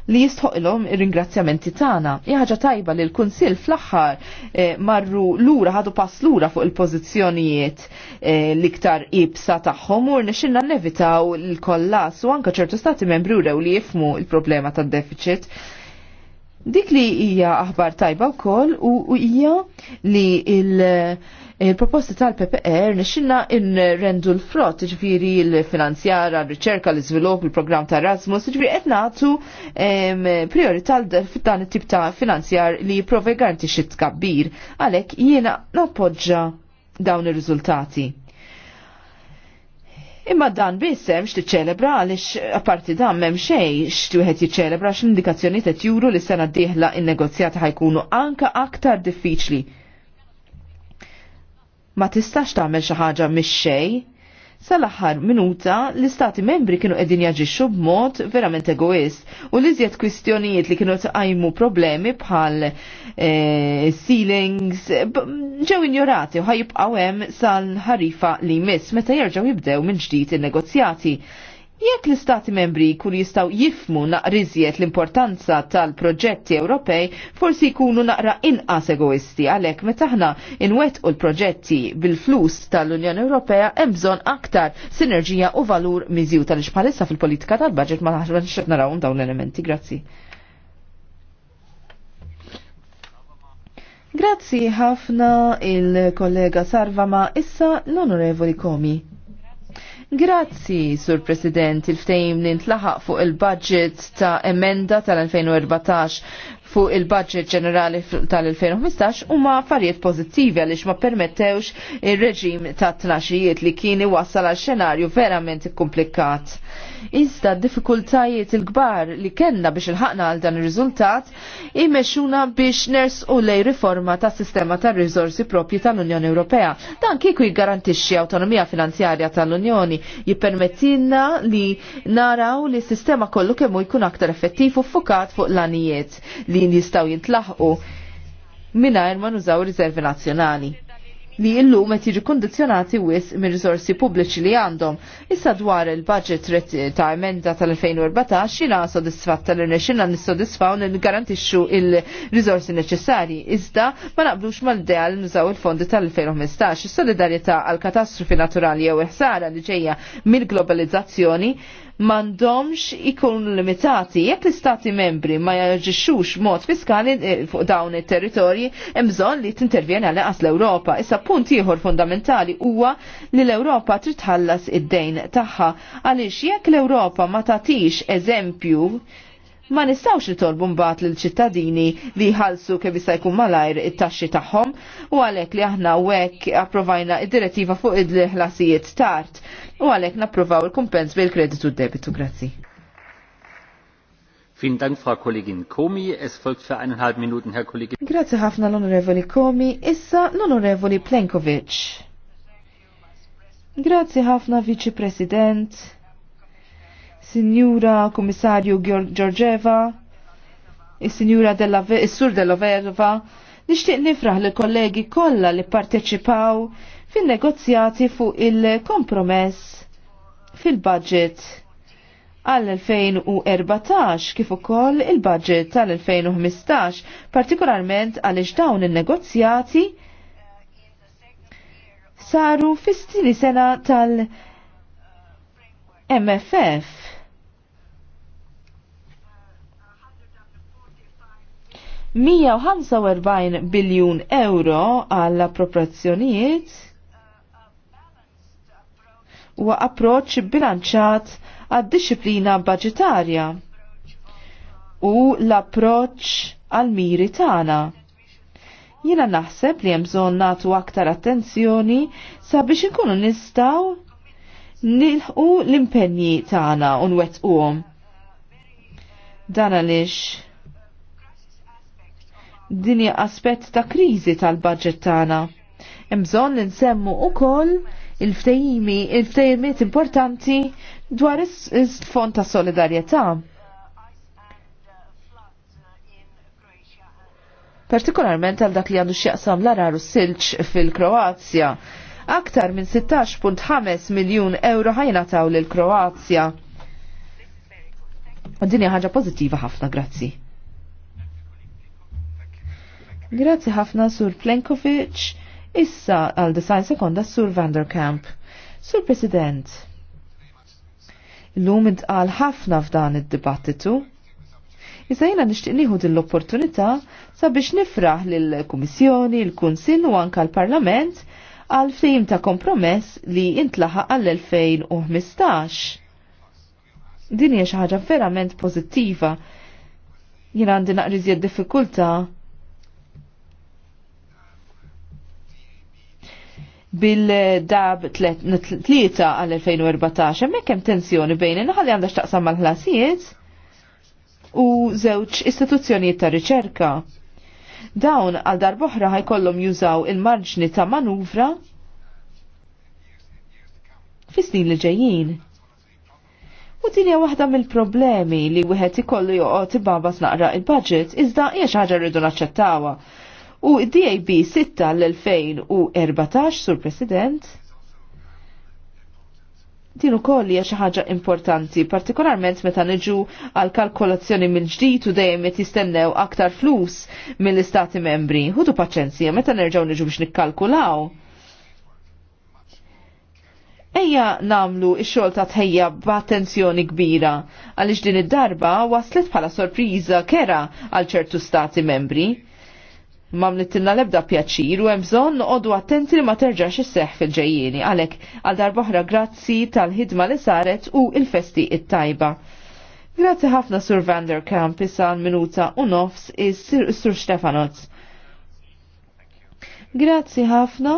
li il-om ir-ringrazzjamenti tagħna. Hija ħaġa tajba li l-Kunsill fl-aħħar eh, marru lura ħadu pass lura fuq il-pożizzjonijiet eh, l-iktar ibsa tagħhom u rnexxinna nevitaw l-kollas u anke ċertu stati membru rew li jifmu il-problema tad-deficit Dik li hija aħbar tajba wkoll u hija li il-proposta il proposta tal ppr nixinna rendu l-frott, ġviri l-finanzjara, l-riċerka, l izvilop il-programm ta' Erasmus, ġifiri qed nagħtu priorità dan it-tip ta' finanzjar li jipprove garanti xi tkabbir, għalhekk jiena nappoġġa dawn ir-riżultati. Imma dan bissem x'tiċċelebra għaliex apparti dan m'hemm xejn jċelebra jiċċelebra indikazzjoni qed juru li sena d-dieħla in-negozjati ħajkunu anka aktar diffiċli. Ma tistax tagħmel xi ħaġa mix xej. Sal-aħħar minuta l-istati membri kienu qegħdin jaġixxu b'mod verament egoist u li żjed kwistjonijiet li kienu tqajmu problemi bħal eh, ceilings ġew injorati u ħajibqgħu hemm sal-ħarifa li jmiss meta jerġgħu jibdew minn ġdid in-negozjati. Jekk l-Istati membri jkunu jistaw jifmu naqriżiet l-importanza tal-proġetti Ewropej, forsi jkunu naqra inqas egoisti għalhekk meta aħna inwettqu l-proġetti bil-flus tal-Unjoni Ewropea hemm bżonn aktar sinerġija u valur miżju tal bħalissa fil-politika tal-budget ma naħsbx qed narawhom dawn l-elementi. Grazzi. Grazzi ħafna il-kollega Sarvama issa l-Onorevoli Komi. Grazzi, Sur President, il-ftejm li ntlaħaq fuq il-budget ta' emenda tal-2014 fuq il-budget ġenerali tal-2015 huma affarijiet pożittivi għaliex ma permettewx ir-reġim ta' tnaxijiet li kien wassal għal xenarju verament komplikat. Iżda diffikultajiet il-kbar li kellna biex il-ħakna għal dan ir-riżultat imexxuna biex nersqu lej riforma tas sistema tar rizorsi propji tal-Unjoni Ewropea. Dan kieku jiggarantixxi awtonomija finanzjarja tal-Unjoni jippermettilna li naraw li s-sistema kollu kemmu jkun aktar effettiv u fukat fuq l-anijiet li ewlenin jistaw jintlaħqu mingħajr ma nużaw riservi nazzjonali li illum qed jiġu kondizzjonati wis minn risorsi pubbliċi li għandhom. Issa dwar il-budget ta' emenda tal-2014 jina sodisfat tal-irnexxin għan nissodisfaw li garantixxu il-risorsi neċessari. Iżda ma naqblux mal-idea li nużaw il-fondi tal-2015. Is-solidarjetà għal katastrofi naturali jew ħsara li ġejja mill-globalizzazzjoni mandomx ikun limitati. Jekk l-istati membri ma jaġixux mod fiskali eh, fuq dawn it-territorji, hemm bżonn li tintervjeni għal qas l-Ewropa. Issa punt ieħor fundamentali huwa li l-Ewropa trid tħallas id-dejn tagħha għaliex jekk l-Ewropa ma tagħtix eżempju ma nistawx tolbu mbagħad lill ċittadini li jħallsu kif jista' jkun malajr it-taxxi tagħhom u għalhekk li aħna hekk approvajna id-direttiva fuq id ħlasijiet tard u għalhekk napprovaw il-kumpens bil-kreditu debitu. Grazzi. Vielen Dank, Frau Kollegin Komi. Es folgt für eineinhalb Minuten, Herr Kollege. Grazie ħafna l-Onorevoli Komi. Issa l-Onorevoli Plenkovic. Grazie ħafna, Vice President. Signora Komissarju Giorgeva, il della il-Sur Della Verva nishtiq nifraħ li kollegi kollha li parteċipaw fin-negozjati fuq il-kompromess fil-budget għall-2014 kif ukoll il-budget tal-2015, partikolarment għaliex dawn in-negozjati saru fis-tieni sena tal- MFF 145 biljun euro għall appropriazzjonijiet u approċ bilanċat għad disciplina budgetarja u l-approċ għal miri tagħna. Jiena naħseb li hemm bżonn nagħtu aktar attenzjoni sabiex inkunu nistgħu nilħu l-impenji tagħna u nwettquhom. Dan għaliex dini aspett ta' kriżi tal-budget tagħna. Hemm bżonn li nsemmu ukoll il-ftejimi, il-ftejimiet importanti dwar is-fond ta' solidarjetà. partikolarment għal dak li għandu xjaqsam l-arar u silċ fil-Kroazja. Aktar minn 16.5 miljon euro taw l kroazja U ħagġa ħaġa pozittiva ħafna, grazzi. Grazzi ħafna Sur Plenkovic, issa għal design sekonda Sur Vanderkamp. Sur President, l-lum intqal ħafna f'dan id-dibattitu, Issa jena nishtiq nieħu din l-opportunità sabiex nifraħ lill-Kummissjoni, l-Kunsill u anka l-Parlament għal fejm ta' kompromess li intlaħaq għal 2015 Din hija xi ħaġa verament pożittiva. Jien għandi naqriżjed diffikultà bil-dab 3 għal-2014, hemmhekk hemm tensjoni bejn il-ħalli għandha x'taqsam mal-ħlasijiet u żewġ istituzzjonijiet ta' riċerka. Dawn għal darboħra ħajkollhom jużaw il-marġni ta' manuvra fi snin li ġejjin. U dinja waħda mill-problemi li wieħed ikollu joqgħod ibabas naqra il-budget iżda hija xi ħaġa rridu naċċettawha U DAB 6 l-2014, Sur President, din ukoll hija xi ħaġa importanti, partikolarment meta niġu għal kalkolazzjoni mill-ġdid u dejjem qed jistennew aktar flus mill-istati membri. Ħudu paċenzja meta nerġgħu niġu biex nikkalkulaw. Ejja namlu x-xogħol ta' tħejja b'attenzjoni kbira għaliex din id-darba waslet bħala sorpriża kera għal ċertu stati membri ma mnittilna lebda pjaċir u hemm bżonn noqogħdu attenti li ma terġax isseħħ fil-ġejjieni għalhekk għal darboħra grazzi tal-ħidma li saret u il-festi it-tajba. Grazzi ħafna Sur Vanderkamp issa minuta u nofs is-Sur Stefanoz. Grazzi ħafna.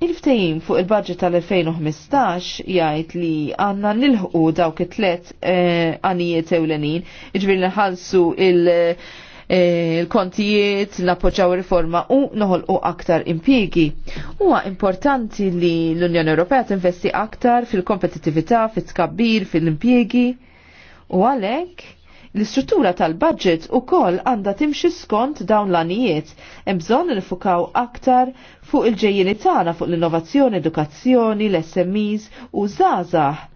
Il-ftejim fuq il-budget tal-2015 jgħid li għanna nilħu dawk it-tlet eh, għanijiet ewlenin, iġbir nħalsu il- il-kontijiet, nappoġġaw riforma u u aktar impjiegi. Huwa importanti li l-Unjoni Ewropea tinvesti aktar fil-kompetittività, fit-tkabbir, fil impiegi u għalhekk l-istruttura tal-budget u koll għanda timxi skont dawn l-anijiet, imbżon nifukaw aktar fuq il-ġejjini tagħna fuq l-innovazzjoni, edukazzjoni, l-SMEs u żgħażagħ.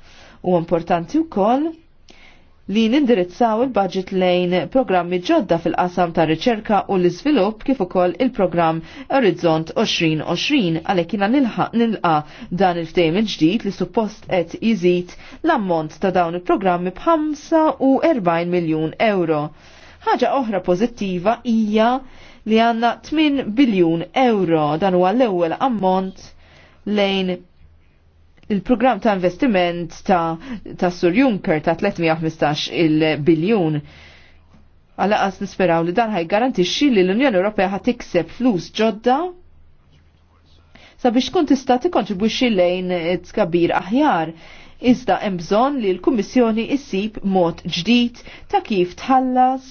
U importanti wkoll li nindirizzaw il-budget lejn programmi ġodda fil-qasam ta' riċerka u l-iżvilupp kif ukoll il-programm Horizont 2020 għalhekk jiena nilħaq nilqa dan il-ftehim il-ġdid li suppost qed jiżid l-ammont ta' dawn il-programmi b'45 miljun euro. Ħaġa oħra pożittiva hija li għandna 8 biljun euro dan huwa l-ewwel ammont lejn il-programm ta' investiment ta', ta Sur Juncker ta' 315 il-biljun. għas nisperaw li dan ħaj garantixxi li l-Unjoni Ewropea ħat tikseb flus ġodda sabiex tkun tista' tikkontribwixxi lejn tkabbir aħjar. Iżda hemm bżonn li l-Kummissjoni issib mod ġdid ta' kif tħallas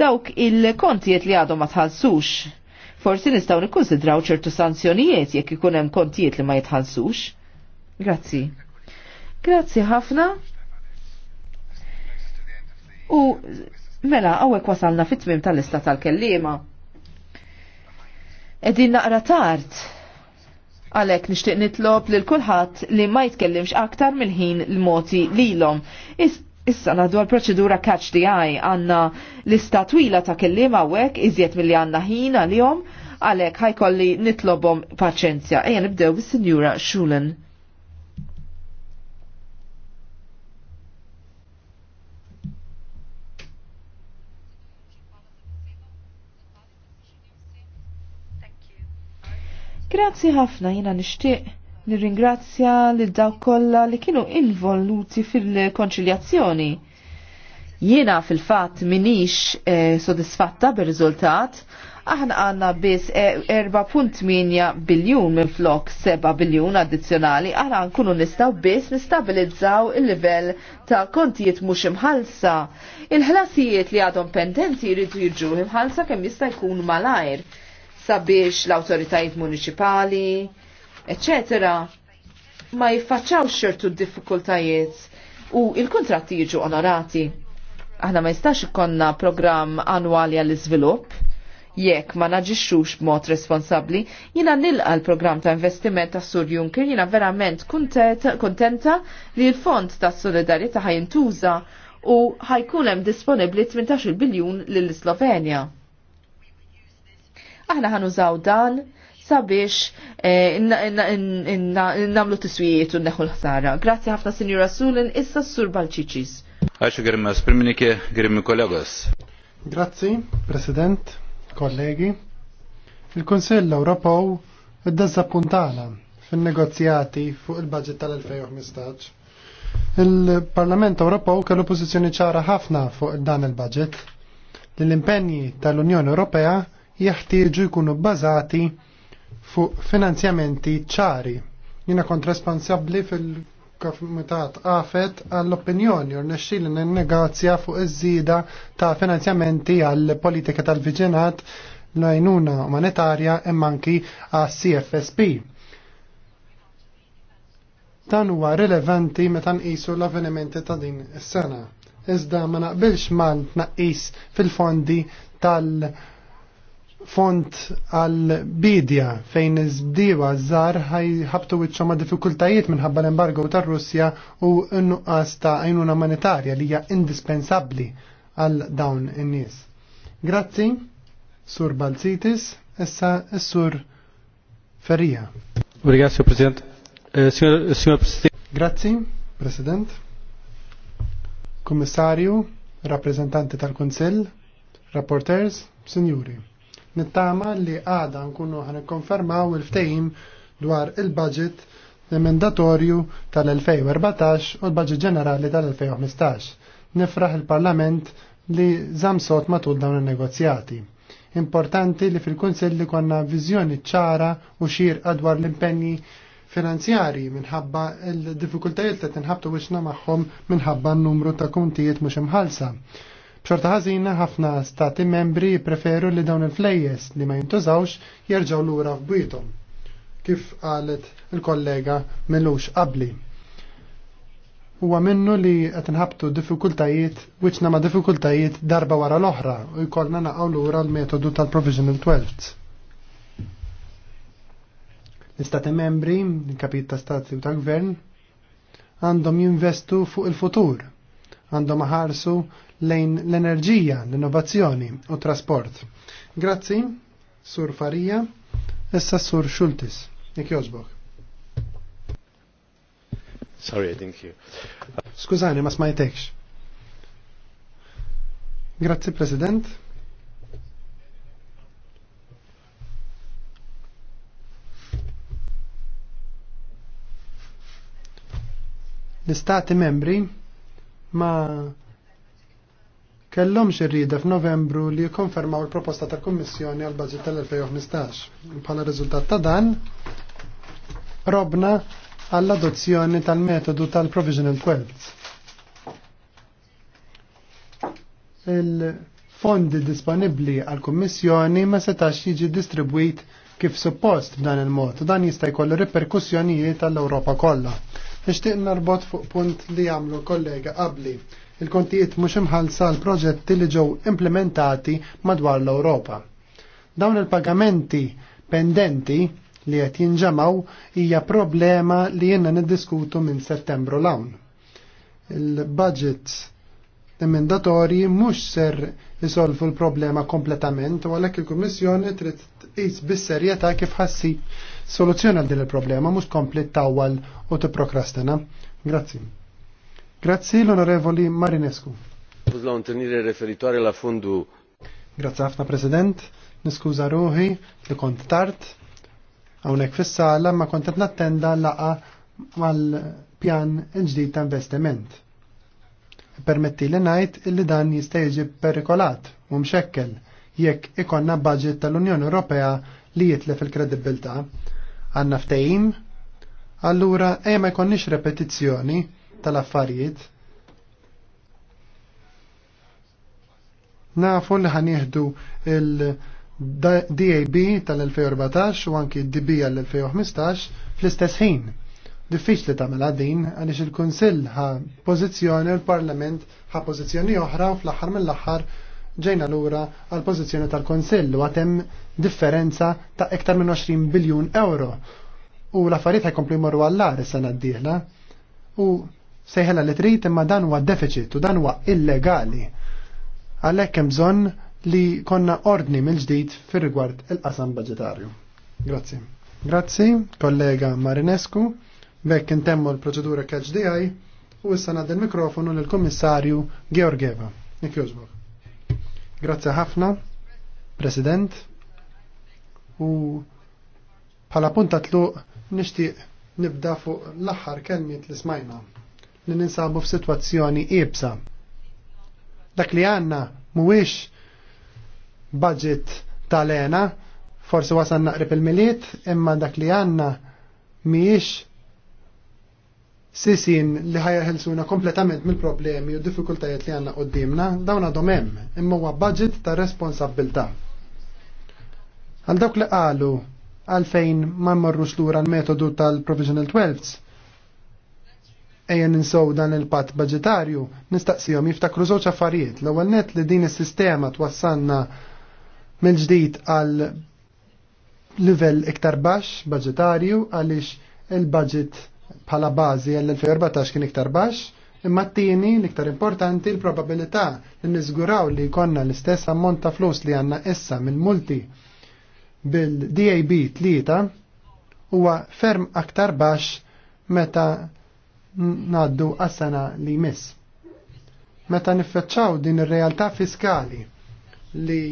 dawk il-kontijiet li għadhom ma tħallsux. Forsi nistgħu nikkonsidraw ċertu sanzjonijiet jekk ikun hemm kontijiet li ma jitħallsux Grazzi. Grazzi ħafna. U mela għawek wasalna fit-tmim tal-lista tal-kellima. Edin naqra tard. Għalek nishtiq nitlob lil kulħadd li ma jitkellimx aktar mill-ħin l-moti lilhom. Issa nadu għal-proċedura catch the eye għanna lista twila ta' kellim għawek iżjed mill-li għanna ħin għal-jom għalek ħajkolli nitlobom paċenzja. Ejja nibdew bis-Sinjura Schulen. Grazzi ħafna jina nishtiq nirringrazzja li daw kollha li kienu involuti fil-konċiljazzjoni. Jiena fil-fatt minix eh, sodisfatta bir-riżultat, aħna għanna bis 4.8 biljun minn flok 7 biljun addizjonali, aħna nkunu nistaw bis nistabilizzaw il-level ta' kontijiet mux imħalsa. Il-ħlasijiet li għadhom pendenti jridu jirġu imħalsa kemm jista' jkun malajr sabiex l-autoritajiet municipali, etc. ma jiffaċċaw xertu diffikultajiet u il-kontratti jiġu onorati. Aħna ma jistax ikonna program annwali għall-iżvilupp jekk ma naġixxux b'mod responsabbli, jina nilqa l-programm ta' investiment ta' Sur Juncker, jina verament kontenta li l-Fond ta' Solidarieta ħajintuża u ħajkun hemm disponibbli 18 biljun lill-Slovenja aħna ħanużaw dan sabiex eh, namlu t-swijiet u neħu l-ħsara. Grazzi ħafna Sinjura Sulin, issa s-sur Balċiċis. Għaxu għirma spriminike, għirmi kollegos. Grazzi, President, kollegi. Il-Konsell Ewropew id-dezzappuntana fin-negozjati fuq il-budget tal-2015. Il-Parlament Ewropew kellu pożizzjoni ċara ħafna fuq dan il-budget. L-impenji tal-Unjoni Ewropea jeħtieġu jkunu bbażati fuq finanzjamenti ċari. Jiena kont responsabbli fil-Komitat Afet għall-opinjoni u n negozja fuq iż-żieda ta' finanzjamenti għall-politika tal-viġinat l-għajnuna umanitarja immanki għas CFSP. Dan huwa rilevanti meta nqisu l-avvenimenti ta' din is-sena. Iżda ma naqbilx ma naqis fil-fondi tal- font għal-bidja fejn izbdiwa bdiewa żar ħabtu wiċċa ma' diffikultajiet minħabba l-embargo tar-Russja u innu nuqqas ta' għajnuna monetarja li hija indispensabbli għal dawn in-nies. Grazzi, Sur Balzitis, issa s-Sur Ferrija. Grazie, President. Signor President. Grazzi, President. Kommissarju, rappresentanti tal-Kunsill, rapporters, signori. Nittama li għada nkunu ħan konfermaw il-ftejim dwar il-budget emendatorju tal-2014 u l-budget ġenerali tal-2015. Nifraħ il-Parlament li zam sot matul dawn il-negozjati. Importanti li fil-Kunsill li konna viżjoni ċara u xir dwar l-impenni finanzjari minħabba il-difikultajiet li tinħabtu biex namaħħom minħabba n-numru ta' kuntijiet mux imħalsa. B'xorta ħażina ħafna stati membri preferu li dawn il-flejjes li ma jintużawx jerġgħu lura f'bwietom, kif qalet il-kollega Melux qabli. Huwa minnu li qed inħabtu diffikultajiet wiċċna ma' diffikultajiet darba wara l-oħra u jkollna naqgħu lura l-metodu tal-Provisional 12 l-istati membri, kapit ta' stati u ta' gvern, għandhom jinvestu fuq il-futur, għandhom ħarsu lejn l-enerġija, l-innovazzjoni u trasport. Grazzi, Sur Farija, issa Sur Schultis. Nik jożbok. Sorry, I didn't hear. Skużani, ma smajtekx. Grazzi, President. L-Istati membri ma kellhom xirrida f'Novembru li jikkonfermaw il-proposta ta' kummissjoni għal budget tal-2015. Bħala riżultat ta' dan, robna għall-adozzjoni tal-metodu tal-Provisional Twelfth. Il-fondi disponibbli għal kummissjoni ma setax jiġi distribuit kif suppost b'dan il-mod. Dan jista' jkollu reperkussjonijiet għall-Ewropa kollha. Nixtieq narbot fuq punt li għamlu kollega qabli il-kontijiet mhux imħallsa l-proġetti li ġew implementati madwar l-Ewropa. Dawn il-pagamenti pendenti li qed jinġamaw hija problema li jenna niddiskutu minn Settembru l-hawn. Il-budgets emendatori mhux ser isolvu l-problema kompletament u għalhekk il-Kummissjoni trid tqis bis-serjetà kif ħassib soluzzjoni għal din il-problema mhux kompli tawwal u tipprokrastina. Grazzi. Grazzi l-Onorevoli Marinescu. un untenire referitoare la fondu. Grazzi ħafna President, niskuża ruħi li kont tard, hawnhekk fis-sala ma kont qed nattenda laqa mal-pjan il-ġdid ta' investiment. Permetti li ngħid illi dan jista' jiġi perikolat u mxekkel jekk ikonna budget tal-Unjoni Ewropea li jitlef il kredibilta Għandna ftehim, allura ejja ma jkollniex repetizzjoni tal-affarijiet. Nafu li ħanieħdu il-DAB tal-2014 u anki DB għal-2015 fl-istess ħin. Diffiċ li tamel din għaliex il-Kunsill ħa pożizzjoni l-Parlament ħa pożizzjoni oħra u fl-aħħar mill-aħħar ġejna lura għal pożizzjoni tal kunsill u għatem differenza ta' iktar minn 20 biljun euro u l-affarijiet ħajkomplu jmorru għallar is-sena d-dieħla u sejħela li trid imma dan huwa deficit u dan huwa illegali. Għalhekk hemm bżonn li konna ordni mill-ġdid fir-rigward il-qasam budgetarju. Grazzi. Grazzi, kollega Marinescu, bekk intemmu l-proċedura catch u issa nad il-mikrofonu lill-Kummissarju Georgieva. Nikjużbok. Grazzi ħafna, President, u bħala punta tluq nixtieq nibda fuq l-aħħar kelmiet li smajna li ninsabu f'sitwazzjoni ibsa. Dak li għanna mhuwiex budget tal-ena, forsi wasan naqrib il-miliet, imma dak li għanna miex sisin li ħajħelsuna kompletament mill-problemi u diffikultajiet li għanna qoddimna, dawn għadhom hemm, imma huwa budget ta' responsabilta. Għal dawk li qalu għalfejn ma mmorrux lura l-metodu tal-Provisional 12 ejja ninsow dan il pat budgetarju, nistaqsijom jiftakru żewġ affarijiet. L-ewwel net li din is-sistema twassalna mill-ġdid għal livell iktar baxx budgetarju għaliex il-budget bħala bażi għall-2014 kien iktar baxx, imma t-tieni l-iktar importanti l-probabilità li niżguraw li jkollna l-istess ammont ta' flus li għandna issa mill-multi bil-DAB 3 huwa ferm aktar baxx meta naddu għas li jmiss. Meta niffaċċaw din ir-realtà fiskali li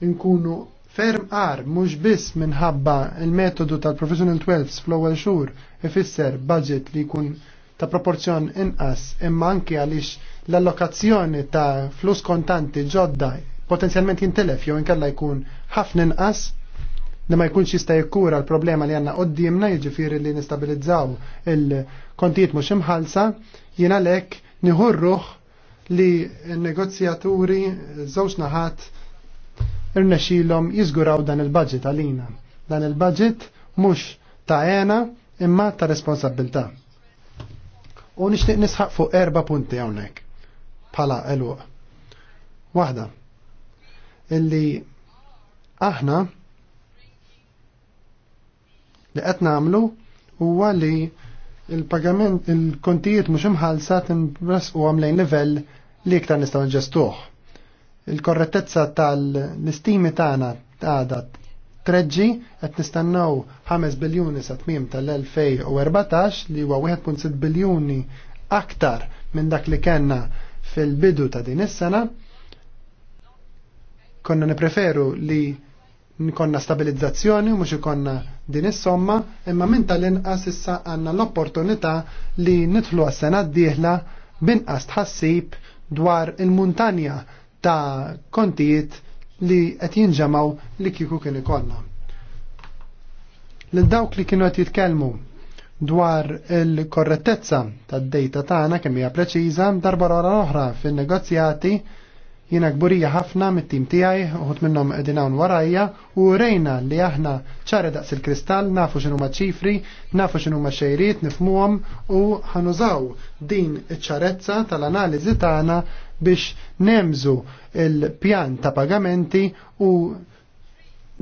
nkunu ferm qar mhux biss minħabba il-metodu tal-Professional 12 fl-ewwel xhur ifisser budget li jkun ta' proporzjon inqas imma anke għaliex l-allokazzjoni ta' flus kontanti ġodda potenzjalment jintelef jew inkella jkun ħafna inqas li ma jkunx jista' jikkura l-problema li għandna qoddimna jiġifieri li nistabilizzaw il- kontiet mhux imħalsa, jiena lek niħurruħ li n-negozjaturi żewġ naħat irnexilom jiżguraw dan il-budget għalina. Dan il-budget mhux ta' għena imma ta' responsabilta. U nixtieq nisħaq fuq erba' punti hawnhekk bħala eluq. Waħda illi aħna li qed nagħmlu huwa li il-pagament, il-kontijiet mux imħalsa timbras u għamlejn level li iktar nistaw nġestuħ. Il-korrettezza tal-istimi tagħna għada treġġi qed nistennew 5 biljuni sa tmiem tal-2014 li huwa 1.6 biljuni aktar minn dak li kellna fil-bidu ta' din is-sena. Konna nipreferu li nkonna stabilizzazzjoni u mhux ikonna din is-somma, imma minn tal-inqas issa għandna l-opportunità li nidħlu għas-sena d-dieħla binqas tħassib dwar il-muntanja ta' kontijiet li qed jinġamaw li kieku kien ikollna. Lil dawk li kienu qed jitkellmu dwar il-korrettezza tad-dejta tagħna kemm hija preċiża darba oħra fin-negozjati Jiena gburija ħafna mit-tim tiegħi, uħut minnhom dinawn hawn warajja u rejna li aħna ċara daqs il-kristall, nafu x'inhu ċifri, nafu x'inhu xejriet, nifmuhom u ħanużaw din iċ-ċarezza tal-analiżi tagħna biex nemżu il-pjan ta' pagamenti u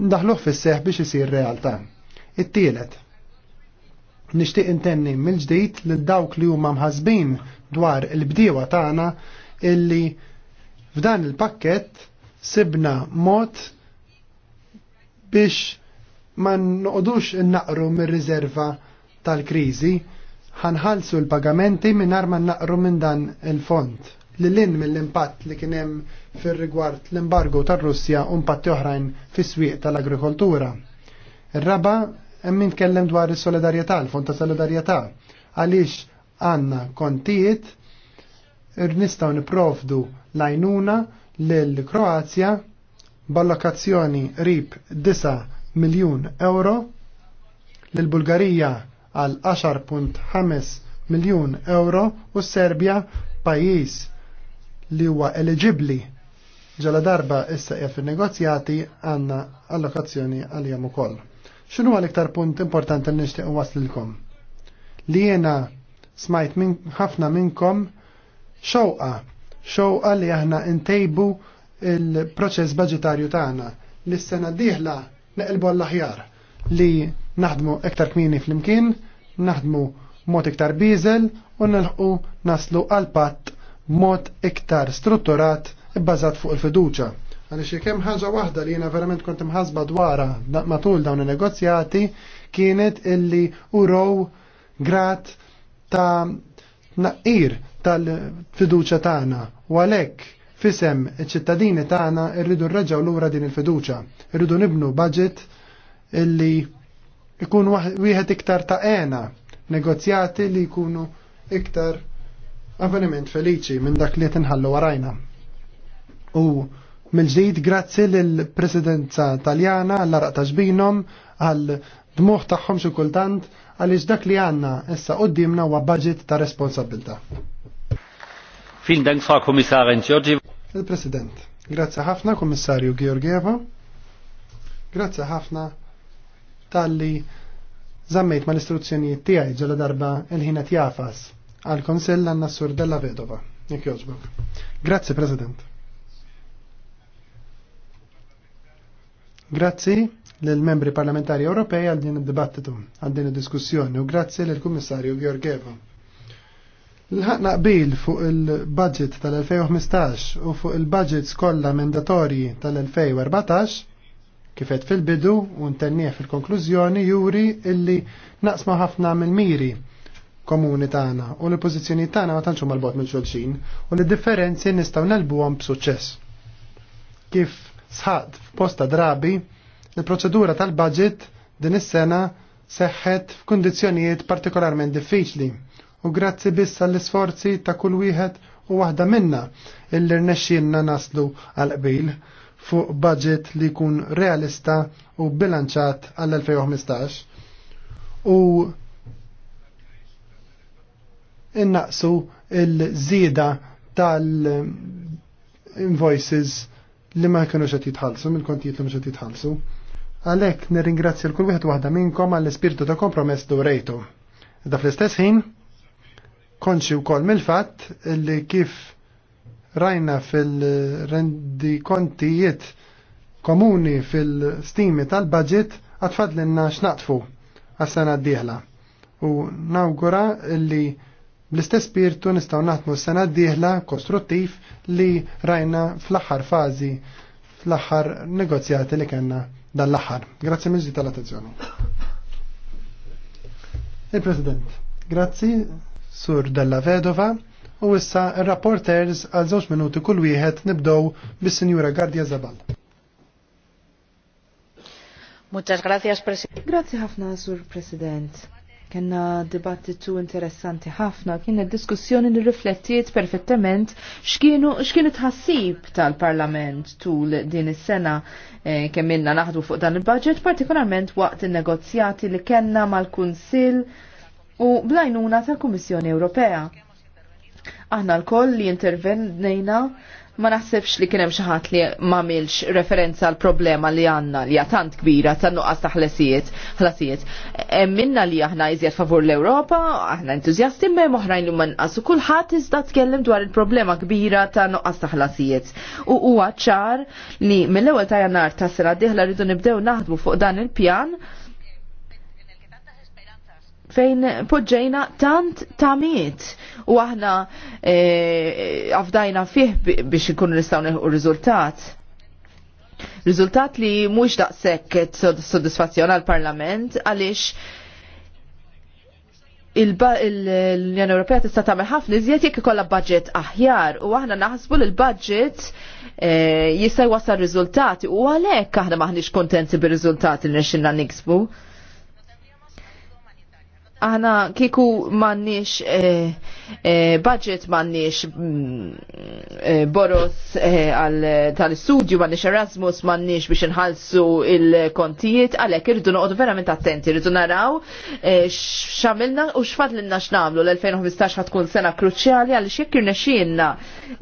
ndaħluħ fis-seħ biex isir realtà. It-tielet. Nixtieq intenni mill-ġdid lil dawk li huma mħasbin dwar il-bdiewa tagħna illi F'dan il-pakket sibna mod biex ma noqdux naqru mir-riserva tal-krizi, ħanħalsu l-pagamenti minn ma naqru minn dan il-fond. Lillin mill-impatt li kienem fir-rigward l-embargo tar-Russja u impatti oħrajn fis-swieq tal-agrikoltura. Ir-raba hemm kellem dwar is-solidarjetà, l-fond ta' solidarjetà, għaliex għandna kontijiet nistgħu niprofdu lajnuna l Kroazja ballokazzjoni rib 9 miljun euro l Bulgarija għal 10.5 miljun euro u Serbja pajjiż li huwa eligibbli ġala darba issa jaf negozjati għanna allokazzjoni għal-jam ukoll. ċinu għal-iktar punt importanti nishtiq waslilkom? Li jena smajt min, ħafna minnkom xewqa, xewqa li aħna ntejbu il-proċess budgetarju tagħna li s-sena d-dieħla neqilbu għall-aħjar li naħdmu iktar kmini fl-imkien, naħdmu mod iktar biżel u nilħu naslu għal patt mod iktar strutturat bbażat fuq il-fiduċa. Għaliex kemm ħaġa waħda li jiena verament kont imħasba dwarha matul dawn il negozjati kienet illi urow grat ta' naqir tal-fiduċa tagħna u għalhekk fisem iċ-ċittadini tagħna rridu nreġgħu lura din il-fiduċa. Irridu nibnu budget illi ikun wieħed iktar ta' għena negozjati li jkunu iktar avveniment feliċi minn dak li tinħallu warajna. U mill-ġdid grazzi lill-Presidenza Taljana għall araq taġbinom għal dmuħ tagħhom xi kultant għaliex dak li għandna issa qudiemna huwa budget ta' responsabilta. Vielen Dank, Frau Kommissarin Il-President, grazzi ħafna, Kommissarju Georgieva. Grazzi ħafna tal-li zammejt mal l-istruzzjonijiet tiegħi ġala darba il-ħina tijafas għal konsell għanna sur della vedova. Jek joġbok. Grazzi, President. Grazzi l-membri parlamentari Ewropej għal din id-dibattitu, għal din id-diskussjoni u grazie l kommissarju Georgieva il ħakna qbil fuq il-budget tal-2015 u fuq il budget skolla mandatorji tal-2014 kifet fil-bidu u ntennieh fil-konklużjoni juri illi naqsma ħafna mill-miri komuni tagħna u l-pożizzjoni tagħna ma tantx mal-bot minn xulxin u l-differenzi nistgħu nelbuhom b'suċċess. Kif sħad f'posta drabi, il-proċedura tal-budget din is-sena seħħet f'kundizzjonijiet partikolarment diffiċli u grazzi biss għall isforzi ta' kull wieħed u waħda minna illi rnexxielna naslu għal qbil fuq budget li jkun realista u bilanċat għall-2015 u innaqsu il-żieda tal-invoices li ma kienu qed jitħallsu, mill-kontijiet li ma qed jitħallsu. Għalhekk nirringrazzja l kull wieħed waħda minnkom għall-ispirtu ta' kompromess du rejtu. Da fl-istess ħin, konxi wkoll mill-fatt li kif rajna fil-rendi kontijiet komuni fil-stimi tal-budget għatfadlinna xnaqtfu għas-sena d-dieħla. U nawgura li bl-istess spiritu nistaw naħtmu s-sena d-dieħla kostruttiv li rajna fl-aħħar fazi fl-aħħar negozjati li kena dal-aħħar. Grazzi mizzi tal-attenzjoni. Il-President, grazzi, Sur Della Vedova u issa rapporters għal żewġ minuti kull wieħed nibdow bis-Sinjura Gardia Zabal. Muchas gracias, President. Grazie ħafna, Sur President. Kenna dibattitu interessanti ħafna, kienet diskussjoni li riflettiet perfettament x'kienu tħassib tal-Parlament tul din is-sena e, kemm inna naħdu fuq dan il-budget, partikolarment waqt in-negozjati li kenna mal-Kunsill u blajnuna tal-Kummissjoni Ewropea. Aħna l-koll li intervennejna ma naħsebx li kienem xaħat li ma milx referenza għal problema li għanna li għatant kbira ta' nuqqas ta' ħlasijiet. ħlasijiet. E, minna li aħna jizjed favur l-Europa, aħna entuzjasti me moħrajn li man qasu kullħat iżda tkellem dwar il-problema kbira ta' nuqqas ta' ħlasijiet. U huwa ċar li mill-ewwel ta' jannar ta' sena diħla rridu nibdew naħdmu fuq dan il-pjan fejn poġġejna tant tamiet u aħna għafdajna e, fih biex ikun nistaw neħu riżultat. Riżultat li mhux daqshekk soddisfazzjon għal-Parlament għaliex l-Unjoni Ewropea tista' tagħmel ħafna iżjed jekk ikollha budget aħjar u aħna naħsbu li l-budget e, jista' jwassal riżultati u għalhekk aħna maħniex kontenti bir-riżultati li nixxinna niksbu aħna kiku mannix eh, eh, budget mannix mm, eh, boros tal-studju mannix Erasmus mannix biex nħalsu il-kontijiet għalek irridu noqdu verament attenti irridu naraw xamilna u xfadlinna xnamlu l-2015 ħatkun sena kruċjali għal xekir nexinna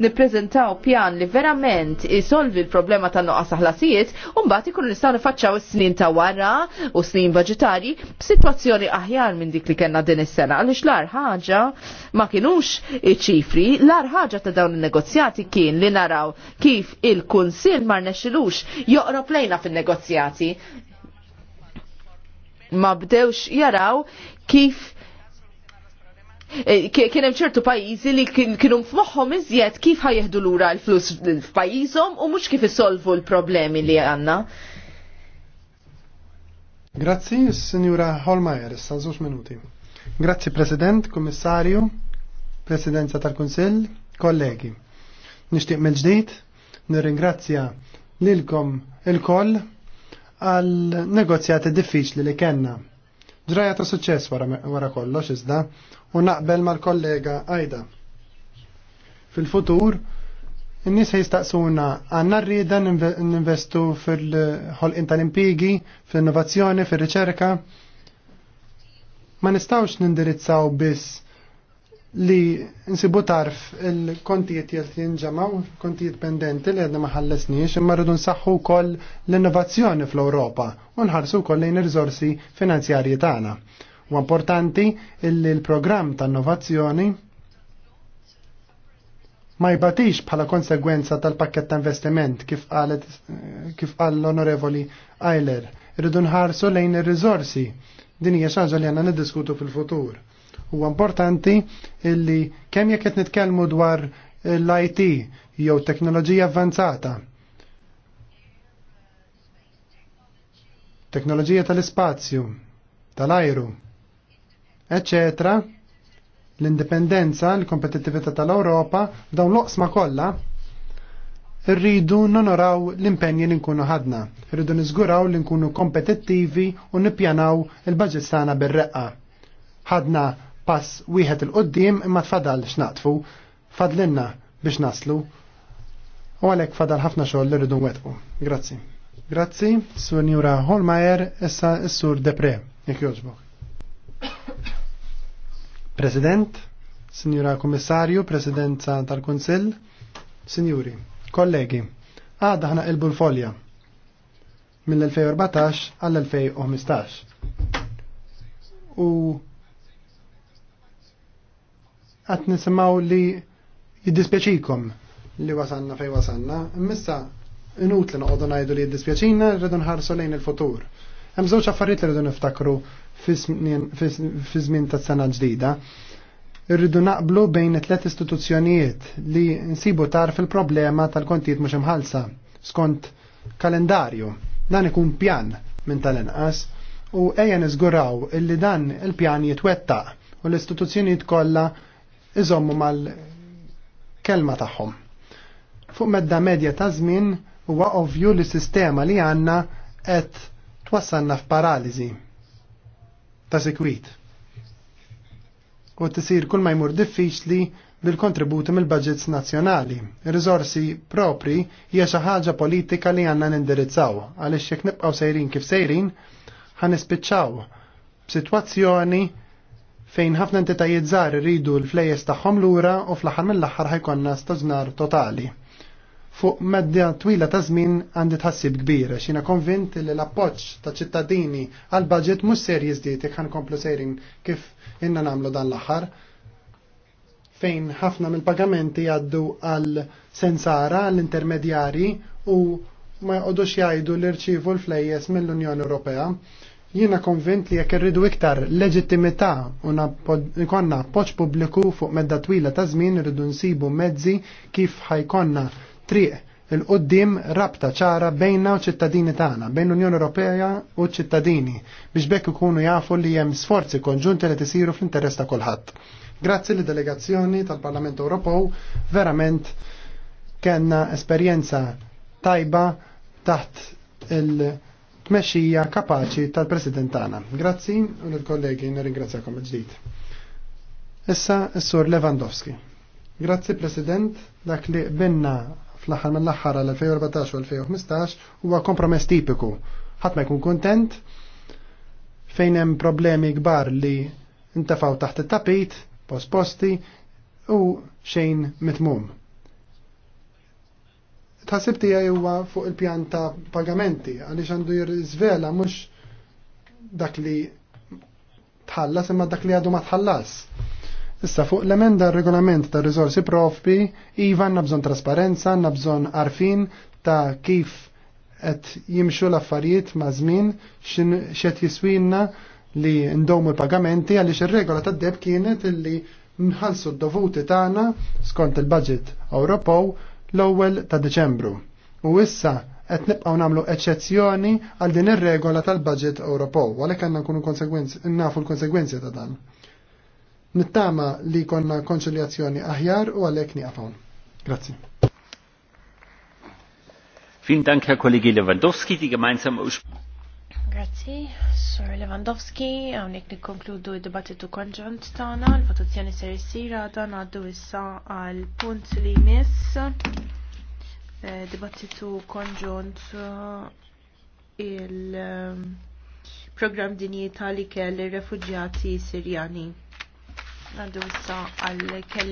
niprezentaw pjan li verament isolvi l-problema tan-noqas aħlasijiet un bat ikun nistaw nifacċaw s-snin ta' wara u snin budgetari b'sitwazzjoni aħjar minn dik li li kena din is-sena, għaliex l-ar ħaġa ma kienux iċifri ċifri l-ar ħaġa ta' dawn il-negozjati kien li naraw kif il-Kunsil ma rnexxilux joqrob lejna fin-negozjati. Ma bdewx jaraw kif eh, kien hemm ċertu pajjiżi li kienu f'moħħhom iżjed kif ħajjeħdu lura l-flus f'pajjiżhom u mhux kif isolvu l-problemi li għandna. Grazzi, signora Holmajer, sta' minuti. Grazzi, President, Commissario, Presidenza tal-Kunsill, kollegi. Nixtieq mill-ġdid, nirringrazzja lilkom il-koll għal negozjati diffiċli li kenna. Ġraja ta' suċċess wara, wara kollox iżda u naqbel mal-kollega Ajda. Fil-futur, N-nis jistaqsuna, għanna rrida n-investu fil-ħolqin tal-impigi, fil-innovazzjoni, fil-riċerka. Ma nistawx nindirizzaw biss li nsibu tarf il-kontijiet jelt jinġamaw, kontijiet pendenti li għedna maħallesni, imma rridu nsaxħu kol l-innovazzjoni fl-Europa u nħarsu kol lejn il-rizorsi finanzjarji tagħna. U importanti il l-programm ta' innovazzjoni ma jbatix bħala konsegwenza tal-pakket ta' investiment kif qalet qal l-onorevoli Eiler. Irridu nħarsu lejn ir-riżorsi. Din hija xaġa li għandna niddiskutu fil-futur. Huwa importanti illi kemm jekk qed nitkellmu dwar l-IT jew teknoloġija avvanzata. Teknoloġija tal-ispazju, tal-ajru, eccetera, l-indipendenza, l-kompetittività tal-Ewropa, dawn l-oqsma kollha irridu nonoraw l-impenji li nkunu ħadna, irridu niżguraw li nkunu kompetittivi u nippjanaw il-budget tagħna bir-reqqa. Ħadna pass wieħed il-qoddim imma tfadal x'naqtfu, fadlinna biex naslu. U għalhekk fadal ħafna xogħol li rridu nwettqu. Grazzi. Grazzi, Sur Njura Holmajer, issa s-Sur Depre, jekk jogħġbok. President, Signora Kommissarju, Presidenza tal-Konsil, Signori, kollegi, għada ħana ilbu l-folja mill-2014 għall-2015. U għat nisimaw li jiddispjaċikom li wasanna fej wasanna, missa inut li noqodu najdu li jiddispieċina, rridu nħarsu lejn il-futur. Hemm żewġ affarijiet li rridu niftakru fi żmien ta' sena ġdida. Irridu naqblu bejn tlet istituzzjonijiet li nsibu tar fil-problema tal-kontijiet mhux imħalsa skont kalendarju. Dan ikun pjan minn tal-inqas u ejja niżguraw illi dan il-pjan jitwettaq u l-istituzzjonijiet kollha iżommu mal-kelma tagħhom. Fuq medda medja ta' żmien huwa ovvju li sistema li għandna qed twassalna f'paraliżi ta' sekwit. U tisir kull ma jmur diffiċli bil-kontributi mill-budgets nazzjonali. Rizorsi propri hija xi ħaġa politika li għandna nindirizzaw għaliex jekk nibqgħu sejrin kif sejrin ħanispiċċaw b'sitwazzjoni fejn ħafna entitajiet żgħar iridu l-flejes tagħhom lura u fl-aħħar mill-aħħar ħajkonna staġnar totali fuq medda twila ta' żmien għandi tħassib kbir x'ina jiena konvint li l-appoġġ ta' ċittadini għal budget mhux ser jiżdied jekk ħankomplu sejrin kif inna nagħmlu dan l-aħħar fejn ħafna mill-pagamenti jgħaddu għal sensara għall intermedjari u ma jqodux jgħidu l irċivu l-flejjes mill-Unjoni Ewropea. Jiena konvint li jekk irridu iktar leġittimità u ikonna poċ pubbliku fuq medda twila ta' żmien irridu nsibu mezzi kif ħajkonna triq il-qoddim rabta ċara bejna u ċittadini tagħna, bejn l-Unjoni Ewropea u ċittadini biex bekk ikunu jafu li hemm sforzi konġunti li tisiru fl-interess ta' kulħadd. Grazzi li delegazzjoni tal-Parlament Ewropew verament kellna esperjenza tajba taħt il- tmexxija kapaċi tal-President tagħna. Grazzi u lill-kollegi nirringrazzjakom il-ġdid. Issa s-sur Lewandowski. Grazzi President dak li binna fl-aħħar mill-aħħar għal 2014 u 2015 huwa kompromess tipiku. Ħadd ma jkun kuntent fejn hemm problemi kbar li ntafaw taħt it-tapit, posposti u xejn mitmum. Tħassib tiegħi huwa fuq il-pjan ta' pagamenti għaliex għandu jirżvela mhux dak li tħallas imma dak li għadu ma tħallas Issa fuq l-emenda regolament ta' rizorsi propri, iva nabżon trasparenza, nabżon arfin ta' kif qed jimxu l-affarijiet ma' żmien x'qed jiswinna li ndomu l-pagamenti għaliex ir-regola tad-deb kienet illi nħallsu d-dovuti tagħna skont il-budget Ewropew l-ewwel ta' Deċembru. U issa qed nibqgħu nagħmlu eċċezzjoni għal din ir-regola tal-budget Ewropew, għalhekk għandna nkunu nafu l-konsegwenzi ta' dan. Nittama li konna konċiljazzjoni aħjar u għalek niqafawn. Grazzi. Vielen Dank, Herr Kollege Lewandowski. Die gemeinsame Grazzi, Sir Lewandowski, għawnek nikkonkludu id-dibattitu konġunt tagħna, l-votazzjoni ser isir għadha għaddu issa għal punt li jmiss eh, dibattitu konġunt eh, il-programm eh, dinji tali kelli ir Sirjani. Naddu issa għall kelli